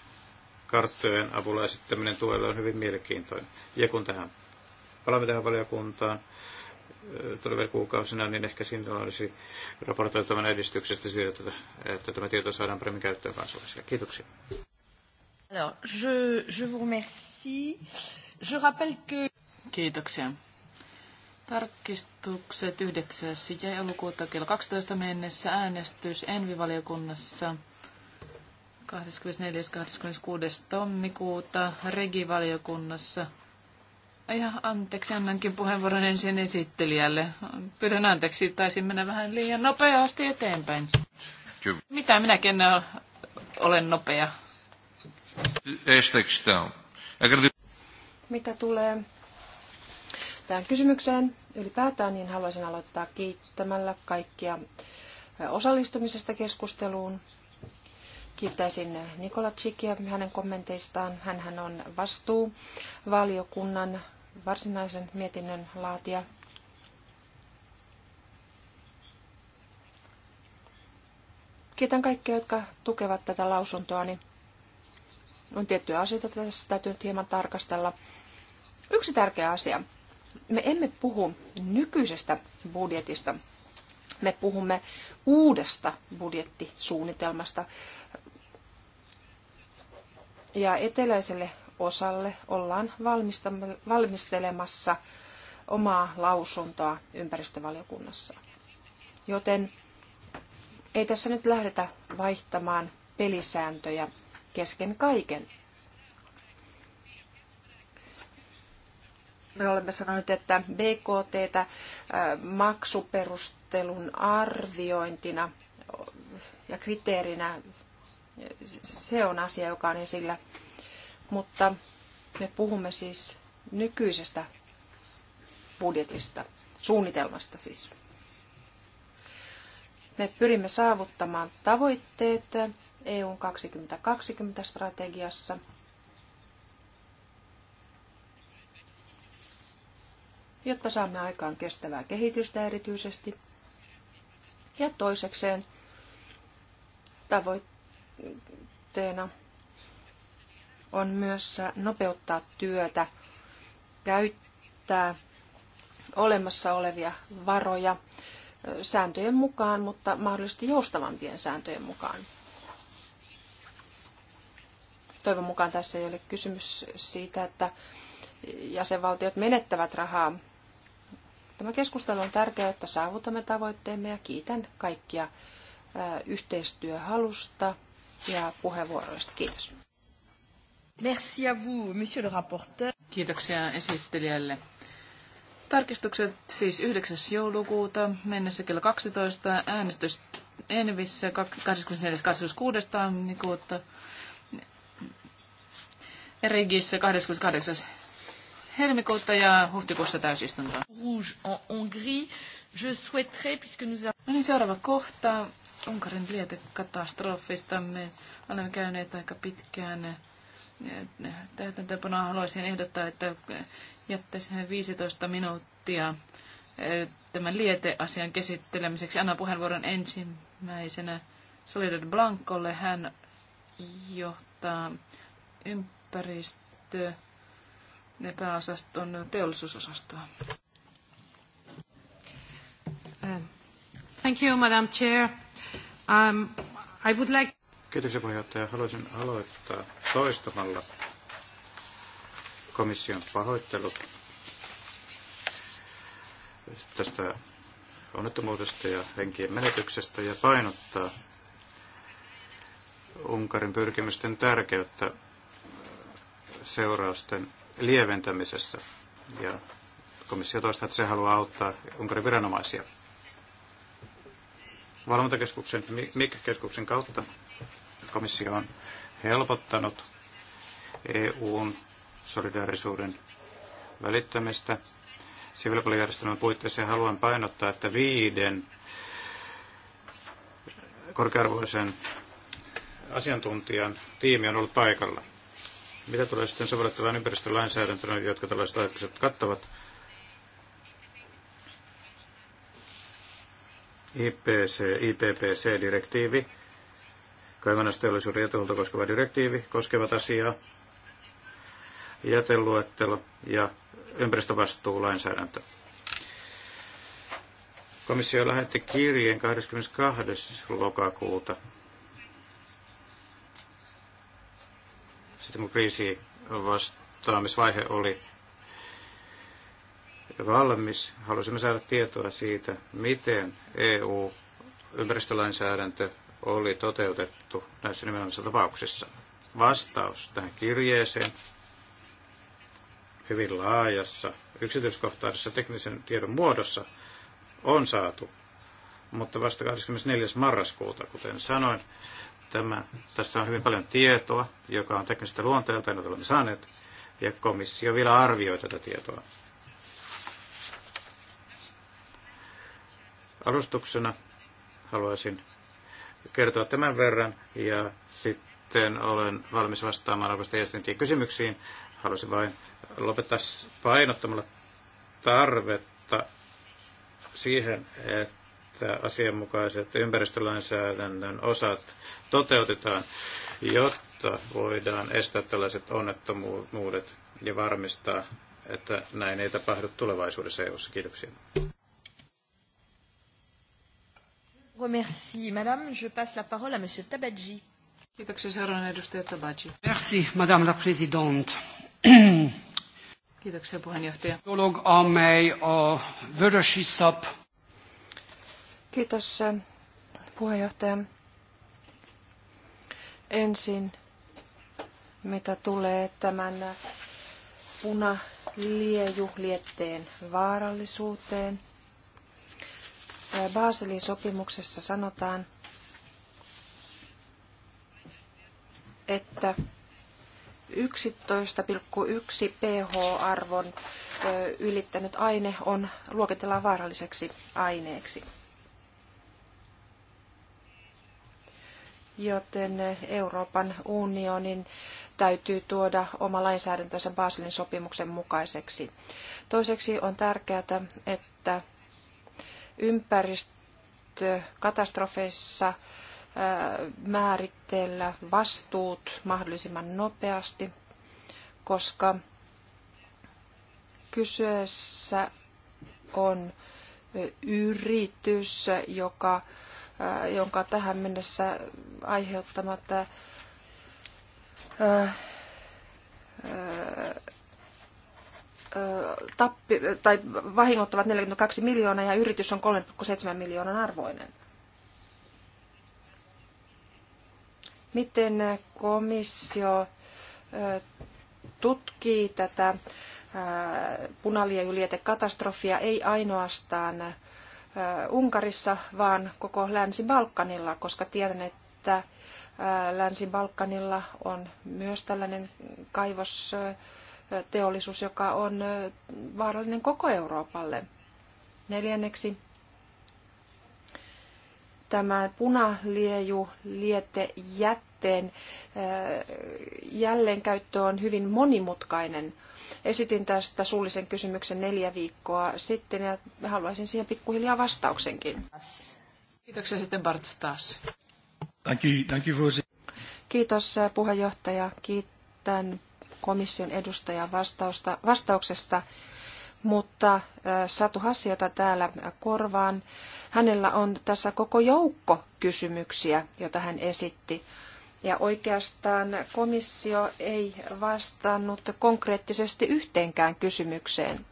Speaker 3: karttojen avulla esittäminen tuella on hyvin mielenkiintoinen. Ja kun tähän palaamme tähän valiokuntaan tulevina kuukausina, niin ehkä siinä olisi raportoitavan edistyksestä siitä, että, että tämä tieto saadaan paremmin käyttöön kansalaisille. Kiitoksia.
Speaker 1: Alors, je, je vous remercie. Je rappelle que... Kiitoksia. Tarkistukset 9. elokuuta kello 12 mennessä äänestys Envivaliokunnassa 24.–26. tammikuuta Regivaliokunnassa. Ja anteeksi, annankin puheenvuoron ensin esittelijälle. Pyydän anteeksi, taisin mennä vähän liian nopeasti eteenpäin. Kyllä. Mitä minäkin olen nopea. Mitä tulee
Speaker 4: tähän kysymykseen ylipäätään, niin haluaisin aloittaa kiittämällä kaikkia osallistumisesta keskusteluun. Kiittäisin Nikola Tsikia hänen kommenteistaan. hän on vastuu valiokunnan varsinaisen mietinnön laatija. Kiitän kaikkia, jotka tukevat tätä lausuntoani. Niin on tiettyjä asioita, joita tässä täytyy nyt hieman tarkastella. Yksi tärkeä asia. Me emme puhu nykyisestä budjetista. Me puhumme uudesta budjettisuunnitelmasta. Ja eteläiselle osalle ollaan valmistelemassa omaa lausuntoa ympäristövaliokunnassa. Joten ei tässä nyt lähdetä vaihtamaan pelisääntöjä kesken kaiken. Me olemme sanoneet, että BKT maksuperustelun arviointina ja kriteerinä se on asia, joka on esillä. Mutta me puhumme siis nykyisestä budjetista, suunnitelmasta siis. Me pyrimme saavuttamaan tavoitteet EUn 2020-strategiassa. jotta saamme aikaan kestävää kehitystä erityisesti. Ja toisekseen tavoitteena on myös nopeuttaa työtä, käyttää olemassa olevia varoja sääntöjen mukaan, mutta mahdollisesti joustavampien sääntöjen mukaan. Toivon mukaan tässä ei ole kysymys siitä, että jäsenvaltiot menettävät rahaa. Tämä keskustelu on tärkeää, että saavutamme tavoitteemme ja kiitän kaikkia yhteistyöhalusta ja puheenvuoroista.
Speaker 1: Kiitos. Merci à vous, monsieur le rapporteur. Kiitoksia esittelijälle. Tarkistukset siis 9. joulukuuta mennessä kello 12, äänestys Envissä 24.26. Rigissä 28. helmikuuta ja huhtikuussa täysistunto. Rouge en Hongrie. Je souhaiterais, puisque nous avons... No niin, seuraava kohta. Unkarin lietekatastrofista me olemme käyneet aika pitkään eh, täytäntöpanoa. Haluaisin ehdottaa, että jättäisiin 15 minuuttia eh, tämän lieteasian käsittelemiseksi. Anna puheenvuoron ensimmäisenä Solidar Blankolle. Hän johtaa ympäristö ne pääosaston teollisuusosastoa. Um,
Speaker 4: thank you, Madam Chair. Um, I would like...
Speaker 3: Kiitos, puheenjohtaja. Haluaisin aloittaa toistamalla komission pahoittelut tästä onnettomuudesta ja henkien menetyksestä ja painottaa Unkarin pyrkimysten tärkeyttä seurausten lieventämisessä. Ja komissio toistaa, että se haluaa auttaa Unkarin viranomaisia. Valvontakeskuksen, mikä keskuksen kautta komissio on helpottanut EUn solidaarisuuden välittämistä siviilipalvelujärjestelmän puitteissa haluan painottaa, että viiden korkearvoisen asiantuntijan tiimi on ollut paikalla. Mitä tulee sitten sovellettavaan ympäristölainsäädäntöön, jotka tällaiset ajatukset kattavat? IPC, IPPC-direktiivi, kaivannasteollisuuden jätehuolto koskeva direktiivi, koskevat asiaa, jäteluettelo ja ympäristövastuulainsäädäntö. Komissio lähetti kirjeen 22. lokakuuta Sitten mun kriisi vastaamisvaihe oli valmis, halusimme saada tietoa siitä, miten EU-ympäristölainsäädäntö oli toteutettu näissä nimenomaisissa tapauksissa. Vastaus tähän kirjeeseen hyvin laajassa yksityiskohtaisessa teknisen tiedon muodossa on saatu, mutta vasta 24. marraskuuta, kuten sanoin, Tämä, tässä on hyvin paljon tietoa, joka on teknistä luonteelta, jota olemme saaneet, ja komissio vielä arvioi tätä tietoa. Alustuksena haluaisin kertoa tämän verran, ja sitten olen valmis vastaamaan arvoista jäsenten kysymyksiin. Haluaisin vain lopettaa painottamalla tarvetta siihen, että että asianmukaiset ympäristölainsäädännön osat toteutetaan, jotta voidaan estää tällaiset onnettomuudet ja varmistaa, että näin ei tapahdu tulevaisuudessa EU:ssa. Kiitoksia.
Speaker 1: Merci, madame. Je passe la parole à monsieur Tabadji. Kiitoksia seuraavan edustaja Tabadji. Merci, madame la présidente. Kiitoksia puheenjohtaja. Dolog, amely a
Speaker 4: Kiitos puheenjohtaja. Ensin, mitä tulee tämän punaliejulietteen vaarallisuuteen. Baselin sopimuksessa sanotaan, että 11,1 pH-arvon ylittänyt aine on luokitellaan vaaralliseksi aineeksi. joten Euroopan unionin täytyy tuoda oma lainsäädäntönsä Baselin sopimuksen mukaiseksi. Toiseksi on tärkeää, että ympäristökatastrofeissa määritellä vastuut mahdollisimman nopeasti, koska kyseessä on yritys, joka jonka tähän mennessä aiheuttamat tappi, tai vahingot ovat 42 miljoonaa ja yritys on 3,7 miljoonan arvoinen. Miten komissio tutkii tätä punaliejulietekatastrofia ei ainoastaan Unkarissa, vaan koko Länsi-Balkanilla, koska tiedän, että Länsi-Balkanilla on myös tällainen kaivosteollisuus, joka on vaarallinen koko Euroopalle. Neljänneksi tämä punalieju jätteen jälleenkäyttö on hyvin monimutkainen Esitin tästä suullisen kysymyksen neljä viikkoa sitten ja haluaisin siihen pikkuhiljaa vastauksenkin.
Speaker 1: Kiitoksia sitten Bart taas.
Speaker 4: Kiitos äh, puheenjohtaja. Kiitän komission edustajan vastausta, vastauksesta mutta äh, Satu Hassiota täällä korvaan. Hänellä on tässä koko joukko kysymyksiä, joita hän esitti. Ja oikeastaan komissio ei vastannut konkreettisesti yhteenkään kysymykseen.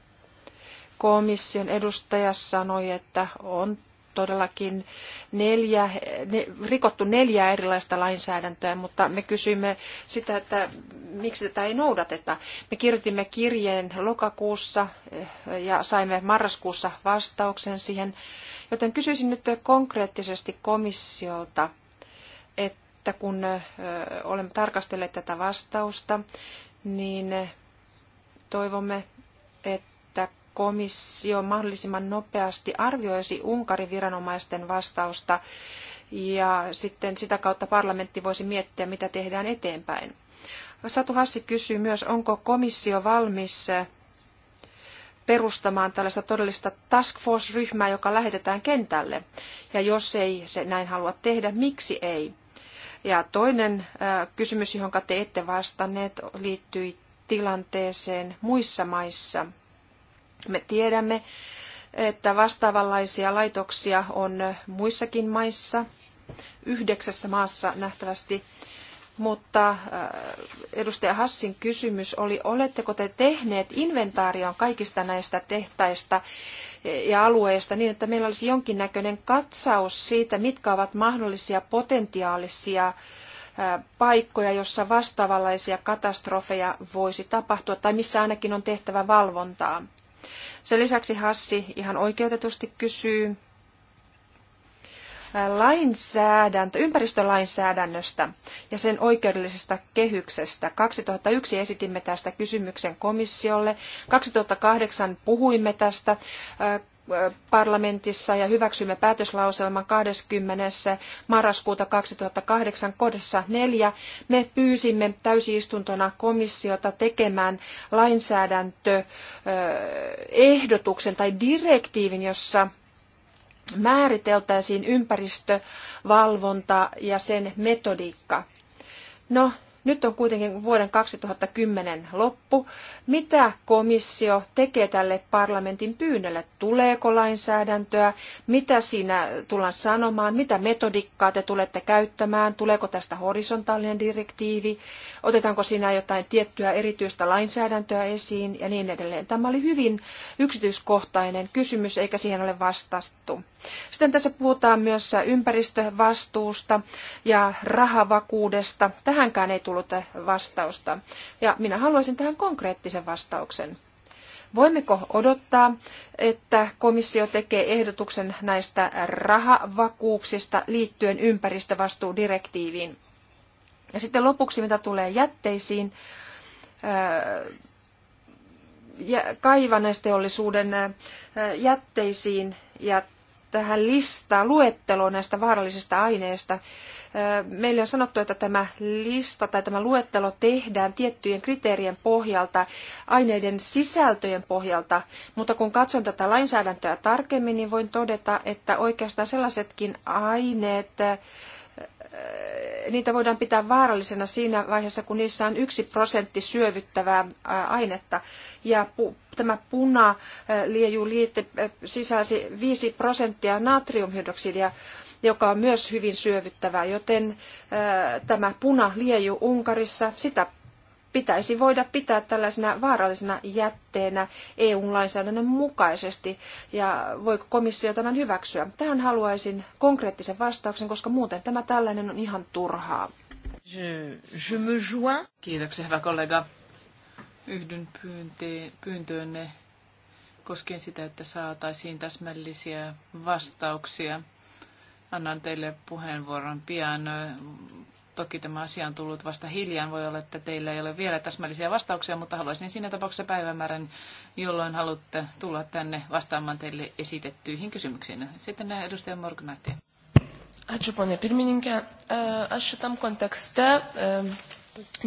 Speaker 4: Komission edustaja sanoi, että on todellakin neljä, ne, rikottu neljä erilaista lainsäädäntöä, mutta me kysyimme sitä, että miksi tätä ei noudateta. Me kirjoitimme kirjeen lokakuussa eh, ja saimme marraskuussa vastauksen siihen, joten kysyisin nyt konkreettisesti komissiolta, että kun olemme tarkastelleet tätä vastausta, niin toivomme, että komissio mahdollisimman nopeasti arvioisi Unkarin viranomaisten vastausta ja sitten sitä kautta parlamentti voisi miettiä, mitä tehdään eteenpäin. Satu Hassi kysyy myös, onko komissio valmis perustamaan tällaista todellista task force-ryhmää, joka lähetetään kentälle. Ja jos ei se näin halua tehdä, miksi ei? Ja toinen kysymys, johon te ette vastanneet, liittyi tilanteeseen muissa maissa. Me tiedämme, että vastaavanlaisia laitoksia on muissakin maissa, yhdeksässä maassa nähtävästi, mutta äh, edustaja Hassin kysymys oli, oletteko te tehneet inventaarion kaikista näistä tehtaista eh, ja alueista niin, että meillä olisi jonkinnäköinen katsaus siitä, mitkä ovat mahdollisia potentiaalisia äh, paikkoja, jossa vastaavanlaisia katastrofeja voisi tapahtua tai missä ainakin on tehtävä valvontaa. Sen lisäksi Hassi ihan oikeutetusti kysyy, lainsäädäntö, ympäristölainsäädännöstä ja sen oikeudellisesta kehyksestä. 2001 esitimme tästä kysymyksen komissiolle. 2008 puhuimme tästä parlamentissa ja hyväksymme päätöslauselman 20. marraskuuta 2008 kohdassa 4. Me pyysimme täysistuntona komissiota tekemään lainsäädäntöehdotuksen tai direktiivin, jossa määriteltäisiin ympäristövalvonta ja sen metodiikka. No, nyt on kuitenkin vuoden 2010 loppu. Mitä komissio tekee tälle parlamentin pyynnölle? Tuleeko lainsäädäntöä? Mitä siinä tullaan sanomaan? Mitä metodikkaa te tulette käyttämään? Tuleeko tästä horisontaalinen direktiivi? Otetaanko siinä jotain tiettyä erityistä lainsäädäntöä esiin ja niin edelleen? Tämä oli hyvin yksityiskohtainen kysymys, eikä siihen ole vastattu. Sitten tässä puhutaan myös ympäristövastuusta ja rahavakuudesta. Tähänkään ei tule tullut vastausta. Ja minä haluaisin tähän konkreettisen vastauksen. Voimmeko odottaa, että komissio tekee ehdotuksen näistä rahavakuuksista liittyen ympäristövastuudirektiiviin? Ja sitten lopuksi, mitä tulee jätteisiin, kaivannaisteollisuuden jätteisiin ja tähän listaan, luetteloon näistä vaarallisista aineista. Meille on sanottu, että tämä lista tai tämä luettelo tehdään tiettyjen kriteerien pohjalta, aineiden sisältöjen pohjalta, mutta kun katson tätä lainsäädäntöä tarkemmin, niin voin todeta, että oikeastaan sellaisetkin aineet, niitä voidaan pitää vaarallisena siinä vaiheessa, kun niissä on yksi prosentti syövyttävää ainetta. Ja tämä puna äh, liejuliitte äh, sisälsi 5 prosenttia natriumhydroksidia, joka on myös hyvin syövyttävää, joten äh, tämä puna lieju Unkarissa, sitä pitäisi voida pitää tällaisena vaarallisena jätteenä EU-lainsäädännön mukaisesti, ja voiko komissio tämän hyväksyä? Tähän haluaisin konkreettisen vastauksen, koska muuten tämä tällainen on ihan turhaa.
Speaker 2: Je, je me
Speaker 1: joins. Kiitoksia, hyvä kollega. Yhdyn pyyntöönne koskien sitä, että saataisiin täsmällisiä vastauksia. Annan teille puheenvuoron pian. Toki tämä asia on tullut vasta hiljaan. Voi olla, että teillä ei ole vielä täsmällisiä vastauksia, mutta haluaisin siinä tapauksessa päivämäärän, jolloin haluatte tulla tänne vastaamaan teille esitettyihin kysymyksiin. Sitten eh, edustaja Morgnati. Ačiū, ponė pirmininkė. Eh, aš šitam kontekste eh,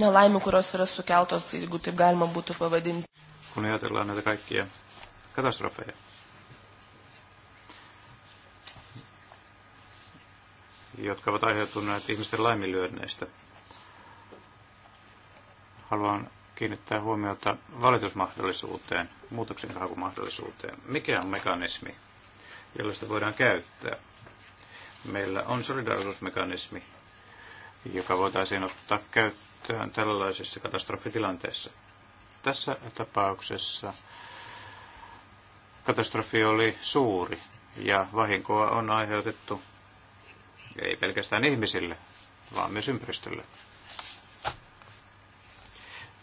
Speaker 1: nelaimių, kurios yra sukeltos, jeigu taip galima būtų pavadinti.
Speaker 3: Kun ajatellaan näitä kaikkia katastrofeja, jotka ovat aiheutuneet ihmisten laiminlyönneistä, haluan kiinnittää huomiota valitusmahdollisuuteen, muutoksen hakumahdollisuuteen. Mikä on mekanismi, jolla sitä voidaan käyttää? Meillä on solidarisuusmekanismi, joka voitaisiin ottaa käyttöön käyttöön tällaisessa katastrofitilanteissa. Tässä tapauksessa katastrofi oli suuri ja vahinkoa on aiheutettu ei pelkästään ihmisille, vaan myös ympäristölle.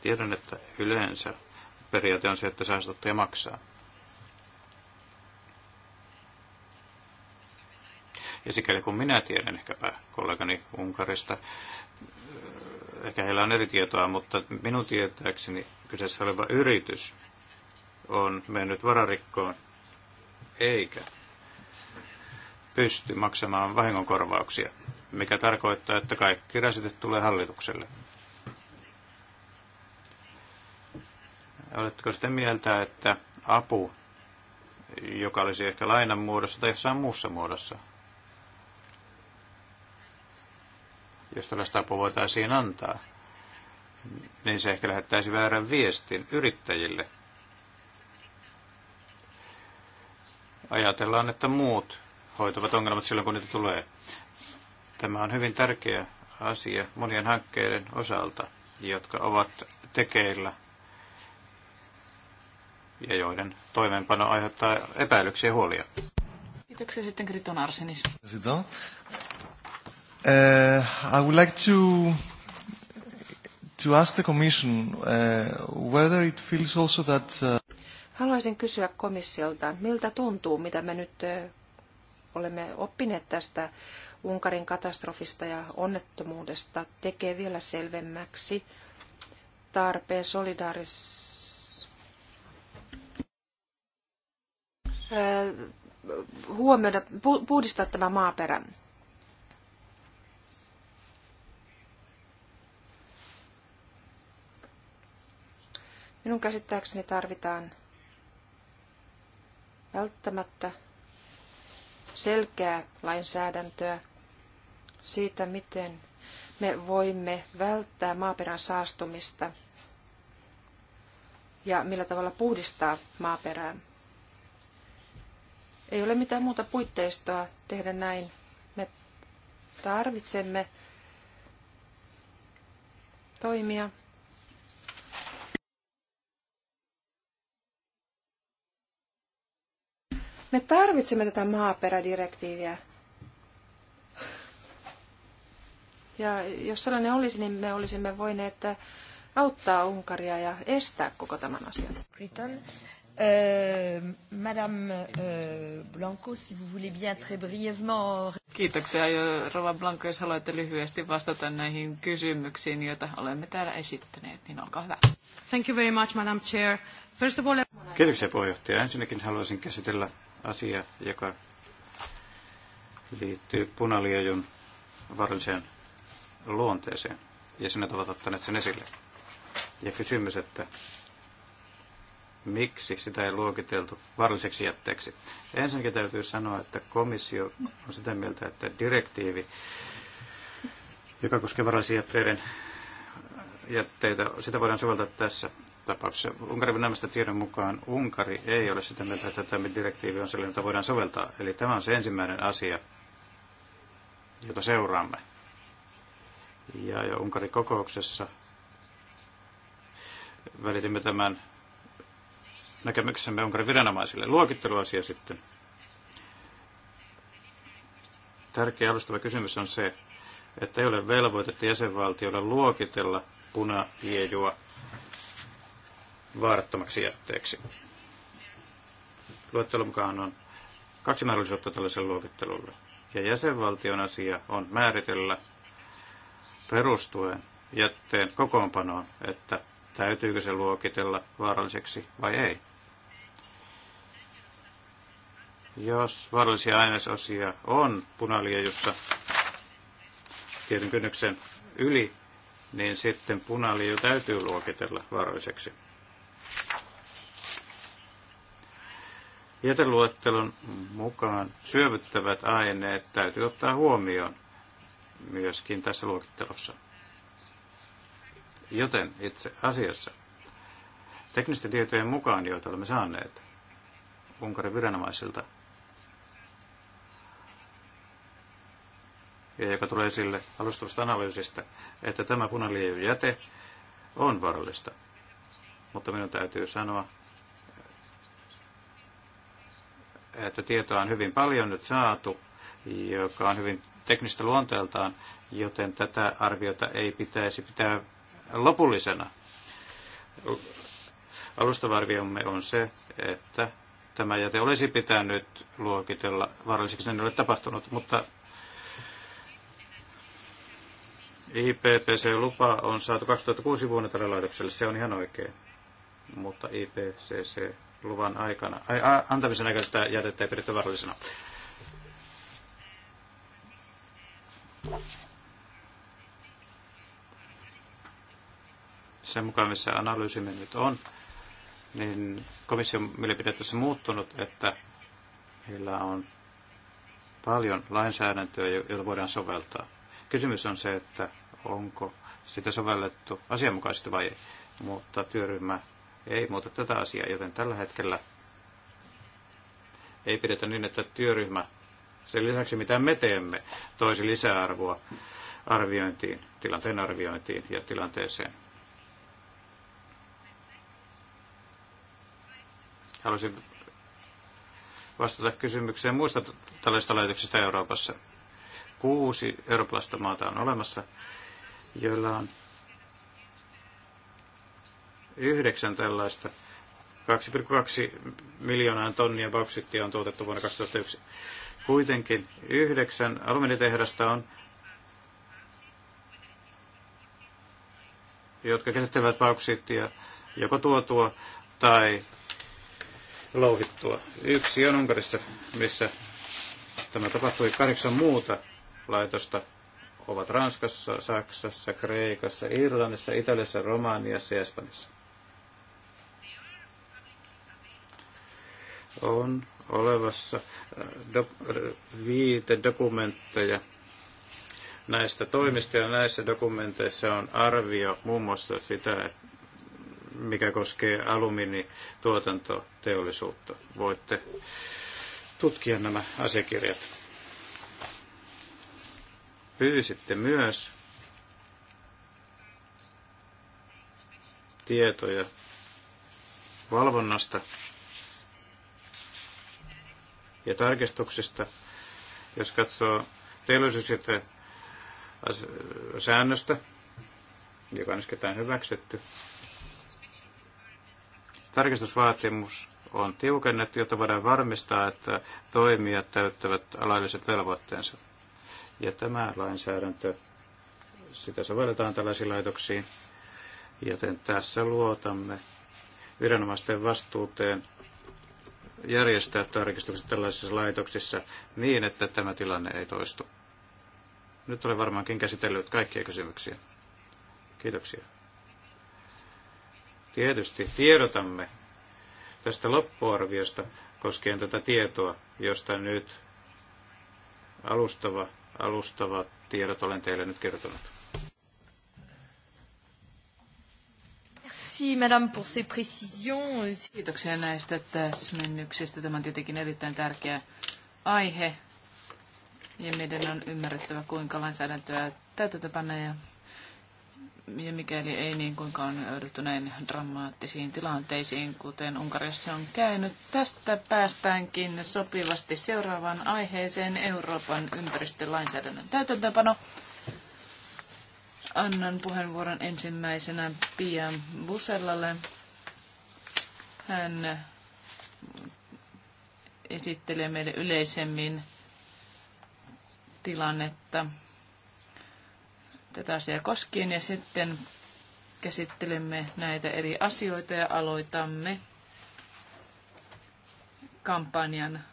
Speaker 3: Tiedän, että yleensä periaate on se, että saastuttaja maksaa. Ja sikäli kun minä tiedän ehkäpä kollegani Unkarista, ehkä heillä on eri tietoa, mutta minun tietääkseni kyseessä oleva yritys on mennyt vararikkoon eikä pysty maksamaan vahingonkorvauksia, mikä tarkoittaa, että kaikki rasitet tulee hallitukselle. Oletteko sitten mieltä, että apu, joka olisi ehkä lainan muodossa tai jossain muussa muodossa, jos tällaista apua voitaisiin antaa, niin se ehkä lähettäisi väärän viestin yrittäjille. Ajatellaan, että muut hoitavat ongelmat silloin, kun niitä tulee. Tämä on hyvin tärkeä asia monien hankkeiden osalta, jotka ovat tekeillä ja joiden toimeenpano aiheuttaa epäilyksiä ja huolia.
Speaker 1: Kiitoksia sitten Kriton Arsenis.
Speaker 2: Uh, I would like to to ask the Commission uh, whether it feels also that. Uh... Haluaisin
Speaker 4: kysyä komissiolta, miltä tuntuu, mitä me nyt uh, olemme oppineet tästä Unkarin katastrofista ja onnettomuudesta, tekee vielä selvemmäksi tarpeen solidaaris... Uh, huomioida, puhdistaa tämä maaperä. Minun käsittääkseni tarvitaan välttämättä selkeää lainsäädäntöä siitä, miten me voimme välttää maaperän saastumista ja millä tavalla puhdistaa maaperää. Ei ole mitään muuta puitteistoa tehdä näin. Me tarvitsemme toimia, Me tarvitsemme tätä maaperädirektiiviä. Ja jos sellainen olisi, niin me olisimme voineet auttaa Unkaria ja estää koko tämän asian. Britain. Euh,
Speaker 2: Madame euh, Blanco, si vous voulez bien très brièvement...
Speaker 1: Kiitoksia, Rova Blanco, jos haluatte lyhyesti vastata näihin kysymyksiin, joita olemme täällä esittäneet, niin olkaa hyvä. Thank you very much, Madame Chair. First of all...
Speaker 3: Kiitoksia, puheenjohtaja. Ensinnäkin haluaisin käsitellä asia, joka liittyy punaliojun varalliseen luonteeseen. Ja sinä ovat ottaneet sen esille. Ja kysymys, että miksi sitä ei luokiteltu varalliseksi jätteeksi. Ensinnäkin täytyy sanoa, että komissio on sitä mieltä, että direktiivi, joka koskee varallisia jätteiden jätteitä, sitä voidaan soveltaa tässä tapauksessa. Unkarin nämästä tiedon mukaan Unkari ei ole sitä mieltä, että tämä direktiivi on sellainen, jota voidaan soveltaa. Eli tämä on se ensimmäinen asia, jota seuraamme. Ja jo Unkarin kokouksessa välitimme tämän näkemyksemme Unkarin viranomaisille. Luokitteluasia sitten. Tärkeä alustava kysymys on se, että ei ole velvoitetta jäsenvaltiolla luokitella punaviejua vaarattomaksi jätteeksi. Luettelun mukaan on kaksi mahdollisuutta tällaiselle luokittelulle. Ja jäsenvaltion asia on määritellä perustuen jätteen kokoonpanoon, että täytyykö se luokitella vaaralliseksi vai ei. Jos vaarallisia ainesosia on punaliejussa tietyn kynnyksen yli, niin sitten punaliju täytyy luokitella vaaralliseksi. Jäteluettelon mukaan syövyttävät aineet täytyy ottaa huomioon myöskin tässä luokittelussa. Joten itse asiassa teknisten tietojen mukaan, joita olemme saaneet Unkarin viranomaisilta, ja joka tulee sille alustavasta analyysistä, että tämä punaliivijäte on vaarallista. Mutta minun täytyy sanoa, että tietoa on hyvin paljon nyt saatu, joka on hyvin teknistä luonteeltaan, joten tätä arviota ei pitäisi pitää lopullisena. Alustavarviomme on se, että tämä jäte olisi pitänyt luokitella vaaralliseksi, näin ole tapahtunut, mutta IPPC-lupa on saatu 2006 vuonna tälle laitokselle, se on ihan oikein, mutta IPCC luvan aikana, ai, a, antamisen aikana sitä jätettä ei pidetty varallisena. Sen mukaan, missä analyysimme nyt on, niin komission mielipide on muuttunut, että heillä on paljon lainsäädäntöä, jota voidaan soveltaa. Kysymys on se, että onko sitä sovellettu asianmukaisesti vai ei, mutta työryhmä ei muuta tätä asiaa, joten tällä hetkellä ei pidetä niin, että työryhmä sen lisäksi, mitä me teemme, toisi lisäarvoa arviointiin, tilanteen arviointiin ja tilanteeseen. Haluaisin vastata kysymykseen muista tällaisista laitoksista Euroopassa. Kuusi eurooppalaista maata on olemassa, joilla on yhdeksän tällaista. 2,2 miljoonaa tonnia bauksittia on tuotettu vuonna 2001. Kuitenkin yhdeksän alumiinitehdasta on, jotka käsittelevät bauksittia joko tuotua tai louhittua. Yksi on Unkarissa, missä tämä tapahtui. Kahdeksan muuta laitosta ovat Ranskassa, Saksassa, Kreikassa, Irlannissa, Italiassa, Romaniassa ja Espanjassa. on olevassa äh, do, äh, dokumentteja näistä toimista ja näissä dokumenteissa on arvio muun muassa sitä, mikä koskee alumiinituotantoteollisuutta. Voitte tutkia nämä asiakirjat. Pyysitte myös tietoja valvonnasta ja tarkistuksista. Jos katsoo teollisuusjätä säännöstä, joka on ketään hyväksytty, tarkistusvaatimus on tiukennettu, jotta voidaan varmistaa, että toimijat täyttävät alailliset velvoitteensa. Ja tämä lainsäädäntö, sitä sovelletaan tällaisiin laitoksiin, joten tässä luotamme viranomaisten vastuuteen järjestää tarkistukset tällaisissa laitoksissa niin, että tämä tilanne ei toistu. Nyt olen varmaankin käsitellyt kaikkia kysymyksiä. Kiitoksia. Tietysti tiedotamme tästä loppuarviosta koskien tätä tietoa, josta nyt alustava, alustavat tiedot olen teille nyt kertonut.
Speaker 1: Merci, madame, pour ces précisions. Kiitoksia näistä täsmennyksistä. Tämä on tietenkin erittäin tärkeä aihe. Ja meidän on ymmärrettävä, kuinka lainsäädäntöä täytäntöpanna ja, ja mikäli ei, niin kuinka on jouduttu näin dramaattisiin tilanteisiin, kuten Unkarissa on käynyt. Tästä päästäänkin sopivasti seuraavaan aiheeseen Euroopan ympäristölainsäädännön täytäntöpano. Annan puheenvuoron ensimmäisenä Pia Busellalle. Hän esittelee meille yleisemmin tilannetta tätä asiaa koskien ja sitten käsittelemme näitä eri asioita ja aloitamme kampanjan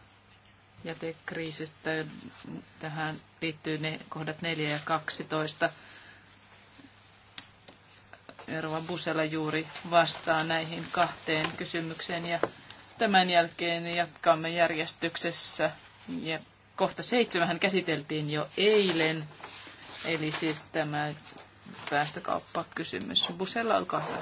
Speaker 1: jätekriisistä. Tähän liittyy ne kohdat 4 ja 12. Rova Busella juuri vastaa näihin kahteen kysymykseen ja tämän jälkeen jatkamme järjestyksessä. Ja kohta seitsemän käsiteltiin jo eilen, eli siis tämä päästökauppakysymys. Busella, olkaa hyvä.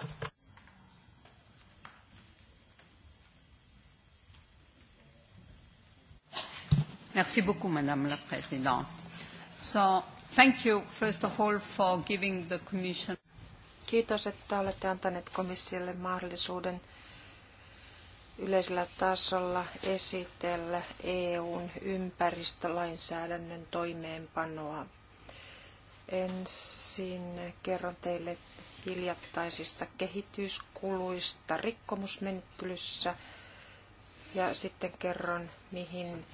Speaker 2: Merci beaucoup, Madame la Présidente. So, thank you, first of all, for giving the Commission
Speaker 4: Kiitos, että olette antaneet komissiolle mahdollisuuden yleisellä tasolla esitellä EUn ympäristölainsäädännön toimeenpanoa. Ensin kerron teille hiljattaisista kehityskuluista rikkomusmenettelyssä ja sitten kerron, mihin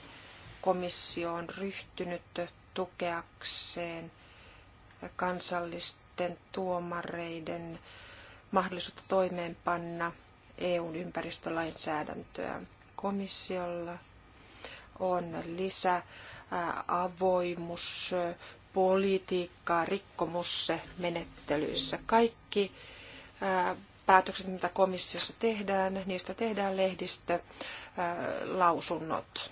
Speaker 4: komissio on ryhtynyt tukeakseen kansallisten tuomareiden mahdollisuutta toimeenpanna EUn ympäristölainsäädäntöä. Komissiolla on lisä avoimus politiikkaa rikkomusmenettelyissä. Kaikki päätökset, mitä komissiossa tehdään, niistä tehdään lehdistö lausunnot.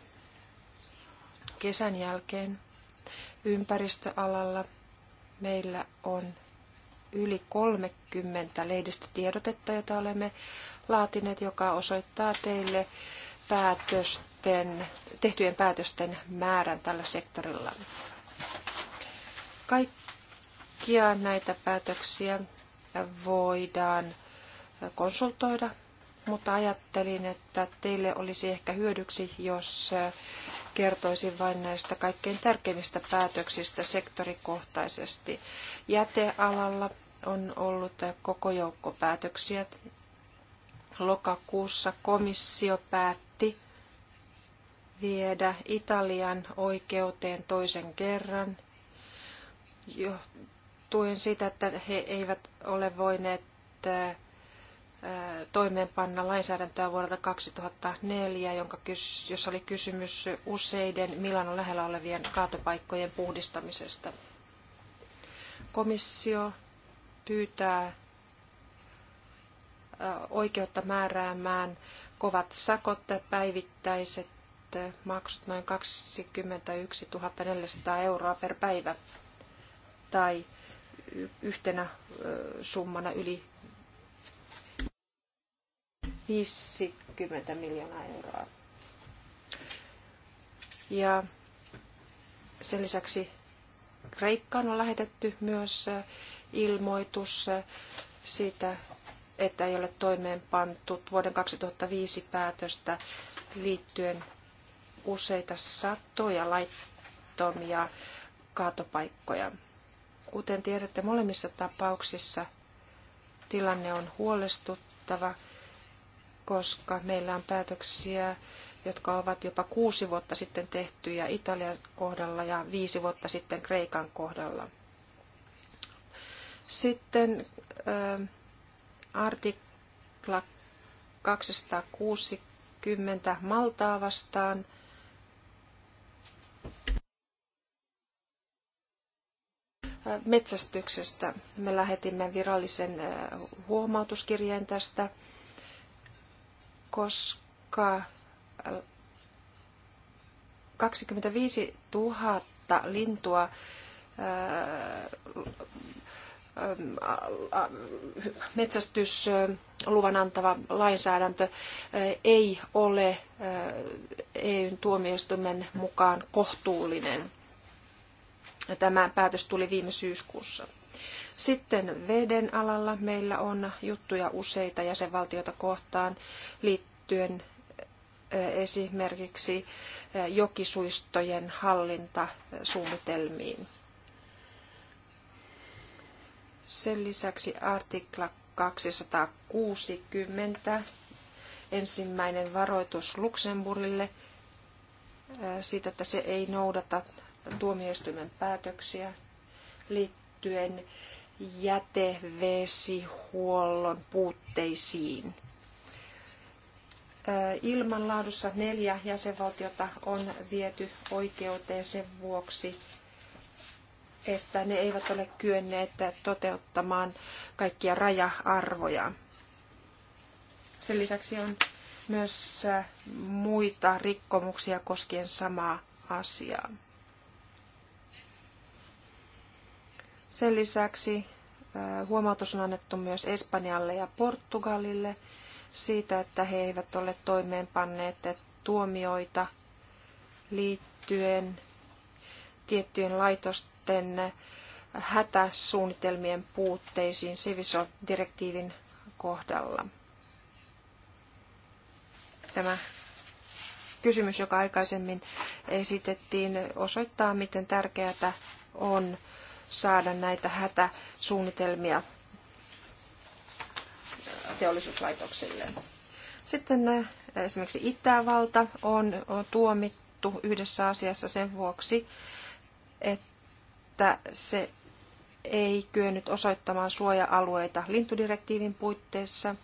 Speaker 4: Kesän jälkeen ympäristöalalla Meillä on yli 30 lehdistötiedotetta, joita olemme laatineet, joka osoittaa teille päätösten, tehtyjen päätösten määrän tällä sektorilla. Kaikkia näitä päätöksiä voidaan konsultoida, mutta ajattelin, että teille olisi ehkä hyödyksi, jos kertoisin vain näistä kaikkein tärkeimmistä päätöksistä sektorikohtaisesti. Jätealalla on ollut koko joukko päätöksiä. Lokakuussa komissio päätti viedä Italian oikeuteen toisen kerran johtuen sitä, että he eivät ole voineet toimeenpanna lainsäädäntöä vuodelta 2004, jonka, jossa oli kysymys useiden Milanon lähellä olevien kaatopaikkojen puhdistamisesta. Komissio pyytää oikeutta määräämään kovat sakot, päivittäiset maksut noin 21 400 euroa per päivä tai yhtenä summana yli 50 miljoonaa euroa. Ja sen lisäksi Kreikkaan on lähetetty myös ilmoitus siitä, että ei ole toimeenpantu vuoden 2005 päätöstä liittyen useita satoja laittomia kaatopaikkoja. Kuten tiedätte, molemmissa tapauksissa tilanne on huolestuttava – koska meillä on päätöksiä, jotka ovat jopa kuusi vuotta sitten tehtyjä Italian kohdalla ja viisi vuotta sitten Kreikan kohdalla. Sitten äh, artikla 260 Maltaa vastaan. Metsästyksestä me lähetimme virallisen huomautuskirjeen tästä koska 25 000 lintua metsästysluvan antava lainsäädäntö ei ole EUn tuomioistuimen mukaan kohtuullinen. Tämä päätös tuli viime syyskuussa. Sitten veden alalla meillä on juttuja useita jäsenvaltioita kohtaan liittyen esimerkiksi jokisuistojen hallintasuunnitelmiin. Sen lisäksi artikla 260, ensimmäinen varoitus Luxemburille siitä, että se ei noudata tuomioistuimen päätöksiä liittyen jätevesihuollon puutteisiin. Ilmanlaadussa neljä jäsenvaltiota on viety oikeuteen sen vuoksi, että ne eivät ole kyenneet toteuttamaan kaikkia raja-arvoja. Sen lisäksi on myös muita rikkomuksia koskien samaa asiaa. Sen lisäksi äh, huomautus on annettu myös Espanjalle ja Portugalille siitä, että he eivät ole toimeenpanneet tuomioita liittyen tiettyjen laitosten hätäsuunnitelmien puutteisiin Siviso-direktiivin kohdalla. Tämä kysymys, joka aikaisemmin esitettiin, osoittaa, miten tärkeää on saada näitä hätäsuunnitelmia teollisuuslaitoksille. Sitten äh, esimerkiksi Itävalta on tuomittu yhdessä asiassa sen vuoksi, että se ei kyennyt osoittamaan suoja-alueita lintudirektiivin puitteissa.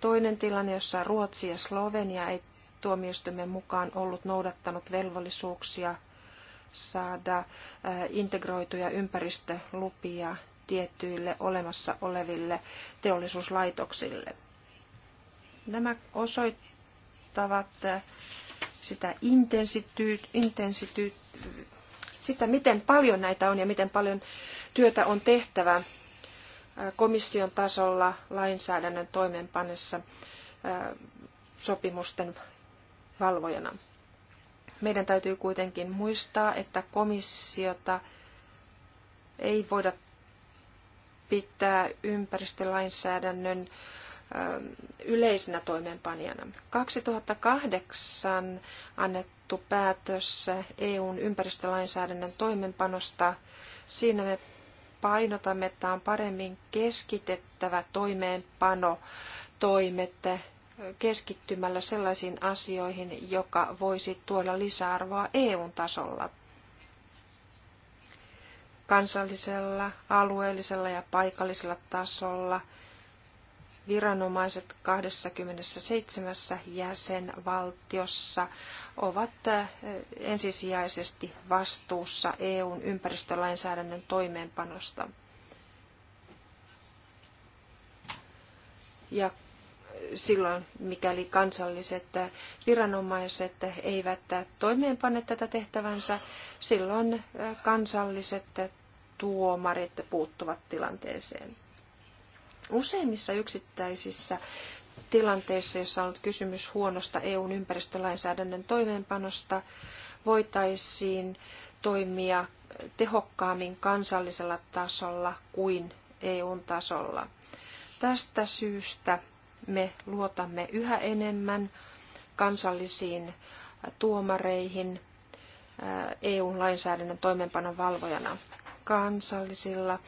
Speaker 4: Toinen tilanne, jossa Ruotsi ja Slovenia ei tuomioistuimen mukaan ollut noudattanut velvollisuuksia saada eh, integroituja ympäristölupia tietyille olemassa oleville teollisuuslaitoksille. Nämä osoittavat eh, sitä intensity, sitä, miten paljon näitä on ja miten paljon työtä on tehtävä eh, komission tasolla lainsäädännön toimeenpanessa sopimusten valvojana. Meidän täytyy kuitenkin muistaa, että komissiota ei voida pitää ympäristölainsäädännön ähm, yleisenä toimeenpanijana. 2008 annettu päätös EUn ympäristölainsäädännön toimeenpanosta, siinä me painotamme, että on paremmin keskitettävä toimeenpano toimet keskittymällä sellaisiin asioihin, joka voisi tuoda lisäarvoa EU-tasolla kansallisella, alueellisella ja paikallisella tasolla viranomaiset 27 jäsenvaltiossa ovat ensisijaisesti vastuussa EUn ympäristölainsäädännön toimeenpanosta. Ja silloin, mikäli kansalliset viranomaiset eivät toimeenpane tätä tehtävänsä, silloin kansalliset tuomarit puuttuvat tilanteeseen. Useimmissa yksittäisissä tilanteissa, jossa on ollut kysymys huonosta EUn ympäristölainsäädännön toimeenpanosta, voitaisiin toimia tehokkaammin kansallisella tasolla kuin EUn tasolla. Tästä syystä me luotamme yhä enemmän kansallisiin tuomareihin EU-lainsäädännön toimeenpanon valvojana. Kansallisilla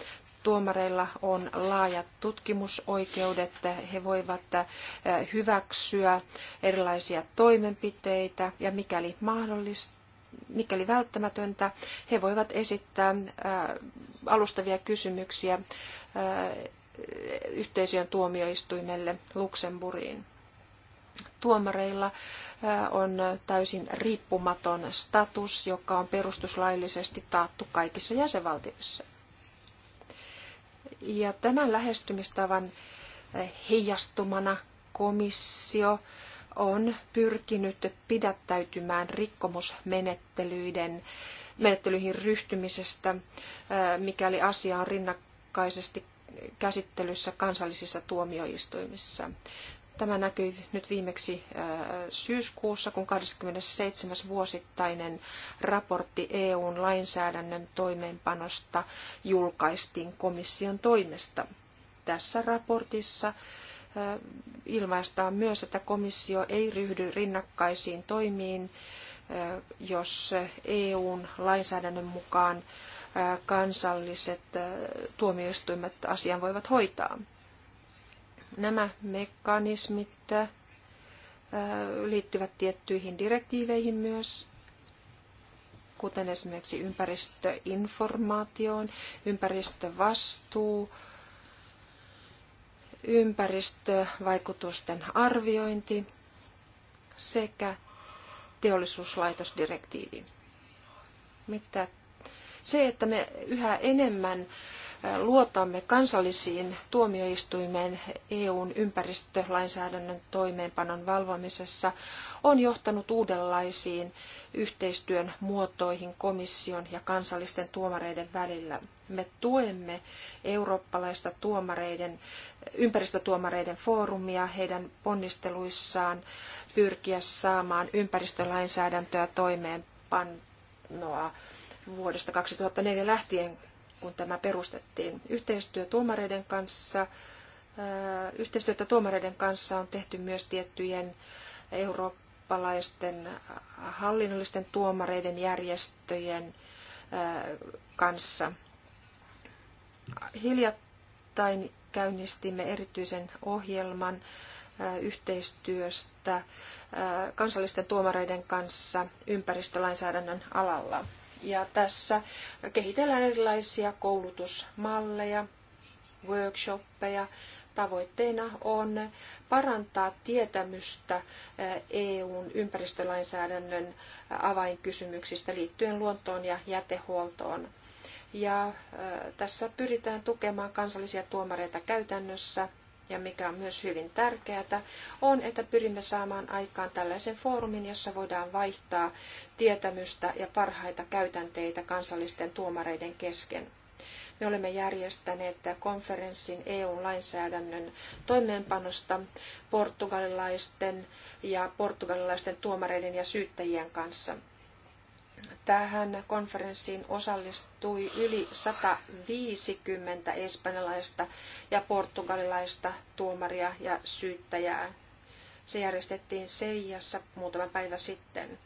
Speaker 4: tuomareilla on laajat tutkimusoikeudet. He voivat hyväksyä erilaisia toimenpiteitä ja mikäli mahdollista, mikäli välttämätöntä, he voivat esittää alustavia kysymyksiä yhteisöjen tuomioistuimelle Luxemburgiin. Tuomareilla äh, on täysin riippumaton status, joka on perustuslaillisesti taattu kaikissa jäsenvaltioissa. Ja tämän lähestymistavan äh, heijastumana komissio on pyrkinyt pidättäytymään rikkomusmenettelyiden menettelyihin ryhtymisestä, äh, mikäli asia on rinnakkaisesti käsittelyssä kansallisissa tuomioistuimissa. Tämä näkyy nyt viimeksi äh, syyskuussa, kun 27. vuosittainen raportti EUn lainsäädännön toimeenpanosta julkaistiin komission toimesta. Tässä raportissa äh, ilmaistaan myös, että komissio ei ryhdy rinnakkaisiin toimiin, äh, jos EUn lainsäädännön mukaan kansalliset tuomioistuimet asian voivat hoitaa. Nämä mekanismit liittyvät tiettyihin direktiiveihin myös, kuten esimerkiksi ympäristöinformaatioon, ympäristövastuu, ympäristövaikutusten arviointi sekä teollisuuslaitosdirektiivi. Mitä se, että me yhä enemmän luotamme kansallisiin tuomioistuimeen EUn ympäristölainsäädännön toimeenpanon valvomisessa, on johtanut uudenlaisiin yhteistyön muotoihin komission ja kansallisten tuomareiden välillä. Me tuemme eurooppalaista tuomareiden, ympäristötuomareiden foorumia heidän ponnisteluissaan pyrkiä saamaan ympäristölainsäädäntöä toimeenpanoa vuodesta 2004 lähtien, kun tämä perustettiin. Yhteistyö tuomareiden kanssa, äh, yhteistyötä tuomareiden kanssa on tehty myös tiettyjen eurooppalaisten hallinnollisten tuomareiden järjestöjen äh, kanssa. Hiljattain käynnistimme erityisen ohjelman äh, yhteistyöstä kansallisten tuomareiden kanssa ympäristölainsäädännön alalla. Ja tässä kehitellään erilaisia koulutusmalleja, workshoppeja. Tavoitteena on parantaa tietämystä eh, EUn ympäristölainsäädännön eh, avainkysymyksistä liittyen luontoon ja jätehuoltoon. Ja eh, tässä pyritään tukemaan kansallisia tuomareita käytännössä ja mikä on myös hyvin tärkeää, on, että pyrimme saamaan aikaan tällaisen foorumin, jossa voidaan vaihtaa tietämystä ja parhaita käytänteitä kansallisten tuomareiden kesken. Me olemme järjestäneet konferenssin EU-lainsäädännön toimeenpanosta portugalilaisten ja portugalilaisten tuomareiden ja syyttäjien kanssa. Tähän konferenssiin osallistui yli 150 espanjalaista ja portugalilaista tuomaria ja syyttäjää. Se järjestettiin Seijassa muutama päivä sitten.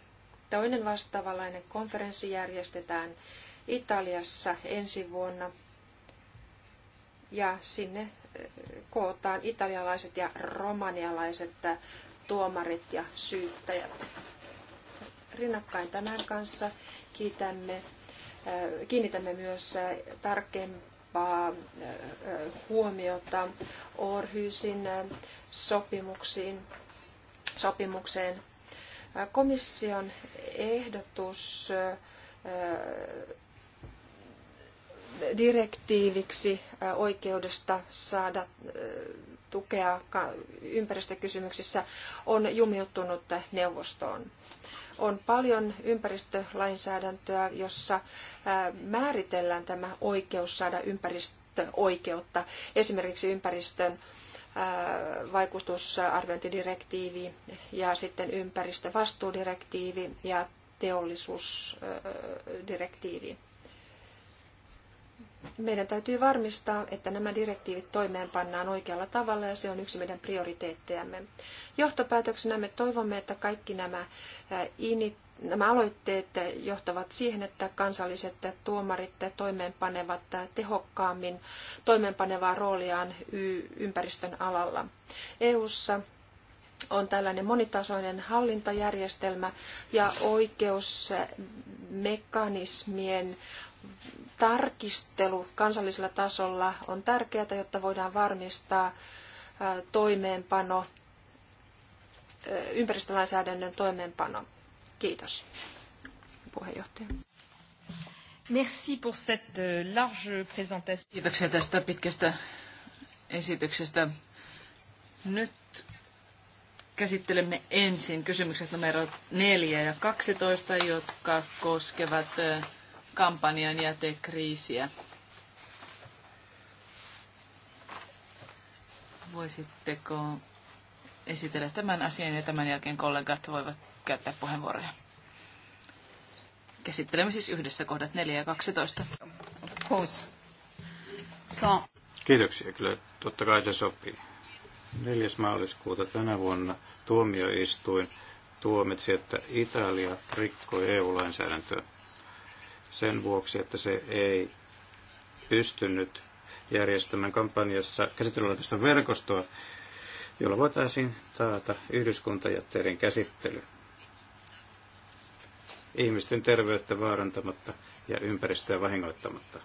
Speaker 4: Toinen vastaavanlainen konferenssi järjestetään Italiassa ensi vuonna ja sinne eh, kootaan italialaiset ja romanialaiset eh, tuomarit ja syyttäjät rinnakkain tämän kanssa. Kiitämme, äh, kiinnitämme myös äh, tarkempaa äh, huomiota Orhyysin sopimuksiin, sopimukseen. Komission ehdotus direktiiviksi oikeudesta saada tukea ympäristökysymyksissä on jumiuttunut neuvostoon. On paljon ympäristölainsäädäntöä, jossa määritellään tämä oikeus saada ympäristöoikeutta. Esimerkiksi ympäristön vaikutusarviointidirektiivi ja sitten ympäristövastuudirektiivi ja teollisuusdirektiivi meidän täytyy varmistaa, että nämä direktiivit toimeenpannaan oikealla tavalla ja se on yksi meidän prioriteettejamme. Johtopäätöksenä me toivomme, että kaikki nämä, nämä aloitteet johtavat siihen, että kansalliset tuomarit toimeenpanevat tehokkaammin toimeenpanevaa rooliaan ympäristön alalla. EU:ssa on tällainen monitasoinen hallintajärjestelmä ja oikeusmekanismien tarkistelu kansallisella tasolla on tärkeää, jotta voidaan varmistaa toimeenpano, ympäristölainsäädännön toimeenpano. Kiitos, puheenjohtaja. Merci pour cette large présentation.
Speaker 1: Kiitoksia tästä pitkästä esityksestä. Nyt käsittelemme ensin kysymykset numero 4 ja 12, jotka koskevat kampanjan jätekriisiä. Voisitteko esitellä tämän asian ja tämän jälkeen kollegat voivat käyttää puheenvuoroja. Käsittelemme siis yhdessä kohdat 4 ja 12. Of course. So.
Speaker 3: Kiitoksia. Kyllä totta kai se sopii. 4. maaliskuuta tänä vuonna tuomioistuin tuomitsi, että Italia rikkoi EU-lainsäädäntöä sen vuoksi, että se ei pystynyt järjestämään kampanjassa käsittelylaitosten verkostoa, jolla voitaisiin taata yhdyskuntajätteiden käsittely ihmisten terveyttä vaarantamatta ja ympäristöä vahingoittamatta.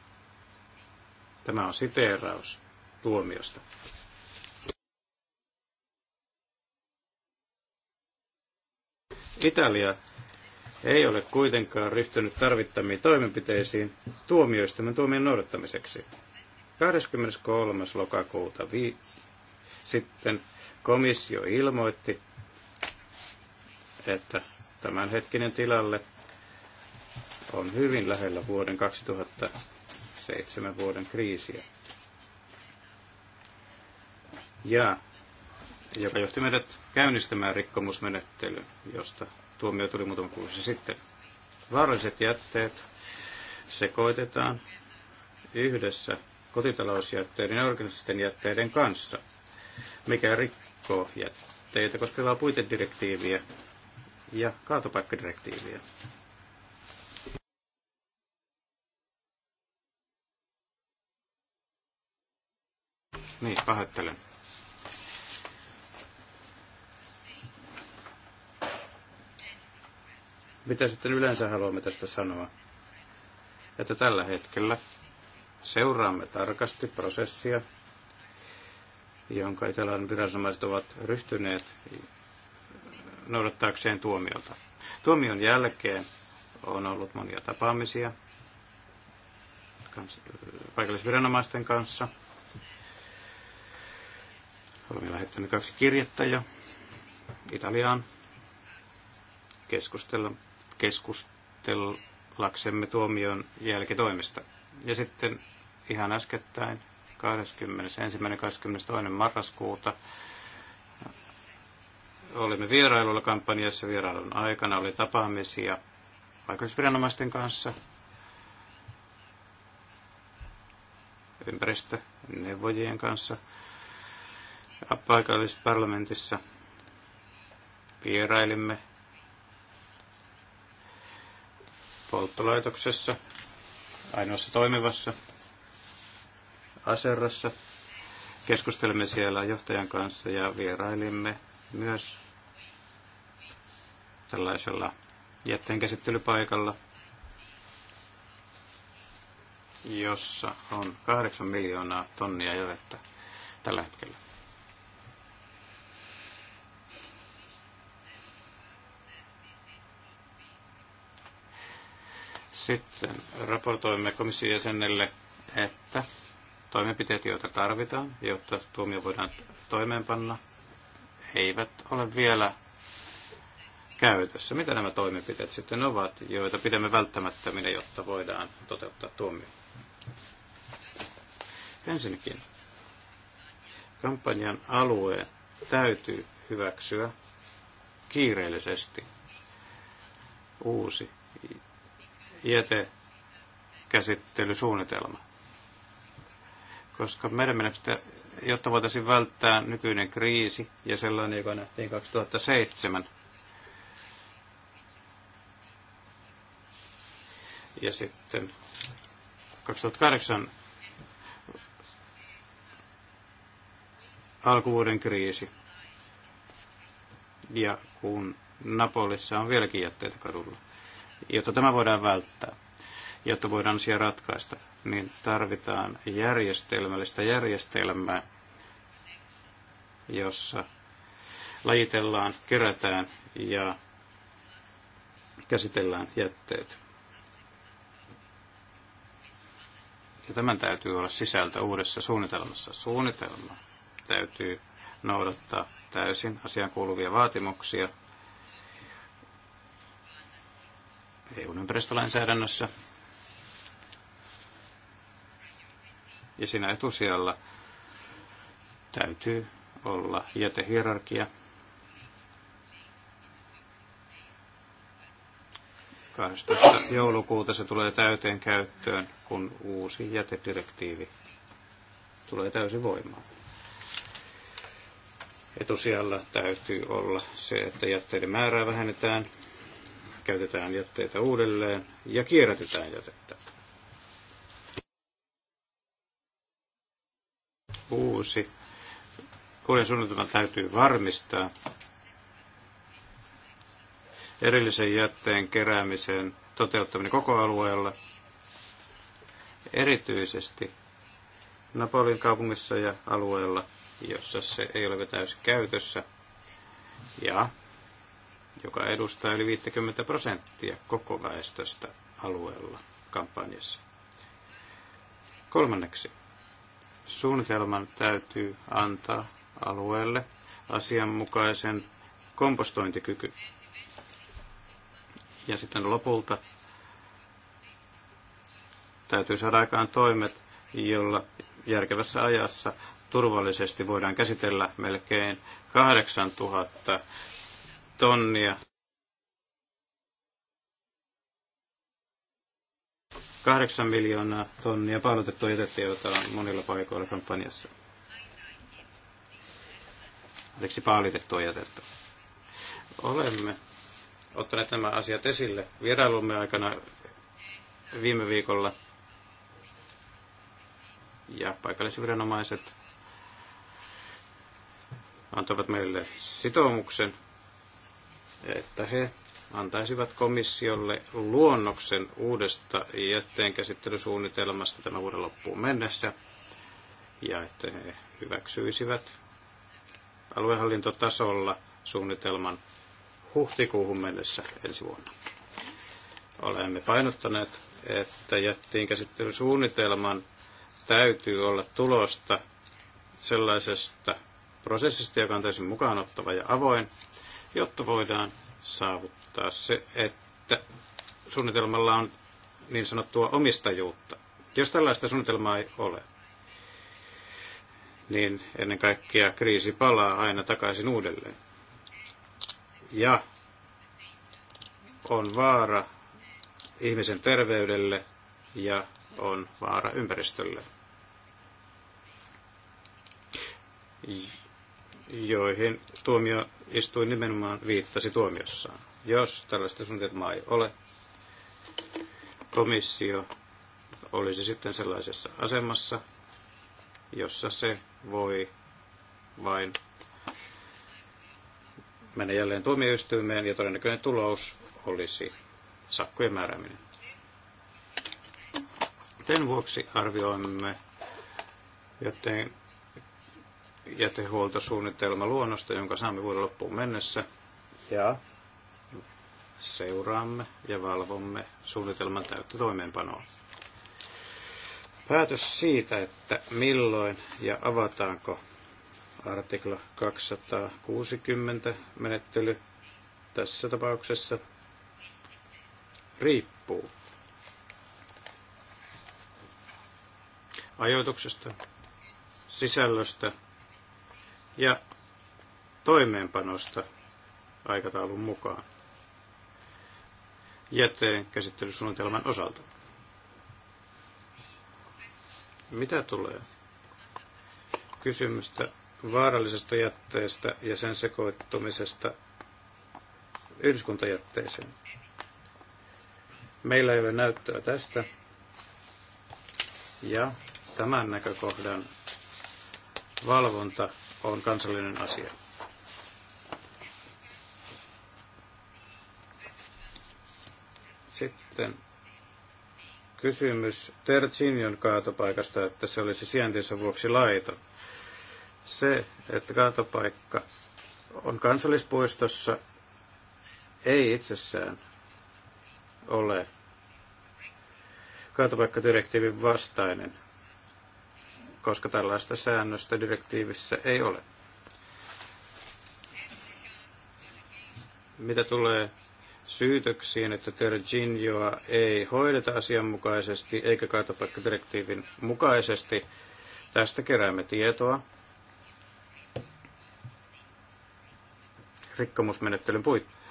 Speaker 3: Tämä on siteeraus tuomiosta. Italia ei ole kuitenkaan ryhtynyt tarvittamiin toimenpiteisiin tuomioistuimen tuomien noudattamiseksi. 23. lokakuuta vi- sitten komissio ilmoitti, että tämänhetkinen tilalle on hyvin lähellä vuoden 2007 vuoden kriisiä. Ja joka johti meidät käynnistämään rikkomusmenettelyn, josta tuomio tuli muutama kuusi sitten. Vaaralliset jätteet sekoitetaan yhdessä kotitalousjätteiden ja organisisten jätteiden kanssa, mikä rikkoo jätteitä koskevaa puitedirektiiviä ja kaatopaikkadirektiiviä. Niin, pahoittelen. Mitä sitten yleensä haluamme tästä sanoa? Että tällä hetkellä seuraamme tarkasti prosessia, jonka Itälän viranomaiset ovat ryhtyneet noudattaakseen tuomiota. Tuomion jälkeen on ollut monia tapaamisia paikallisviranomaisten kanssa. Olemme lähettäneet kaksi kirjettä jo Italiaan keskustella keskustellaksemme tuomion jälkitoimista. Ja sitten ihan äskettäin 21.22. marraskuuta olimme vierailulla kampanjassa vierailun aikana, oli tapaamisia paikallisviranomaisten kanssa, ympäristöneuvojien kanssa, paikallisparlamentissa vierailimme polttolaitoksessa, ainoassa toimivassa aserrassa. Keskustelimme siellä johtajan kanssa ja vierailimme myös tällaisella jätteenkäsittelypaikalla, jossa on kahdeksan miljoonaa tonnia jätettä tällä hetkellä. Sitten raportoimme komission jäsenelle, että toimenpiteet, joita tarvitaan, jotta tuomio voidaan toimeenpanna, eivät ole vielä käytössä. Mitä nämä toimenpiteet sitten ovat, joita pidämme välttämättöminä, jotta voidaan toteuttaa tuomio? Ensinnäkin kampanjan alue täytyy hyväksyä kiireellisesti uusi jätekäsittelysuunnitelma. Koska meidän mielestä, jotta voitaisiin välttää nykyinen kriisi ja sellainen, joka nähtiin 2007, ja sitten 2008 alkuvuoden kriisi. Ja kun Napolissa on vieläkin jätteitä kadulla. Jotta tämä voidaan välttää, jotta voidaan asia ratkaista, niin tarvitaan järjestelmällistä järjestelmää, jossa lajitellaan, kerätään ja käsitellään jätteet. Ja tämän täytyy olla sisältö uudessa suunnitelmassa. Suunnitelma täytyy noudattaa täysin asian kuuluvia vaatimuksia EUn ympäristölainsäädännössä. Ja siinä etusijalla täytyy olla jätehierarkia. Kahdestoista joulukuuta se tulee täyteen käyttöön, kun uusi jätedirektiivi tulee täysin voimaan. Etusijalla täytyy olla se, että jätteiden määrää vähennetään käytetään jätteitä uudelleen ja kierrätetään jätettä. Uusi suunnitelma täytyy varmistaa erillisen jätteen keräämisen toteuttaminen koko alueella, erityisesti Napolin kaupungissa ja alueella, jossa se ei ole täysin käytössä. Ja joka edustaa yli 50 prosenttia koko väestöstä alueella kampanjassa. Kolmanneksi, suunnitelman täytyy antaa alueelle asianmukaisen kompostointikyky. Ja sitten lopulta täytyy saada aikaan toimet, jolla järkevässä ajassa turvallisesti voidaan käsitellä melkein 8000 tonnia. 8 miljoonaa tonnia palautettua jätettä, jota on monilla paikoilla kampanjassa. Anteeksi, paalitettua jätettä. Olemme ottaneet nämä asiat esille vierailumme aikana viime viikolla. Ja paikallisviranomaiset antoivat meille sitoumuksen että he antaisivat komissiolle luonnoksen uudesta jätteenkäsittelysuunnitelmasta tämän vuoden loppuun mennessä ja että he hyväksyisivät aluehallintotasolla suunnitelman huhtikuuhun mennessä ensi vuonna. Olemme painottaneet, että jätteenkäsittelysuunnitelman täytyy olla tulosta sellaisesta prosessista, joka on täysin mukaanottava ja avoin, jotta voidaan saavuttaa se, että suunnitelmalla on niin sanottua omistajuutta. Jos tällaista suunnitelmaa ei ole, niin ennen kaikkea kriisi palaa aina takaisin uudelleen. Ja on vaara ihmisen terveydelle ja on vaara ympäristölle joihin tuomioistuin nimenomaan viittasi tuomiossaan. Jos tällaista suunnitelmaa ei ole, komissio olisi sitten sellaisessa asemassa, jossa se voi vain mennä jälleen tuomioistuimeen ja todennäköinen tulos olisi sakkojen määrääminen. Sen vuoksi arvioimme, joten jätehuoltosuunnitelma luonnosta, jonka saamme vuoden loppuun mennessä. Ja seuraamme ja valvomme suunnitelman täyttä toimeenpanoa. Päätös siitä, että milloin ja avataanko artikla 260 menettely tässä tapauksessa riippuu ajoituksesta, sisällöstä ja toimeenpanosta aikataulun mukaan jätteen käsittelysuunnitelman osalta. Mitä tulee kysymystä vaarallisesta jätteestä ja sen sekoittumisesta yhdyskuntajätteeseen? Meillä ei ole näyttöä tästä. Ja tämän näkökohdan valvonta on kansallinen asia. Sitten kysymys Tertsinjon kaatopaikasta, että se olisi sijaintinsa vuoksi laito, Se, että kaatopaikka on kansallispuistossa, ei itsessään ole kaatopaikkadirektiivin vastainen koska tällaista säännöstä direktiivissä ei ole. Mitä tulee syytöksiin, että Terginjoa ei hoideta asianmukaisesti eikä kaatopaikkadirektiivin mukaisesti, tästä keräämme tietoa rikkomusmenettelyn puitteissa.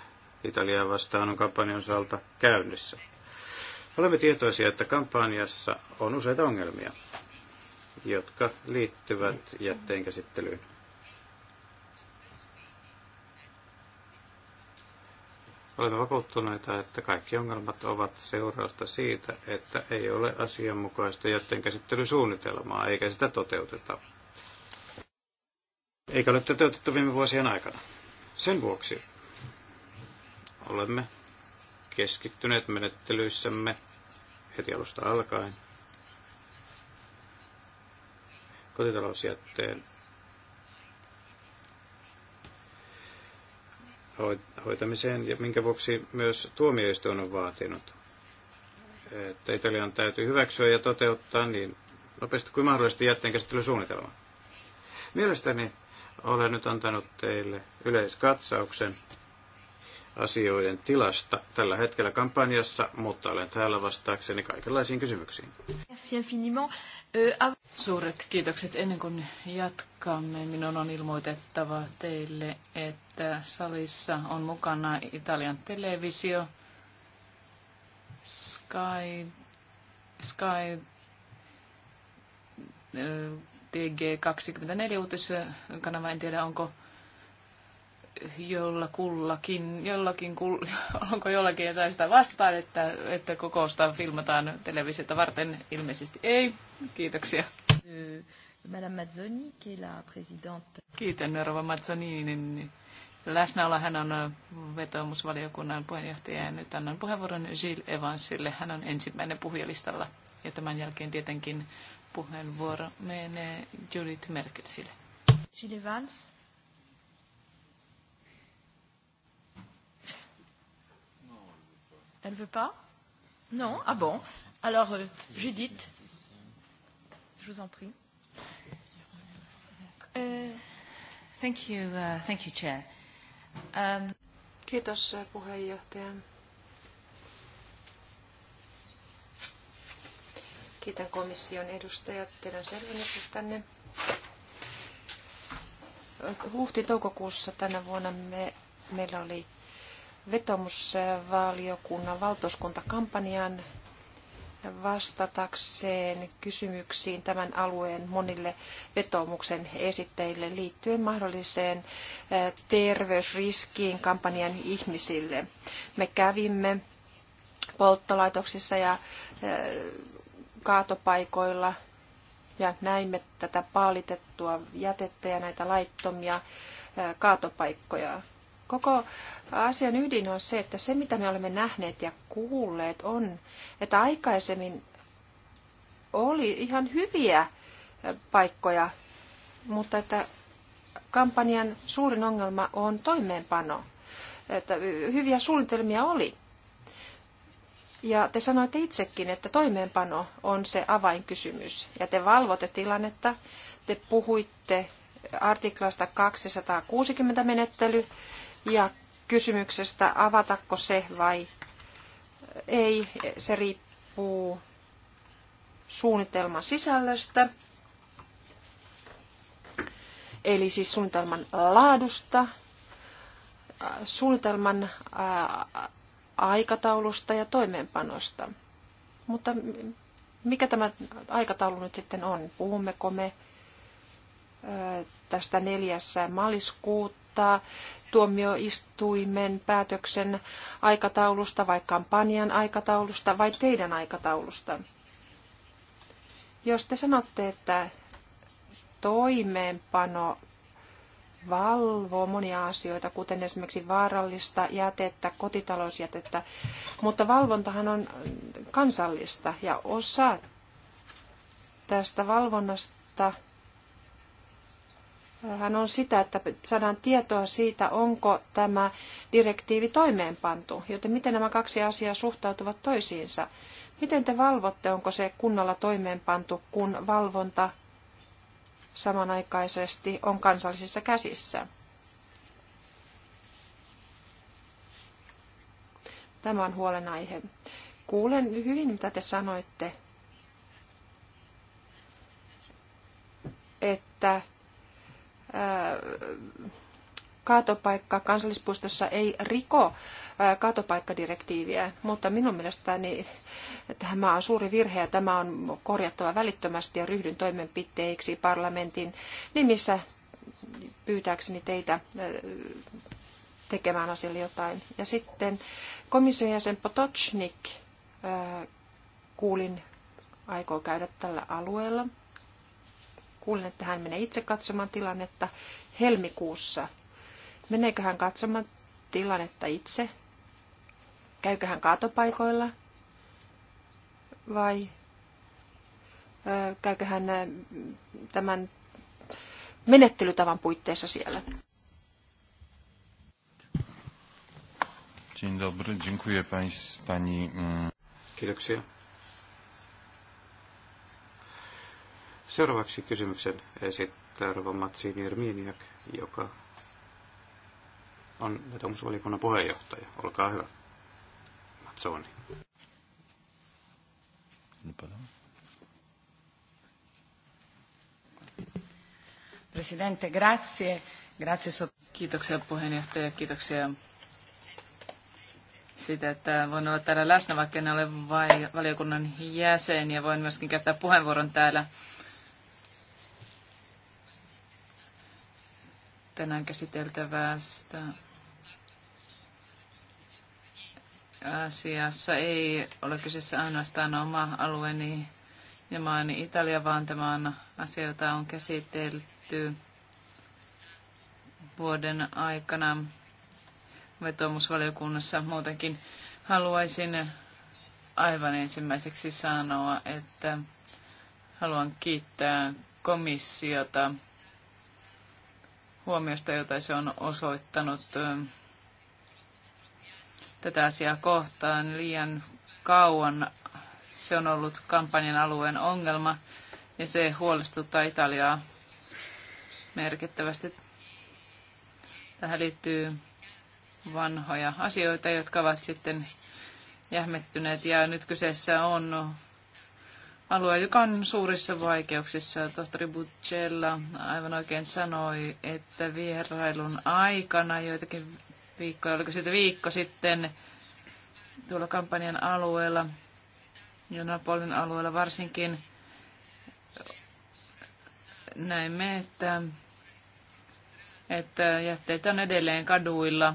Speaker 3: Italiaa vastaan on kampanjan osalta käynnissä. Olemme tietoisia, että kampanjassa on useita ongelmia jotka liittyvät jätteen käsittelyyn. Olemme vakuuttuneita, että kaikki ongelmat ovat seurausta siitä, että ei ole asianmukaista jätteen käsittelysuunnitelmaa, eikä sitä toteuteta. Eikä ole toteutettu viime vuosien aikana. Sen vuoksi olemme keskittyneet menettelyissämme heti alusta alkaen kotitalousjätteen hoitamiseen, ja minkä vuoksi myös tuomioistuin on vaatinut, että Italian täytyy hyväksyä ja toteuttaa niin nopeasti kuin mahdollisesti jätteenkäsittelysuunnitelma. Mielestäni olen nyt antanut teille yleiskatsauksen asioiden tilasta tällä hetkellä kampanjassa, mutta olen täällä vastaakseni kaikenlaisiin kysymyksiin.
Speaker 1: Euh, Suuret kiitokset. Ennen kuin jatkamme, minun on ilmoitettava teille, että salissa on mukana Italian televisio, Sky, Sky TG24 uutiskanava, en tiedä onko jolla kullakin, jollakin, kull, onko jollakin jotain sitä vastaan, että, että kokousta filmataan televisiota varten? Ilmeisesti ei. Kiitoksia.
Speaker 2: Madame Mazzoni, qui est la présidente.
Speaker 1: Kiitän Rova Mazzoninin läsnäolo. Hän on vetoomusvaliokunnan puheenjohtaja ja nyt annan puheenvuoron Gilles Evansille. Hän on ensimmäinen puhujalistalla ja tämän jälkeen tietenkin puheenvuoro menee Judith Merkelsille. Gilles Evans. Elle ne veut pas Non Ah bon Alors, euh, Judith, je vous en prie. Uh, thank you, uh, thank you, Chair. Um, Kiitos uh, puheenjohtaja.
Speaker 4: Kiitän komission edustajat teidän selvennyksestänne. Huhti-toukokuussa tänä vuonna me, meillä oli vetomusvaliokunnan valtuuskuntakampanjan vastatakseen kysymyksiin tämän alueen monille vetomuksen esittäjille liittyen mahdolliseen terveysriskiin kampanjan ihmisille. Me kävimme polttolaitoksissa ja kaatopaikoilla ja näimme tätä paalitettua jätettä ja näitä laittomia kaatopaikkoja. Koko asian ydin on se, että se mitä me olemme nähneet ja kuulleet on, että aikaisemmin oli ihan hyviä paikkoja, mutta että kampanjan suurin ongelma on toimeenpano. Että hyviä suunnitelmia oli. Ja te sanoitte itsekin, että toimeenpano on se avainkysymys. Ja te valvotte tilannetta. Te puhuitte artiklasta 260 menettely ja kysymyksestä avatako se vai ei, se riippuu suunnitelman sisällöstä, eli siis suunnitelman laadusta, suunnitelman aikataulusta ja toimeenpanosta. Mutta mikä tämä aikataulu nyt sitten on? Puhummeko me tästä neljässä maaliskuuta tuomioistuimen päätöksen aikataulusta vai kampanjan aikataulusta vai teidän aikataulusta? Jos te sanotte, että toimeenpano valvoo monia asioita, kuten esimerkiksi vaarallista jätettä, kotitalousjätettä, mutta valvontahan on kansallista ja osa tästä valvonnasta hän on sitä, että saadaan tietoa siitä, onko tämä direktiivi toimeenpantu, joten miten nämä kaksi asiaa suhtautuvat toisiinsa. Miten te valvotte, onko se kunnolla toimeenpantu, kun valvonta samanaikaisesti on kansallisissa käsissä? Tämä on huolenaihe. Kuulen hyvin, mitä te sanoitte, että kaatopaikka kansallispuistossa ei riko kaatopaikkadirektiiviä, mutta minun mielestäni tämä on suuri virhe ja tämä on korjattava välittömästi ja ryhdyn toimenpiteiksi parlamentin nimissä pyytääkseni teitä tekemään asialle jotain. Ja sitten komission jäsen Potocnik kuulin aikoo käydä tällä alueella. Kuulin, että hän menee itse katsomaan tilannetta helmikuussa. Meneekö hän katsomaan tilannetta itse? Käykö hän kaatopaikoilla? Vai ö, käykö hän tämän menettelytavan puitteissa siellä?
Speaker 2: Dzień dobry, dziękuję pani. Mm.
Speaker 3: Kiitoksia. Seuraavaksi kysymyksen esittää Rova Matsi Jermiiniak, joka on vetomusvalikunnan puheenjohtaja. Olkaa hyvä. Matsoni. Niin
Speaker 1: Presidente, grazie. grazie so- kiitoksia puheenjohtaja, kiitoksia siitä, että voin olla täällä läsnä, vaikka en ole valiokunnan jäsen ja voin myöskin käyttää puheenvuoron täällä tänään käsiteltävästä asiassa ei ole kyseessä ainoastaan oma alueeni ja maani Italia, vaan tämä on asia, jota on käsitelty vuoden aikana vetomusvaliokunnassa muutenkin. Haluaisin aivan ensimmäiseksi sanoa, että haluan kiittää komissiota huomiosta, jota se on osoittanut tätä asiaa kohtaan. Liian kauan se on ollut kampanjan alueen ongelma ja se huolestuttaa Italiaa merkittävästi. Tähän liittyy vanhoja asioita, jotka ovat sitten jähmettyneet ja nyt kyseessä on alue, joka on suurissa vaikeuksissa. Tohtori Butchella aivan oikein sanoi, että vierailun aikana joitakin viikkoja, oliko siitä viikko sitten, tuolla kampanjan alueella, ja Napolin alueella varsinkin, näimme, että, että jätteitä on edelleen kaduilla,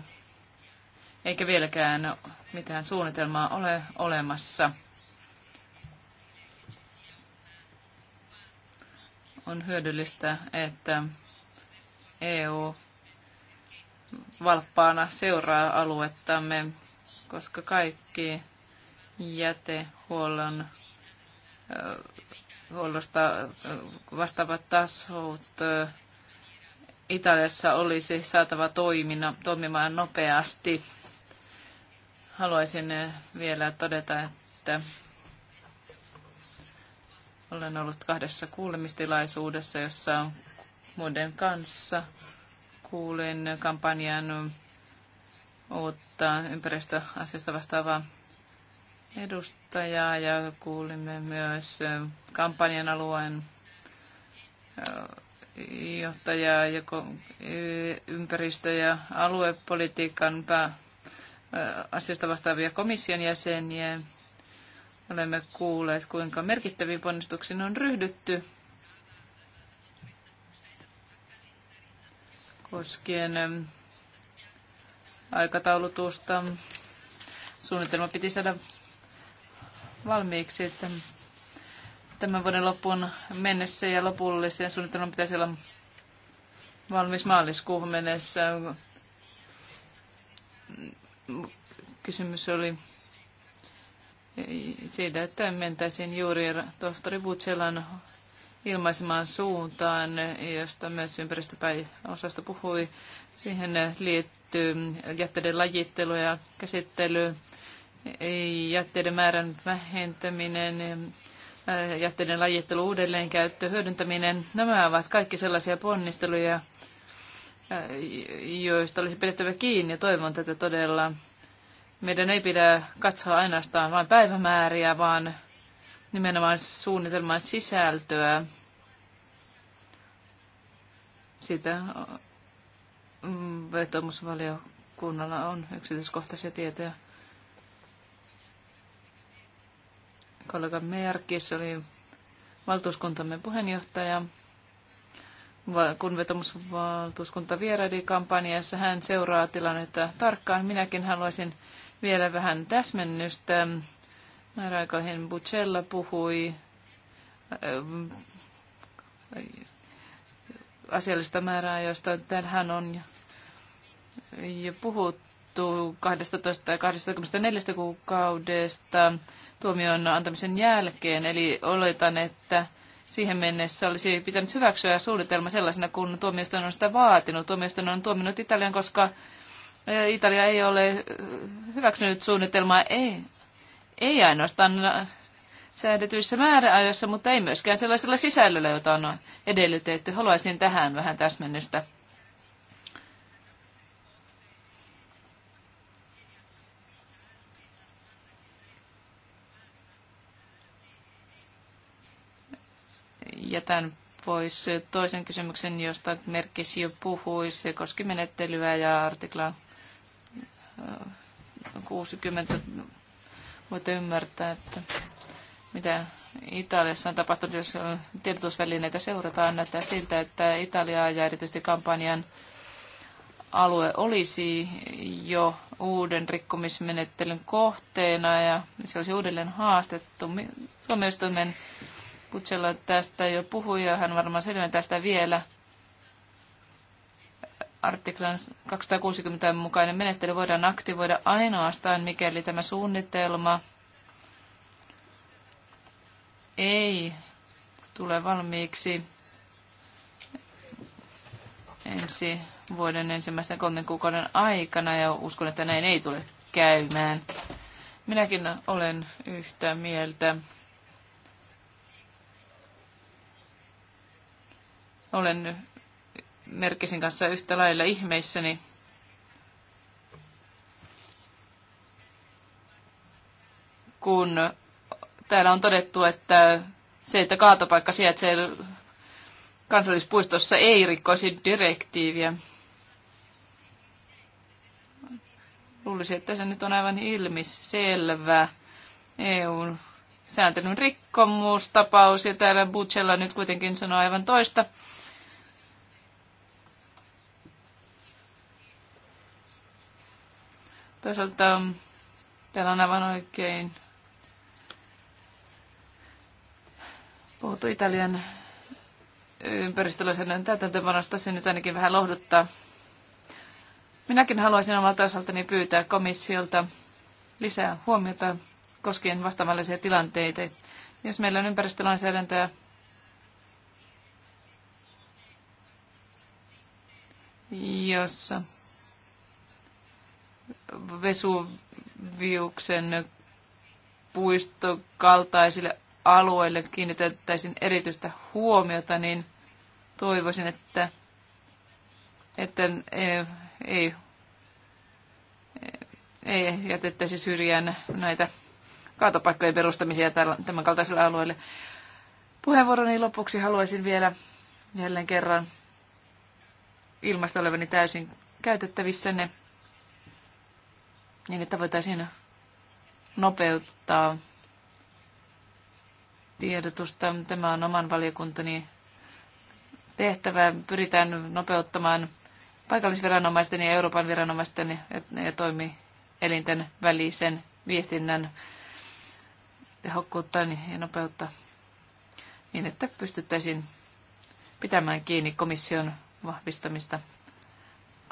Speaker 1: eikä vieläkään mitään suunnitelmaa ole olemassa. On hyödyllistä, että EU valppaana seuraa aluettamme, koska kaikki jätehuollon huollosta vastaavat tasot Italiassa olisi saatava toimina, toimimaan nopeasti. Haluaisin vielä todeta, että olen ollut kahdessa kuulemistilaisuudessa, jossa muiden kanssa kuulin kampanjan uutta ympäristöasiasta vastaavaa edustajaa ja kuulimme myös kampanjan alueen johtajaa ja ympäristö- ja aluepolitiikan pää, asiasta vastaavia komission jäseniä Olemme kuulleet, kuinka merkittäviin ponnistuksiin on ryhdytty koskien ähm, aikataulutusta. Suunnitelma piti saada valmiiksi että tämän vuoden loppuun mennessä ja lopulliseen suunnitelman pitäisi olla valmis maaliskuuhun mennessä. Kysymys oli siitä, että mentäisiin juuri tohtori Butselan ilmaisemaan suuntaan, josta myös ympäristöpäiväosasta puhui. Siihen liittyy jätteiden lajittelu ja käsittely, jätteiden määrän vähentäminen, jätteiden lajittelu, uudelleenkäyttö, hyödyntäminen. Nämä ovat kaikki sellaisia ponnisteluja, joista olisi pidettävä kiinni ja toivon tätä todella meidän ei pidä katsoa ainoastaan vain päivämääriä, vaan nimenomaan suunnitelman sisältöä. Sitä mm, vetomusvaliokunnalla on yksityiskohtaisia tietoja. Kollega Merkis oli valtuuskuntamme puheenjohtaja. Kun vetomusvaltuuskunta vieraili kampanjassa, hän seuraa tilannetta tarkkaan. Minäkin haluaisin vielä vähän täsmennystä. Määräaikoihin Bucella puhui äh, asiallista määrää, josta tähän on jo puhuttu 12 ja 24 kuukaudesta tuomion antamisen jälkeen. Eli oletan, että siihen mennessä olisi pitänyt hyväksyä suunnitelma sellaisena, kun tuomioistuin on sitä vaatinut. Tuomioistuin on tuominut Italian, koska Italia ei ole hyväksynyt suunnitelmaa, ei, ei ainoastaan säädetyissä määräajoissa, mutta ei myöskään sellaisella sisällöllä, jota on edellytetty. Haluaisin tähän vähän täsmennystä. jätän pois toisen kysymyksen, josta Merkis jo puhui. Se koski menettelyä ja artiklaa 60 äh, voitte ymmärtää, että mitä Italiassa on tapahtunut, jos äh, tiedotusvälineitä seurataan, näyttää siltä, että Italia ja erityisesti kampanjan alue olisi jo uuden rikkomismenettelyn kohteena ja se olisi uudelleen haastettu. Tuomioistuimen Putsella tästä jo puhui ja hän varmaan selventää tästä vielä – artiklan 260 mukainen menettely voidaan aktivoida ainoastaan, mikäli tämä suunnitelma ei tule valmiiksi ensi vuoden ensimmäisten kolmen kuukauden aikana ja uskon, että näin ei tule käymään. Minäkin olen yhtä mieltä. Olen Merkisin kanssa yhtä lailla ihmeissäni. Kun täällä on todettu, että se, että kaatopaikka sijaitsee kansallispuistossa ei rikkoisi direktiiviä. Luulisin, että se nyt on aivan ilmiselvä eu sääntelyn rikkomuustapaus, ja täällä Butchella nyt kuitenkin sanoo aivan toista. Toisaalta mm, täällä on aivan oikein puhuttu Italian ympäristölainsäädännön täytäntöpanosta. Se nyt ainakin vähän lohduttaa. Minäkin haluaisin omalta osaltani pyytää komissiolta lisää huomiota koskien vastaavallisia tilanteita. Jos meillä on ympäristölainsäädäntöä, jossa Vesuviuksen puistokaltaisille alueille kiinnitettäisiin erityistä huomiota, niin toivoisin, että, että ei, ei, ei jätettäisi syrjään näitä kaatopaikkojen perustamisia tämän kaltaisille alueille. Puheenvuoroni lopuksi haluaisin vielä jälleen kerran ilmaista olevani täysin ne niin että voitaisiin nopeuttaa tiedotusta. Tämä on oman valiokuntani tehtävä. Pyritään nopeuttamaan paikallisviranomaisten ja Euroopan viranomaisten ja toimielinten välisen viestinnän tehokkuutta ja nopeutta niin, että pystyttäisiin pitämään kiinni komission vahvistamista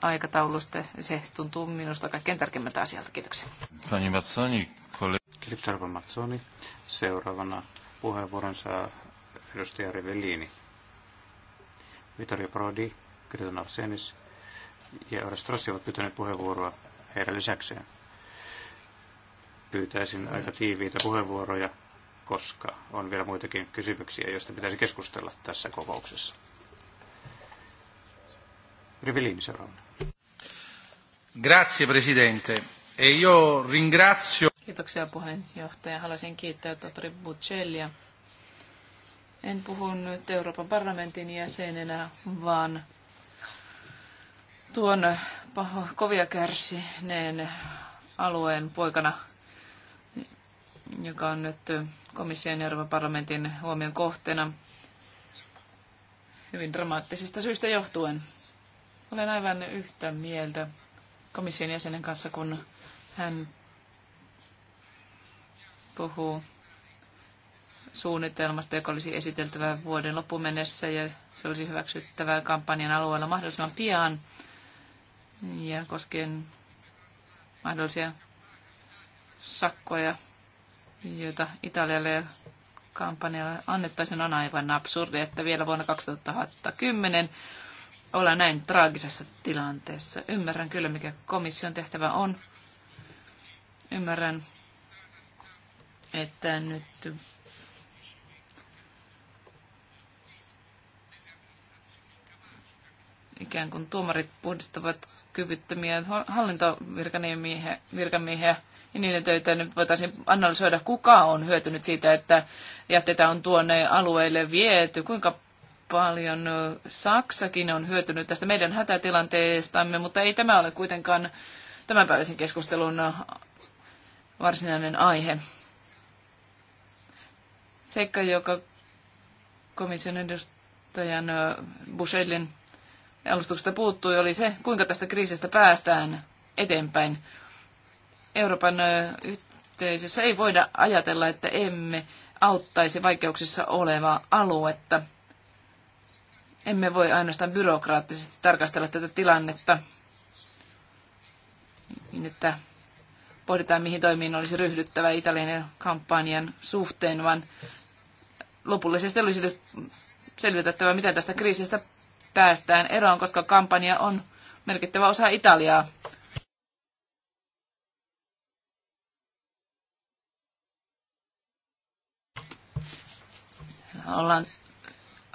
Speaker 1: aikataulusta. Se tuntuu minusta kaikkein tärkeimmältä asialta. Kiitoksia.
Speaker 3: Pani Matsoni, Kiitos Arvo Matsoni. Seuraavana puheenvuoron saa edustaja Rivellini. Vittorio Prodi, Kriton Arsenis ja Eurostrossi ovat pyytäneet puheenvuoroa heidän lisäkseen. Pyytäisin aika tiiviitä puheenvuoroja, koska on vielä muitakin kysymyksiä, joista pitäisi keskustella tässä kokouksessa. Rivellini seuraavana.
Speaker 2: Grazie, Presidente.
Speaker 3: E io ringrazio...
Speaker 1: Kiitoksia puheenjohtaja. Haluaisin kiittää tohtori Bucellia. En puhu nyt Euroopan parlamentin jäsenenä, vaan tuon paho, kovia kärsineen alueen poikana, joka on nyt komission ja Euroopan parlamentin huomion kohteena hyvin dramaattisista syistä johtuen. Olen aivan yhtä mieltä komission jäsenen kanssa, kun hän puhuu suunnitelmasta, joka olisi esiteltävä vuoden loppuun mennessä ja se olisi hyväksyttävää kampanjan alueella mahdollisimman pian ja koskien mahdollisia sakkoja, joita Italialle ja kampanjalle annettaisiin, on aivan absurdi, että vielä vuonna 2010 olla näin traagisessa tilanteessa. Ymmärrän kyllä, mikä komission tehtävä on. Ymmärrän, että nyt ikään kuin tuomarit puhdistavat kyvyttömiä hallintovirkamiehiä ja niiden töitä nyt voitaisiin analysoida, kuka on hyötynyt siitä, että jätteitä on tuonne alueelle viety, kuinka paljon. Saksakin on hyötynyt tästä meidän hätätilanteestamme, mutta ei tämä ole kuitenkaan tämänpäiväisen keskustelun varsinainen aihe. Seikka, joka komission edustajan Bushellin alustuksesta puuttui, oli se, kuinka tästä kriisistä päästään eteenpäin. Euroopan yhteisössä ei voida ajatella, että emme auttaisi vaikeuksissa olevaa aluetta – emme voi ainoastaan byrokraattisesti tarkastella tätä tilannetta, niin että pohditaan, mihin toimiin olisi ryhdyttävä Italian kampanjan suhteen, vaan lopullisesti olisi selvitettävä, miten tästä kriisistä päästään eroon, koska kampanja on merkittävä osa Italiaa. Ollaan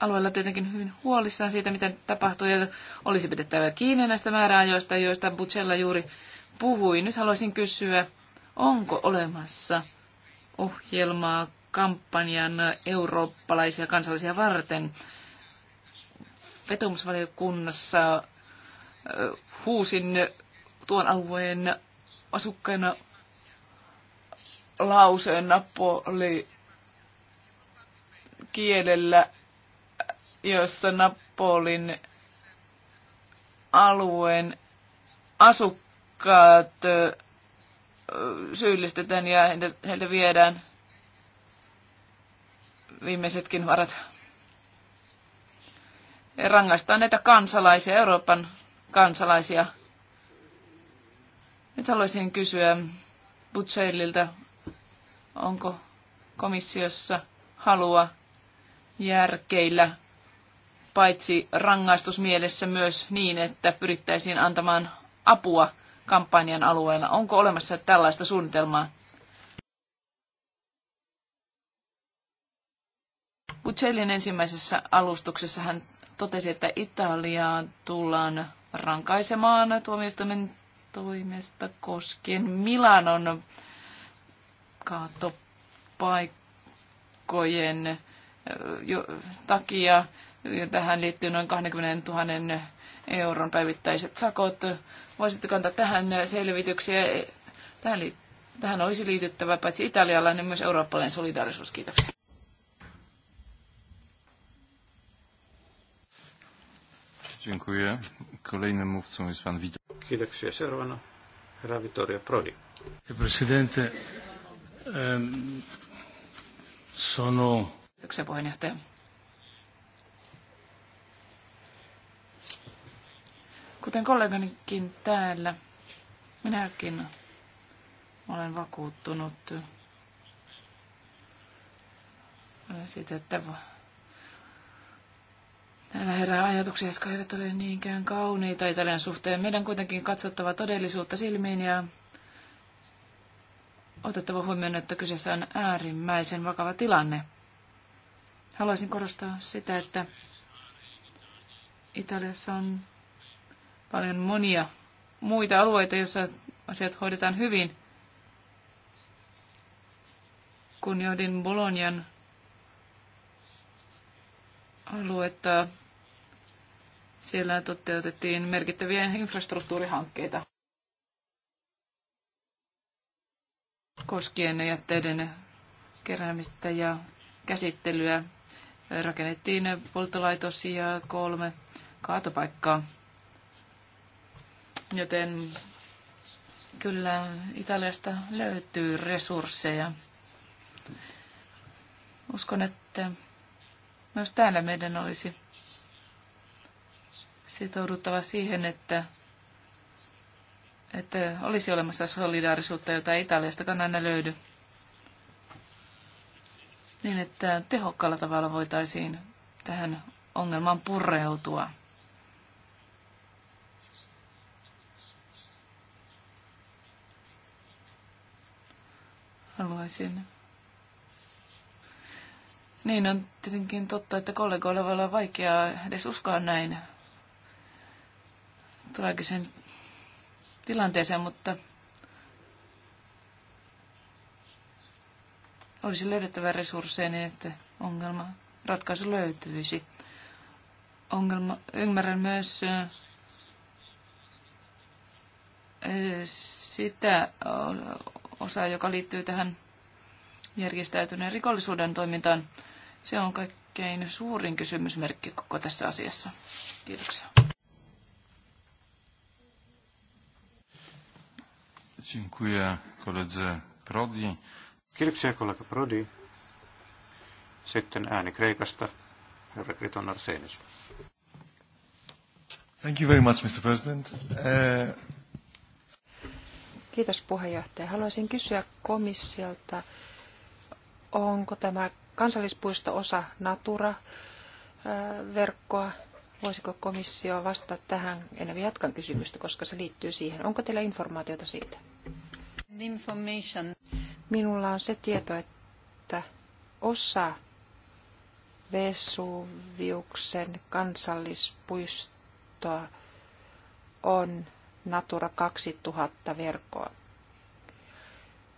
Speaker 1: alueella tietenkin hyvin huolissaan siitä, miten tapahtuu, ja olisi pidettävä kiinni näistä määräajoista, joista Butchella juuri puhui. Nyt haluaisin kysyä, onko olemassa ohjelmaa kampanjan eurooppalaisia kansallisia varten? Vetomusvaliokunnassa huusin tuon alueen asukkaina lauseen napoli kielellä jossa Napolin alueen asukkaat syyllistetään ja heiltä viedään viimeisetkin varat. Ja rangaistaan näitä kansalaisia, Euroopan kansalaisia. Nyt haluaisin kysyä Butcheililtä, onko komissiossa halua järkeillä paitsi rangaistusmielessä myös niin, että pyrittäisiin antamaan apua kampanjan alueella. Onko olemassa tällaista suunnitelmaa? Bucellin ensimmäisessä alustuksessa hän totesi, että Italiaa tullaan rankaisemaan tuomioistuimen toimesta koskien Milanon kaatopaikkojen takia ja tähän liittyy noin 20 000 euron päivittäiset sakot. Voisitteko antaa tähän selvityksiä? Tähän, li- tähän olisi liityttävä paitsi italialainen niin myös eurooppalainen solidaarisuus. Kiitoksia.
Speaker 3: Kiitoksia. Seuraavana herra Vittorio Prodi. Ehm, Kiitoksia puheenjohtaja.
Speaker 1: Kuten kolleganikin täällä, minäkin olen vakuuttunut siitä, että Täällä herää ajatuksia, jotka eivät ole niinkään kauniita Italian suhteen. Meidän kuitenkin katsottava todellisuutta silmiin ja otettava huomioon, että kyseessä on äärimmäisen vakava tilanne. Haluaisin korostaa sitä, että Italiassa on paljon monia muita alueita, joissa asiat hoidetaan hyvin. Kun johdin Bolonian aluetta, siellä toteutettiin merkittäviä infrastruktuurihankkeita koskien jätteiden keräämistä ja käsittelyä. Rakennettiin polttolaitos ja kolme kaatopaikkaa. Joten kyllä Italiasta löytyy resursseja. Uskon, että myös täällä meidän olisi sitouduttava siihen, että, että olisi olemassa solidaarisuutta, jota Italiasta aina löydy. Niin, että tehokkaalla tavalla voitaisiin tähän ongelmaan pureutua. haluaisin. Niin on tietenkin totta, että kollegoilla voi olla vaikeaa edes uskoa näin traagisen tilanteeseen, mutta olisi löydettävä resursseja niin, että ongelma, ratkaisu löytyisi. Ongelma, ymmärrän myös sitä osa, joka liittyy tähän järjestäytyneen rikollisuuden toimintaan. Se on kaikkein suurin kysymysmerkki koko tässä asiassa. Kiitoksia.
Speaker 2: Dziękuję koledze
Speaker 3: Prodi. Kiitoksia kollega Prodi. Sitten ääni Kreikasta, herra Kriton Arsenis.
Speaker 2: Thank you very much, Mr. President. Uh,
Speaker 4: Kiitos puheenjohtaja. Haluaisin kysyä komissiolta, onko tämä kansallispuisto osa Natura-verkkoa? Voisiko komissio vastata tähän? En jatkan kysymystä, koska se liittyy siihen. Onko teillä informaatiota siitä? Minulla on se tieto, että osa Vesuviuksen kansallispuistoa on Natura 2000 verkkoa.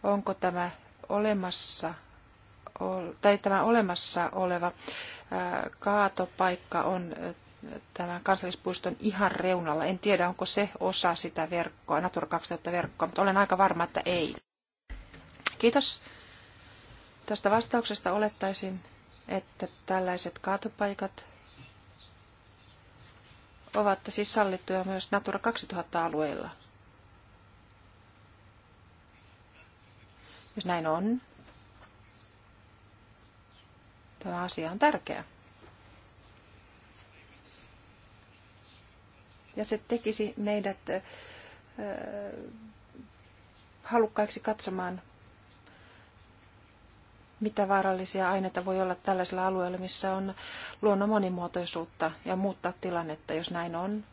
Speaker 4: Onko tämä olemassa tai tämä olemassa oleva kaatopaikka on tämän kansallispuiston ihan reunalla. En tiedä, onko se osa sitä verkkoa, Natura 2000 verkkoa, mutta olen aika varma, että ei. Kiitos tästä vastauksesta. Olettaisin, että tällaiset kaatopaikat ovat siis sallittuja myös Natura 2000-alueilla. Jos näin on, tämä asia on tärkeä. Ja se tekisi meidät halukkaiksi katsomaan mitä vaarallisia aineita voi olla tällaisella alueella, missä on luonnon monimuotoisuutta ja muuttaa tilannetta, jos näin on.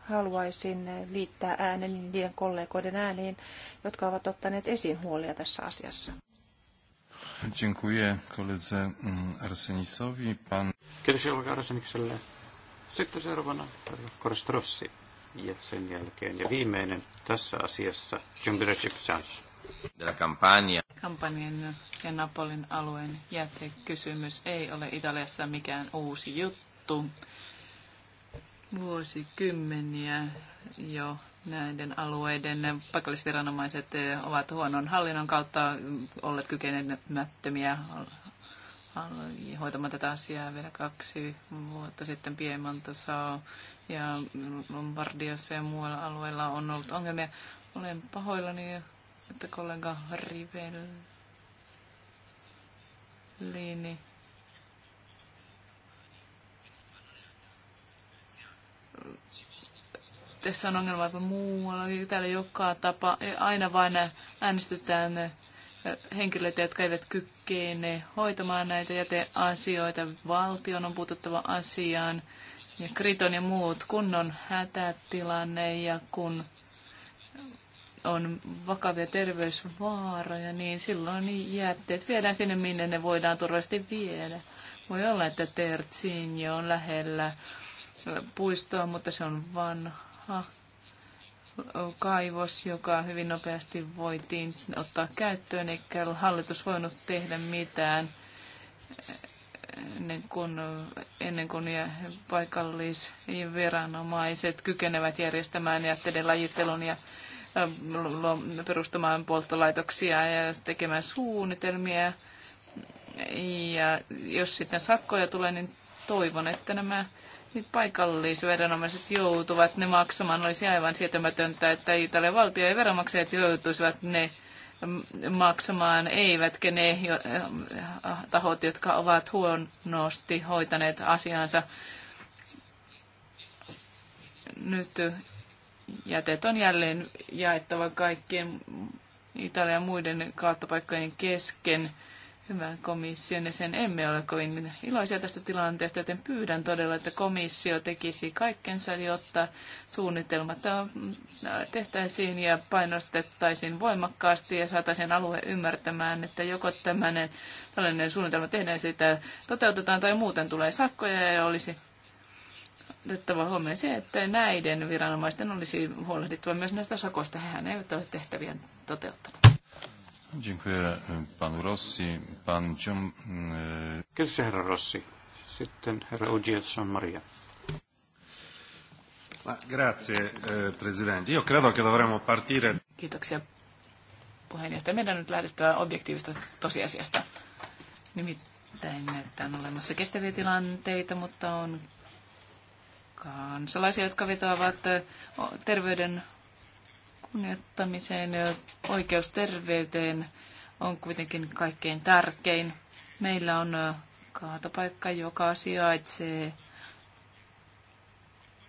Speaker 4: Haluaisin liittää ääneni niiden kollegoiden ääniin, jotka ovat ottaneet esiin huolia tässä asiassa.
Speaker 2: Dziękuję koledze mm, Arsenisowi.
Speaker 3: Pan... Kiitos Jelka Arsenikselle. Sitten seuraavana Korostrossi ja sen jälkeen ja viimeinen tässä asiassa Jumbirajip
Speaker 1: Kampanjan ja Napolin alueen jätekysymys ei ole Italiassa mikään uusi juttu. Vuosikymmeniä jo näiden alueiden pakollisviranomaiset ovat huonon hallinnon kautta olleet kykenemättömiä hoitamaan tätä asiaa vielä kaksi vuotta sitten Piemontossa ja Lombardiassa ja muualla alueella on ollut ongelmia. Olen pahoillani sitten kollega Rivellini. Tässä on ongelma että muualla. Täällä joka tapa aina vain äänestetään henkilöitä, jotka eivät kykene hoitamaan näitä jäteasioita. Valtion on puututtava asiaan ja Kriton ja muut kunnon hätätilanne ja kun on vakavia terveysvaaroja, niin silloin jätteet viedään sinne, minne ne voidaan turvallisesti viedä. Voi olla, että jo on lähellä puistoa, mutta se on vanha kaivos, joka hyvin nopeasti voitiin ottaa käyttöön, eikä hallitus voinut tehdä mitään ennen kuin, ennen kuin paikallisviranomaiset kykenevät järjestämään jätteiden lajittelun ja perustamaan polttolaitoksia ja tekemään suunnitelmia. Ja jos sitten sakkoja tulee, niin toivon, että nämä niin paikallisviranomaiset joutuvat ne maksamaan. Olisi aivan sietämätöntä, että Italian valtio ja veronmaksajat joutuisivat ne maksamaan, eivätkä ne äh, tahot, jotka ovat huonosti hoitaneet asiansa. Nyt jätet on jälleen jaettava kaikkien Italian muiden kaattopaikkojen kesken. Hyvä komission ja sen emme ole kovin iloisia tästä tilanteesta, joten pyydän todella, että komissio tekisi kaikkensa, jotta suunnitelmat tehtäisiin ja painostettaisiin voimakkaasti ja saataisiin alue ymmärtämään, että joko tämmöinen, tällainen suunnitelma tehdään sitä, toteutetaan tai muuten tulee sakkoja ja olisi otettava huomioon se, että näiden viranomaisten olisi huolehdittava myös näistä sakoista. Hehän eivät ole tehtäviä toteuttaneet.
Speaker 2: Dziękuję e, panu Rossi. Pan John... E, Kiitos herra Rossi.
Speaker 3: Sitten herra Ugias Maria. Grazie, e, presidente. Io credo che dovremmo partire...
Speaker 1: Kiitoksia, puheenjohtaja. Meidän on nyt lähdettävä objektiivista tosiasiasta. Nimittäin, että on olemassa kestäviä tilanteita, mutta on kansalaisia, jotka vetoavat terveyden kunnioittamiseen. Oikeus terveyteen on kuitenkin kaikkein tärkein. Meillä on kaatopaikka, joka sijaitsee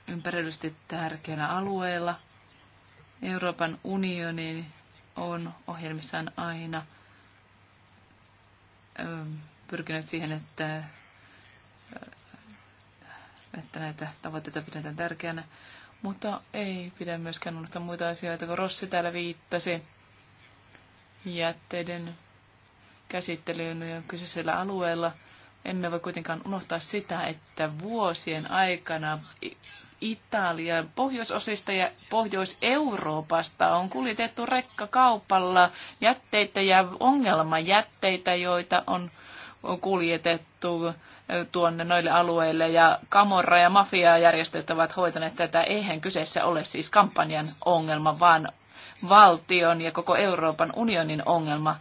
Speaker 1: ympäröllisesti tärkeänä alueella. Euroopan unioni on ohjelmissaan aina pyrkinyt siihen, että että näitä tavoitteita pidetään tärkeänä. Mutta ei pidä myöskään unohtaa muita asioita, kun Rossi täällä viittasi jätteiden käsittelyyn ja kyseisellä alueella. Emme voi kuitenkaan unohtaa sitä, että vuosien aikana Italian pohjoisosista ja Pohjois-Euroopasta on kuljetettu rekkakaupalla jätteitä ja ongelmajätteitä, joita on kuljetettu tuonne noille alueille ja Kamorra ja mafiajärjestöt ovat hoitaneet tätä. Eihän kyseessä ole siis kampanjan ongelma, vaan valtion ja koko Euroopan unionin ongelma.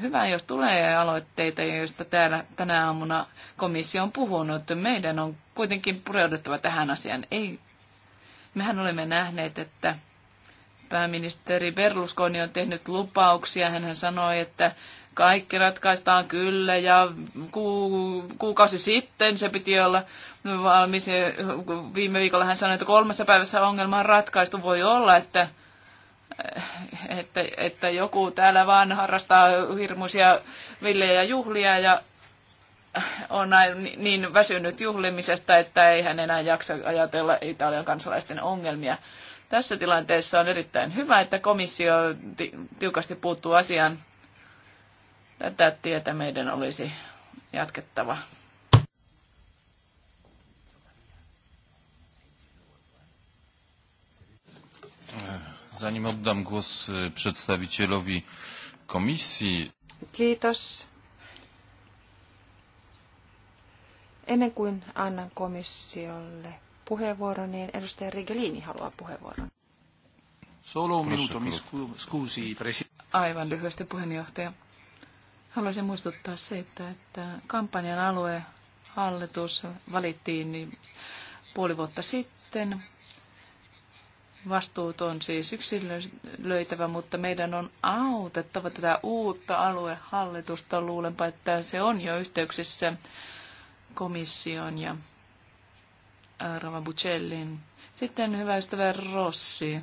Speaker 1: Hyvä, jos tulee aloitteita, joista täällä tänä aamuna komissio on puhunut. Meidän on kuitenkin pureuduttava tähän asiaan. Ei, mehän olemme nähneet, että pääministeri Berlusconi on tehnyt lupauksia. Hän sanoi, että kaikki ratkaistaan kyllä ja ku, kuukausi sitten se piti olla valmis. Viime viikolla hän sanoi, että kolmessa päivässä ongelma on ratkaistu. Voi olla, että, että, että joku täällä vaan harrastaa hirmuisia villejä juhlia ja on niin väsynyt juhlimisesta, että ei hän enää jaksa ajatella Italian kansalaisten ongelmia. Tässä tilanteessa on erittäin hyvä, että komissio tiukasti puuttuu asiaan Tätä tietä meidän olisi jatkettava.
Speaker 2: Zanim oddam głos e, przedstawicielowi komisji.
Speaker 4: Kiitos. Ennen kuin annan komissiolle puheenvuoron, niin edustaja Rigelini
Speaker 1: haluaa puheenvuoron. Solo minuto, mi scusi, Aivan lyhyesti puheenjohtaja. Haluaisin muistuttaa se, että että kampanjan aluehallitus valittiin niin puoli vuotta sitten. Vastuut on siis yksilöitävä, mutta meidän on autettava tätä uutta aluehallitusta. Luulenpa, että se on jo yhteyksissä komission ja äh, Rava Bucellin. Sitten hyvä ystävä Rossi,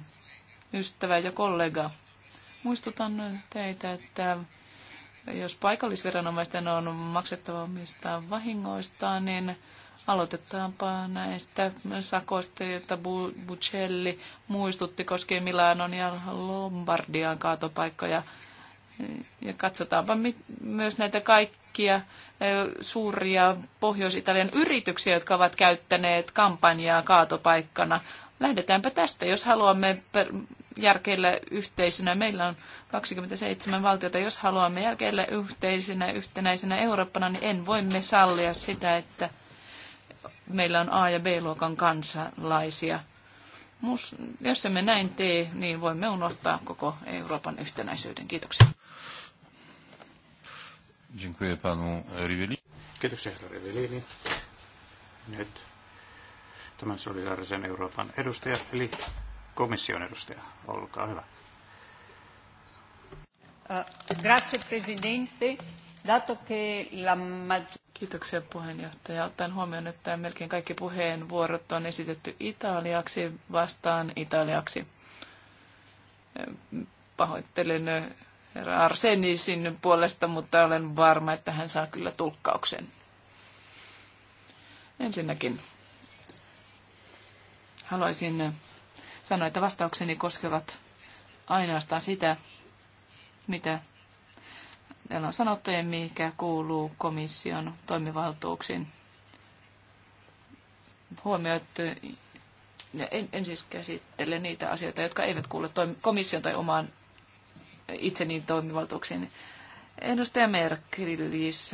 Speaker 1: ystävä ja kollega. Muistutan teitä, että jos paikallisviranomaisten on maksettava omista vahingoistaan, niin aloitetaanpa näistä sakoista, joita Bucelli muistutti koskien Milanon ja Lombardian kaatopaikkoja. Ja katsotaanpa myös näitä kaikkia suuria Pohjois-Italian yrityksiä, jotka ovat käyttäneet kampanjaa kaatopaikkana. Lähdetäänpä tästä, jos haluamme järkeillä yhteisönä. Meillä on 27 valtiota. Jos haluamme järkeillä yhteisenä, yhtenäisenä Eurooppana, niin en voimme sallia sitä, että meillä on A- ja B-luokan kansalaisia. Mus, jos emme näin tee, niin voimme unohtaa koko Euroopan yhtenäisyyden. Kiitoksia.
Speaker 2: Dziękuję panu Rivelini.
Speaker 3: Kiitoksia Rivelini. Nyt tämän solidaarisen Euroopan edustaja, eli komission edustaja. Olkaa hyvä.
Speaker 2: Uh,
Speaker 1: grazie Presidente. Kiitoksia puheenjohtaja. Ottaen huomioon, että melkein kaikki puheenvuorot on esitetty italiaksi vastaan italiaksi. Pahoittelen herra Arsenisin puolesta, mutta olen varma, että hän saa kyllä tulkkauksen. Ensinnäkin Haluaisin sanoa, että vastaukseni koskevat ainoastaan sitä, mitä täällä on sanottu ja mikä kuuluu komission toimivaltuuksiin. Huomioit, en, en siis käsittele niitä asioita, jotka eivät kuulu komission tai omaan itseni toimivaltuuksiin. Edustaja Merkillis,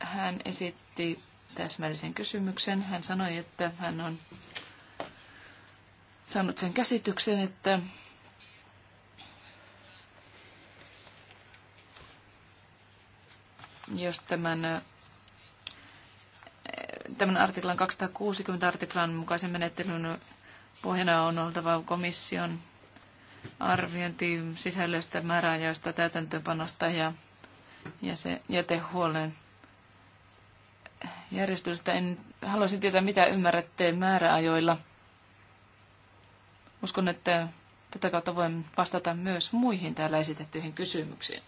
Speaker 1: hän esitti täsmällisen kysymyksen. Hän sanoi, että hän on saanut sen käsityksen, että jos tämän, tämän artiklan 260 artiklan mukaisen menettelyn pohjana on oltava komission arviointi sisällöstä, määräajoista, täytäntöönpanosta ja, ja se jätehuolen järjestelystä. En, haluaisin tietää, mitä ymmärrätte määräajoilla. Uskon, että tätä kautta voin vastata myös muihin täällä esitettyihin kysymyksiin.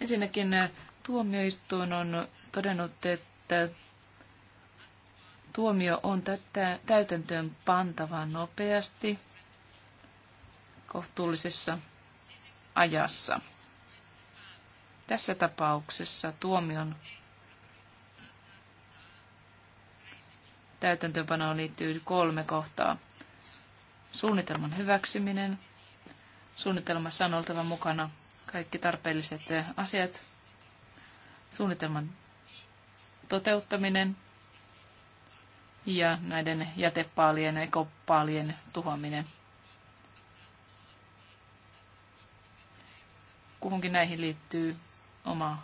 Speaker 1: Ensinnäkin äh, tuomioistuin on todennut, että tuomio on tätä täytäntöön pantava nopeasti kohtuullisessa ajassa. Tässä tapauksessa tuomion täytäntöönpanoon liittyy kolme kohtaa. Suunnitelman hyväksyminen. Suunnitelmassa on oltava mukana kaikki tarpeelliset asiat. Suunnitelman toteuttaminen ja näiden jätepaalien ja ekopaalien tuhoaminen. Kuhunkin näihin liittyy oma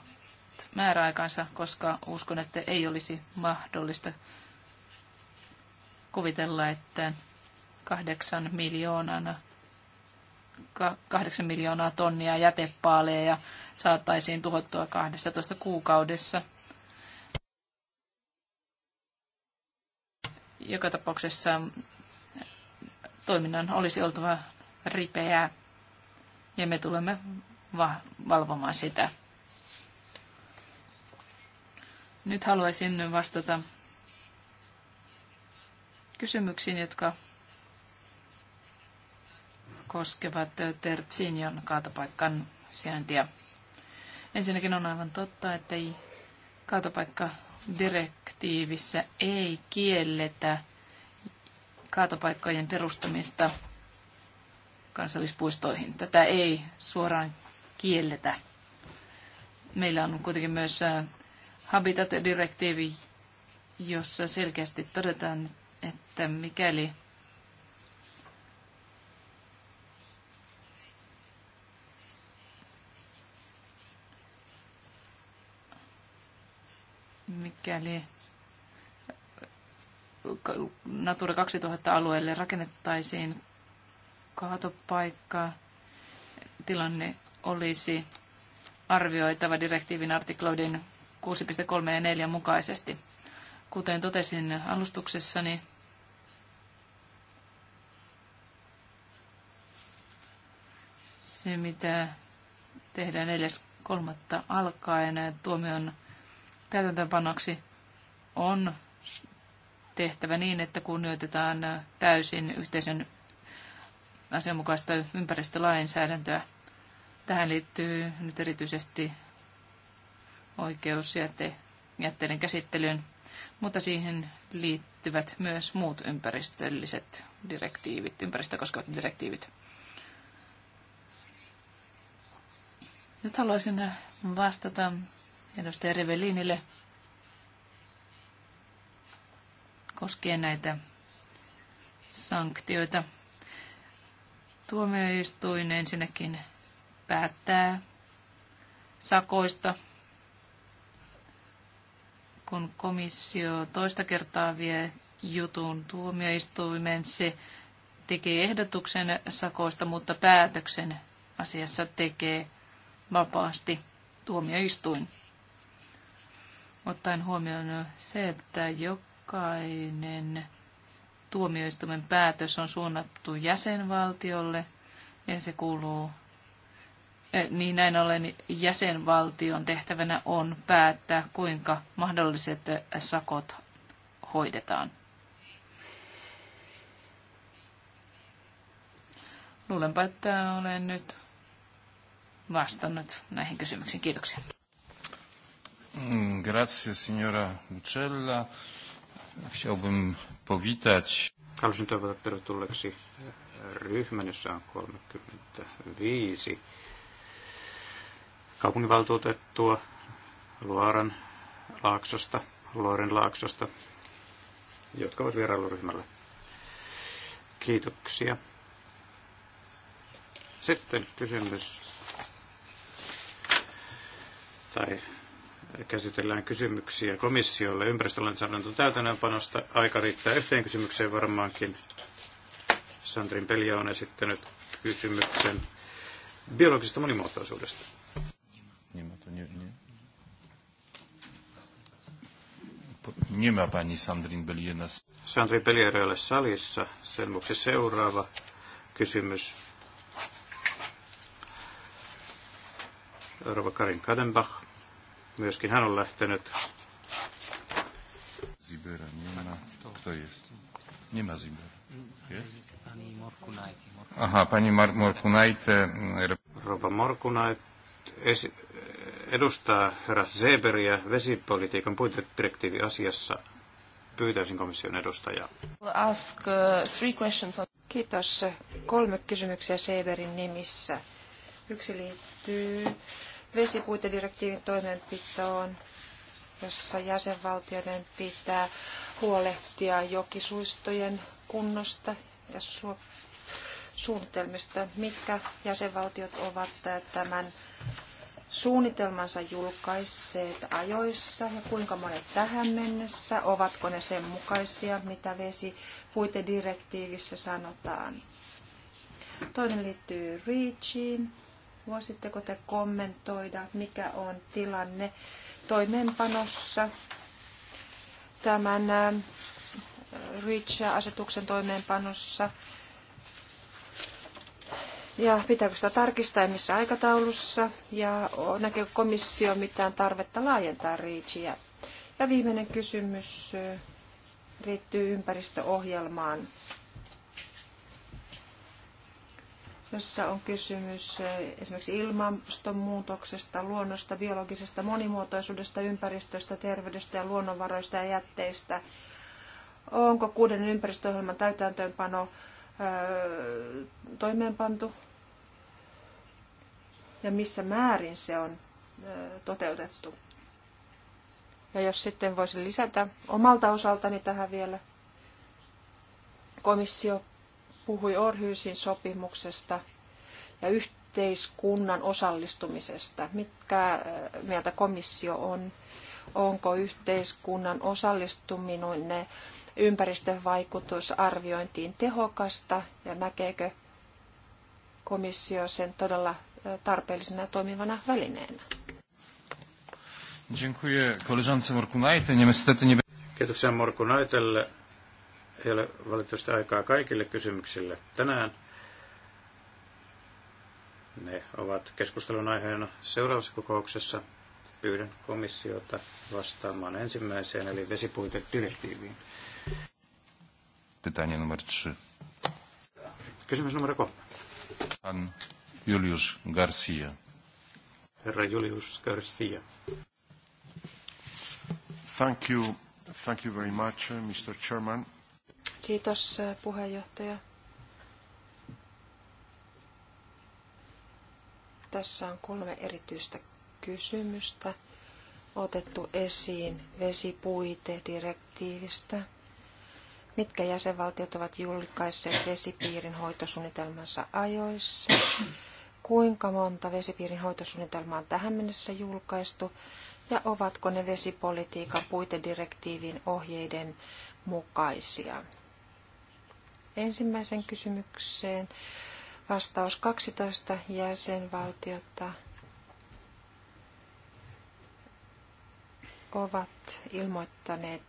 Speaker 1: määräaikansa, koska uskon, että ei olisi mahdollista kuvitella, että kahdeksan miljoonana, kahdeksan miljoonaa tonnia jätepaaleja saataisiin tuhottua 12 kuukaudessa. Joka tapauksessa toiminnan olisi oltava ripeää ja me tulemme valvomaan sitä. Nyt haluaisin vastata kysymyksiin, jotka koskevat Tertsinion kaatopaikan sijaintia. Ensinnäkin on aivan totta, että ei direktiivissä ei kielletä kaatopaikkojen perustamista kansallispuistoihin. Tätä ei suoraan kielletä. Meillä on kuitenkin myös äh, Habitat-direktiivi, jossa selkeästi todetaan, että mikäli mikäli Natura 2000-alueelle rakennettaisiin kaatopaikkaa, tilanne olisi arvioitava direktiivin artikloiden 6.3 ja 4 mukaisesti. Kuten totesin alustuksessani, se mitä tehdään 4.3. alkaen tuomion täytäntöpanoksi on tehtävä niin, että kunnioitetaan täysin yhteisön asianmukaista ympäristölainsäädäntöä. Tähän liittyy nyt erityisesti oikeus jätteiden käsittelyyn mutta siihen liittyvät myös muut ympäristölliset direktiivit, ympäristöä koskevat direktiivit. Nyt haluaisin vastata edustaja Revelinille koskien näitä sanktioita. Tuomioistuin ensinnäkin päättää sakoista kun komissio toista kertaa vie jutun tuomioistuimeen, se tekee ehdotuksen sakoista, mutta päätöksen asiassa tekee vapaasti tuomioistuin. Ottaen huomioon se, että jokainen tuomioistuimen päätös on suunnattu jäsenvaltiolle ja se kuuluu Eh, niin näin ollen jäsenvaltion tehtävänä on päättää, kuinka mahdolliset eh, sakot hoidetaan. Luulenpa, että olen nyt vastannut näihin kysymyksiin. Kiitoksia.
Speaker 2: Mm, grazie, signora Bucella. Chciałbym powitać.
Speaker 3: Haluaisin toivottaa tervetulleeksi ryhmän, jossa on 35 kaupunginvaltuutettua Luoran laaksosta, Luoren laaksosta, jotka ovat vierailuryhmällä. Kiitoksia. Sitten kysymys, tai käsitellään kysymyksiä komissiolle ympäristölainsäädännön täytäntöönpanosta. Aika riittää yhteen kysymykseen varmaankin. Sandrin Pelia on esittänyt kysymyksen biologisesta monimuotoisuudesta.
Speaker 2: nie ma Sandrin Belienas.
Speaker 3: Sandrin Belier ei ole salissa. Sen vuoksi seuraava kysymys. Rova Karin Kadenbach. Myöskin hän on lähtenyt. Zibera,
Speaker 2: nie ma. Kto jest?
Speaker 3: Nie Zibera. Aha,
Speaker 2: pani Mar Morkunait. Mm,
Speaker 3: Rova Morkunait. Esi- edustaa herra Zeberiä vesipolitiikan puitedirektiivi asiassa. Pyytäisin komission edustajaa.
Speaker 4: Ask, uh, Kiitos. Kolme kysymyksiä Severin nimissä. Yksi liittyy vesipuitedirektiivin toimenpitoon, jossa jäsenvaltioiden pitää huolehtia jokisuistojen kunnosta ja suunnitelmista. Mitkä jäsenvaltiot ovat tämän suunnitelmansa julkaisseet ajoissa ja kuinka monet tähän mennessä, ovatko ne sen mukaisia, mitä vesi puitedirektiivissä sanotaan. Toinen liittyy REACHiin. Voisitteko te kommentoida, mikä on tilanne toimeenpanossa tämän äh, REACH-asetuksen toimeenpanossa ja pitääkö sitä tarkistaa ja missä aikataulussa ja näkeekö komissio mitään tarvetta laajentaa REACHia. Ja viimeinen kysymys riittyy ympäristöohjelmaan, jossa on kysymys esimerkiksi ilmastonmuutoksesta, luonnosta, biologisesta monimuotoisuudesta, ympäristöstä, terveydestä ja luonnonvaroista ja jätteistä. Onko kuuden ympäristöohjelman täytäntöönpano toimeenpantu ja missä määrin se on toteutettu. Ja jos sitten voisin lisätä omalta osaltani tähän vielä. Komissio puhui Orhyysin sopimuksesta ja yhteiskunnan osallistumisesta. Mitkä mieltä komissio on? Onko yhteiskunnan osallistuminen ympäristövaikutusarviointiin tehokasta ja näkeekö komissio sen todella tarpeellisena toimivana välineenä.
Speaker 3: Kiitoksia Morku Naitelle. Ei ole valitettavasti aikaa kaikille kysymyksille tänään. Ne ovat keskustelun aiheena seuraavassa kokouksessa. Pyydän komissiota vastaamaan ensimmäiseen, eli vesipuitedirektiiviin. Pytanie Kysymys numero 3. Julius
Speaker 2: Garcia.
Speaker 3: Herra Julius Garcia.
Speaker 2: Thank you. Thank you very much, uh, Mr. Chairman.
Speaker 4: Kiitos uh, puheenjohtaja. Tässä on kolme erityistä kysymystä otettu esiin vesipuitedirektiivistä. direktiivistä Mitkä jäsenvaltiot ovat julkaisseet vesipiirin hoitosuunnitelmansa ajoissa? Kuinka monta vesipiirin hoitosuunnitelmaa on tähän mennessä julkaistu? Ja ovatko ne vesipolitiikan puitedirektiivin ohjeiden mukaisia? Ensimmäisen kysymykseen vastaus 12 jäsenvaltiota ovat ilmoittaneet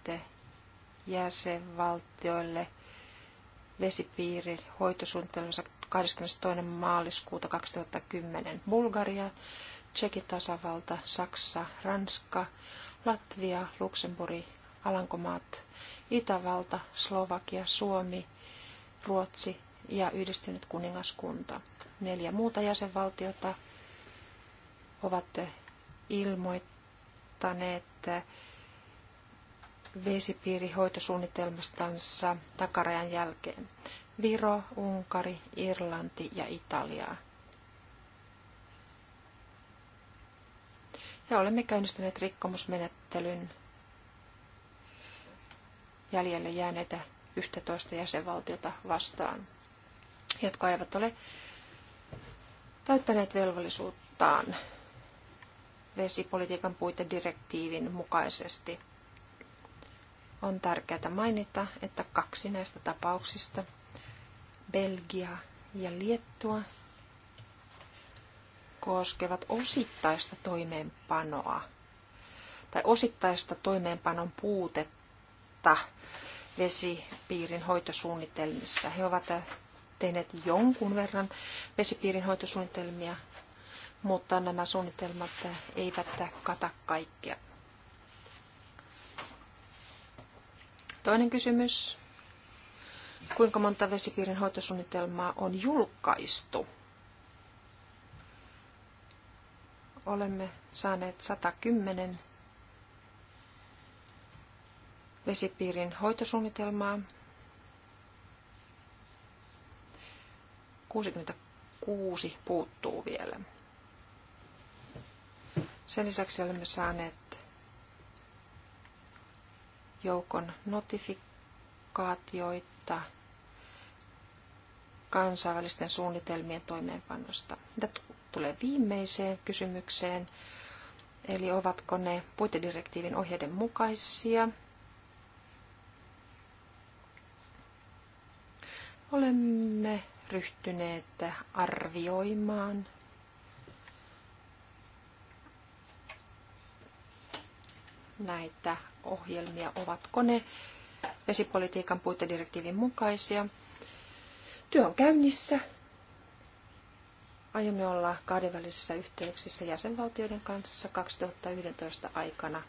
Speaker 4: jäsenvaltioille vesipiiri hoitosuunnitelmansa 22. maaliskuuta 2010. Bulgaria, Tsekin tasavalta, Saksa, Ranska, Latvia, Luxemburg, Alankomaat, Itävalta, Slovakia, Suomi, Ruotsi ja yhdistynyt kuningaskunta. Neljä muuta jäsenvaltiota ovat ilmoittaneet vesipiirihoitosuunnitelmastansa takarajan jälkeen. Viro, Unkari, Irlanti ja Italia. Ja olemme käynnistäneet rikkomusmenettelyn jäljelle jääneitä 11 jäsenvaltiota vastaan, jotka eivät ole täyttäneet velvollisuuttaan vesipolitiikan puitedirektiivin mukaisesti – on tärkeää mainita, että kaksi näistä tapauksista, Belgia ja Liettua, koskevat osittaista toimeenpanoa tai osittaista toimeenpanon puutetta vesipiirin hoitosuunnitelmissa. He ovat tehneet jonkun verran vesipiirin hoitosuunnitelmia, mutta nämä suunnitelmat eivät kata kaikkea. Toinen kysymys. Kuinka monta vesipiirin hoitosuunnitelmaa on julkaistu? Olemme saaneet 110 vesipiirin hoitosuunnitelmaa. 66 puuttuu vielä. Sen lisäksi olemme saaneet joukon notifikaatioita kansainvälisten suunnitelmien toimeenpanosta. Mitä tulee viimeiseen kysymykseen, eli ovatko ne puitedirektiivin ohjeiden mukaisia? Olemme ryhtyneet arvioimaan näitä ohjelmia, ovatko ne vesipolitiikan puitedirektiivin mukaisia. Työ on käynnissä. Aiomme olla kahdenvälisissä yhteyksissä jäsenvaltioiden kanssa 2011 aikana.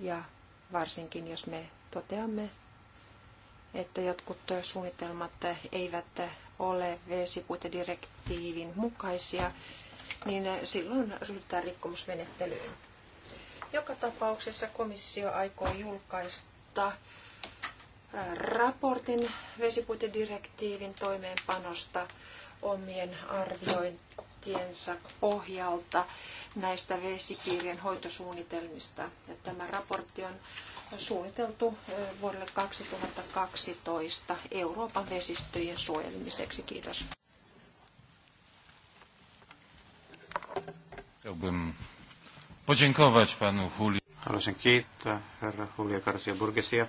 Speaker 4: Ja varsinkin jos me toteamme, että jotkut suunnitelmat eivät ole vesipuitedirektiivin mukaisia, niin silloin ryhdytään rikkomusmenettelyyn. Joka tapauksessa komissio aikoo julkaista raportin vesipuitedirektiivin toimeenpanosta omien arviointiensa pohjalta näistä vesikirjan hoitosuunnitelmista. Ja tämä raportti on suunniteltu vuodelle 2012 Euroopan vesistöjen suojelmiseksi. Kiitos.
Speaker 2: Chciałbym podziękować panu Julio.
Speaker 3: Haluaisin kiittää herra Julio Garcia Burgesia,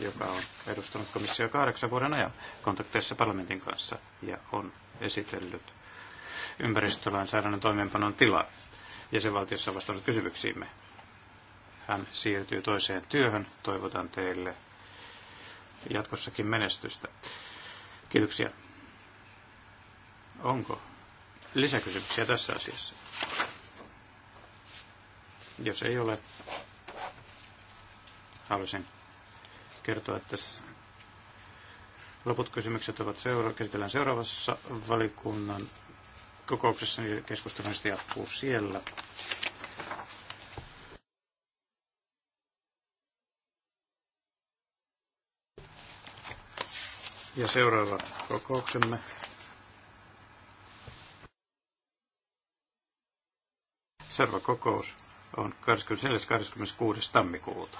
Speaker 3: joka on edustanut komissio kahdeksan vuoden ajan kontakteissa parlamentin kanssa ja on esitellyt ympäristölainsäädännön toimeenpanon tilaa jäsenvaltiossa vastannut kysymyksiimme. Hän siirtyy toiseen työhön. Toivotan teille jatkossakin menestystä. Kiitoksia. Onko lisäkysymyksiä tässä asiassa? Jos ei ole, haluaisin kertoa, että loput kysymykset ovat seura- käsitellään seuraavassa valikunnan kokouksessa, niin keskustelu jatkuu siellä. Ja seuraava kokouksemme Seuraava kokous on 24.–26. tammikuuta.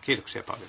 Speaker 3: Kiitoksia paljon.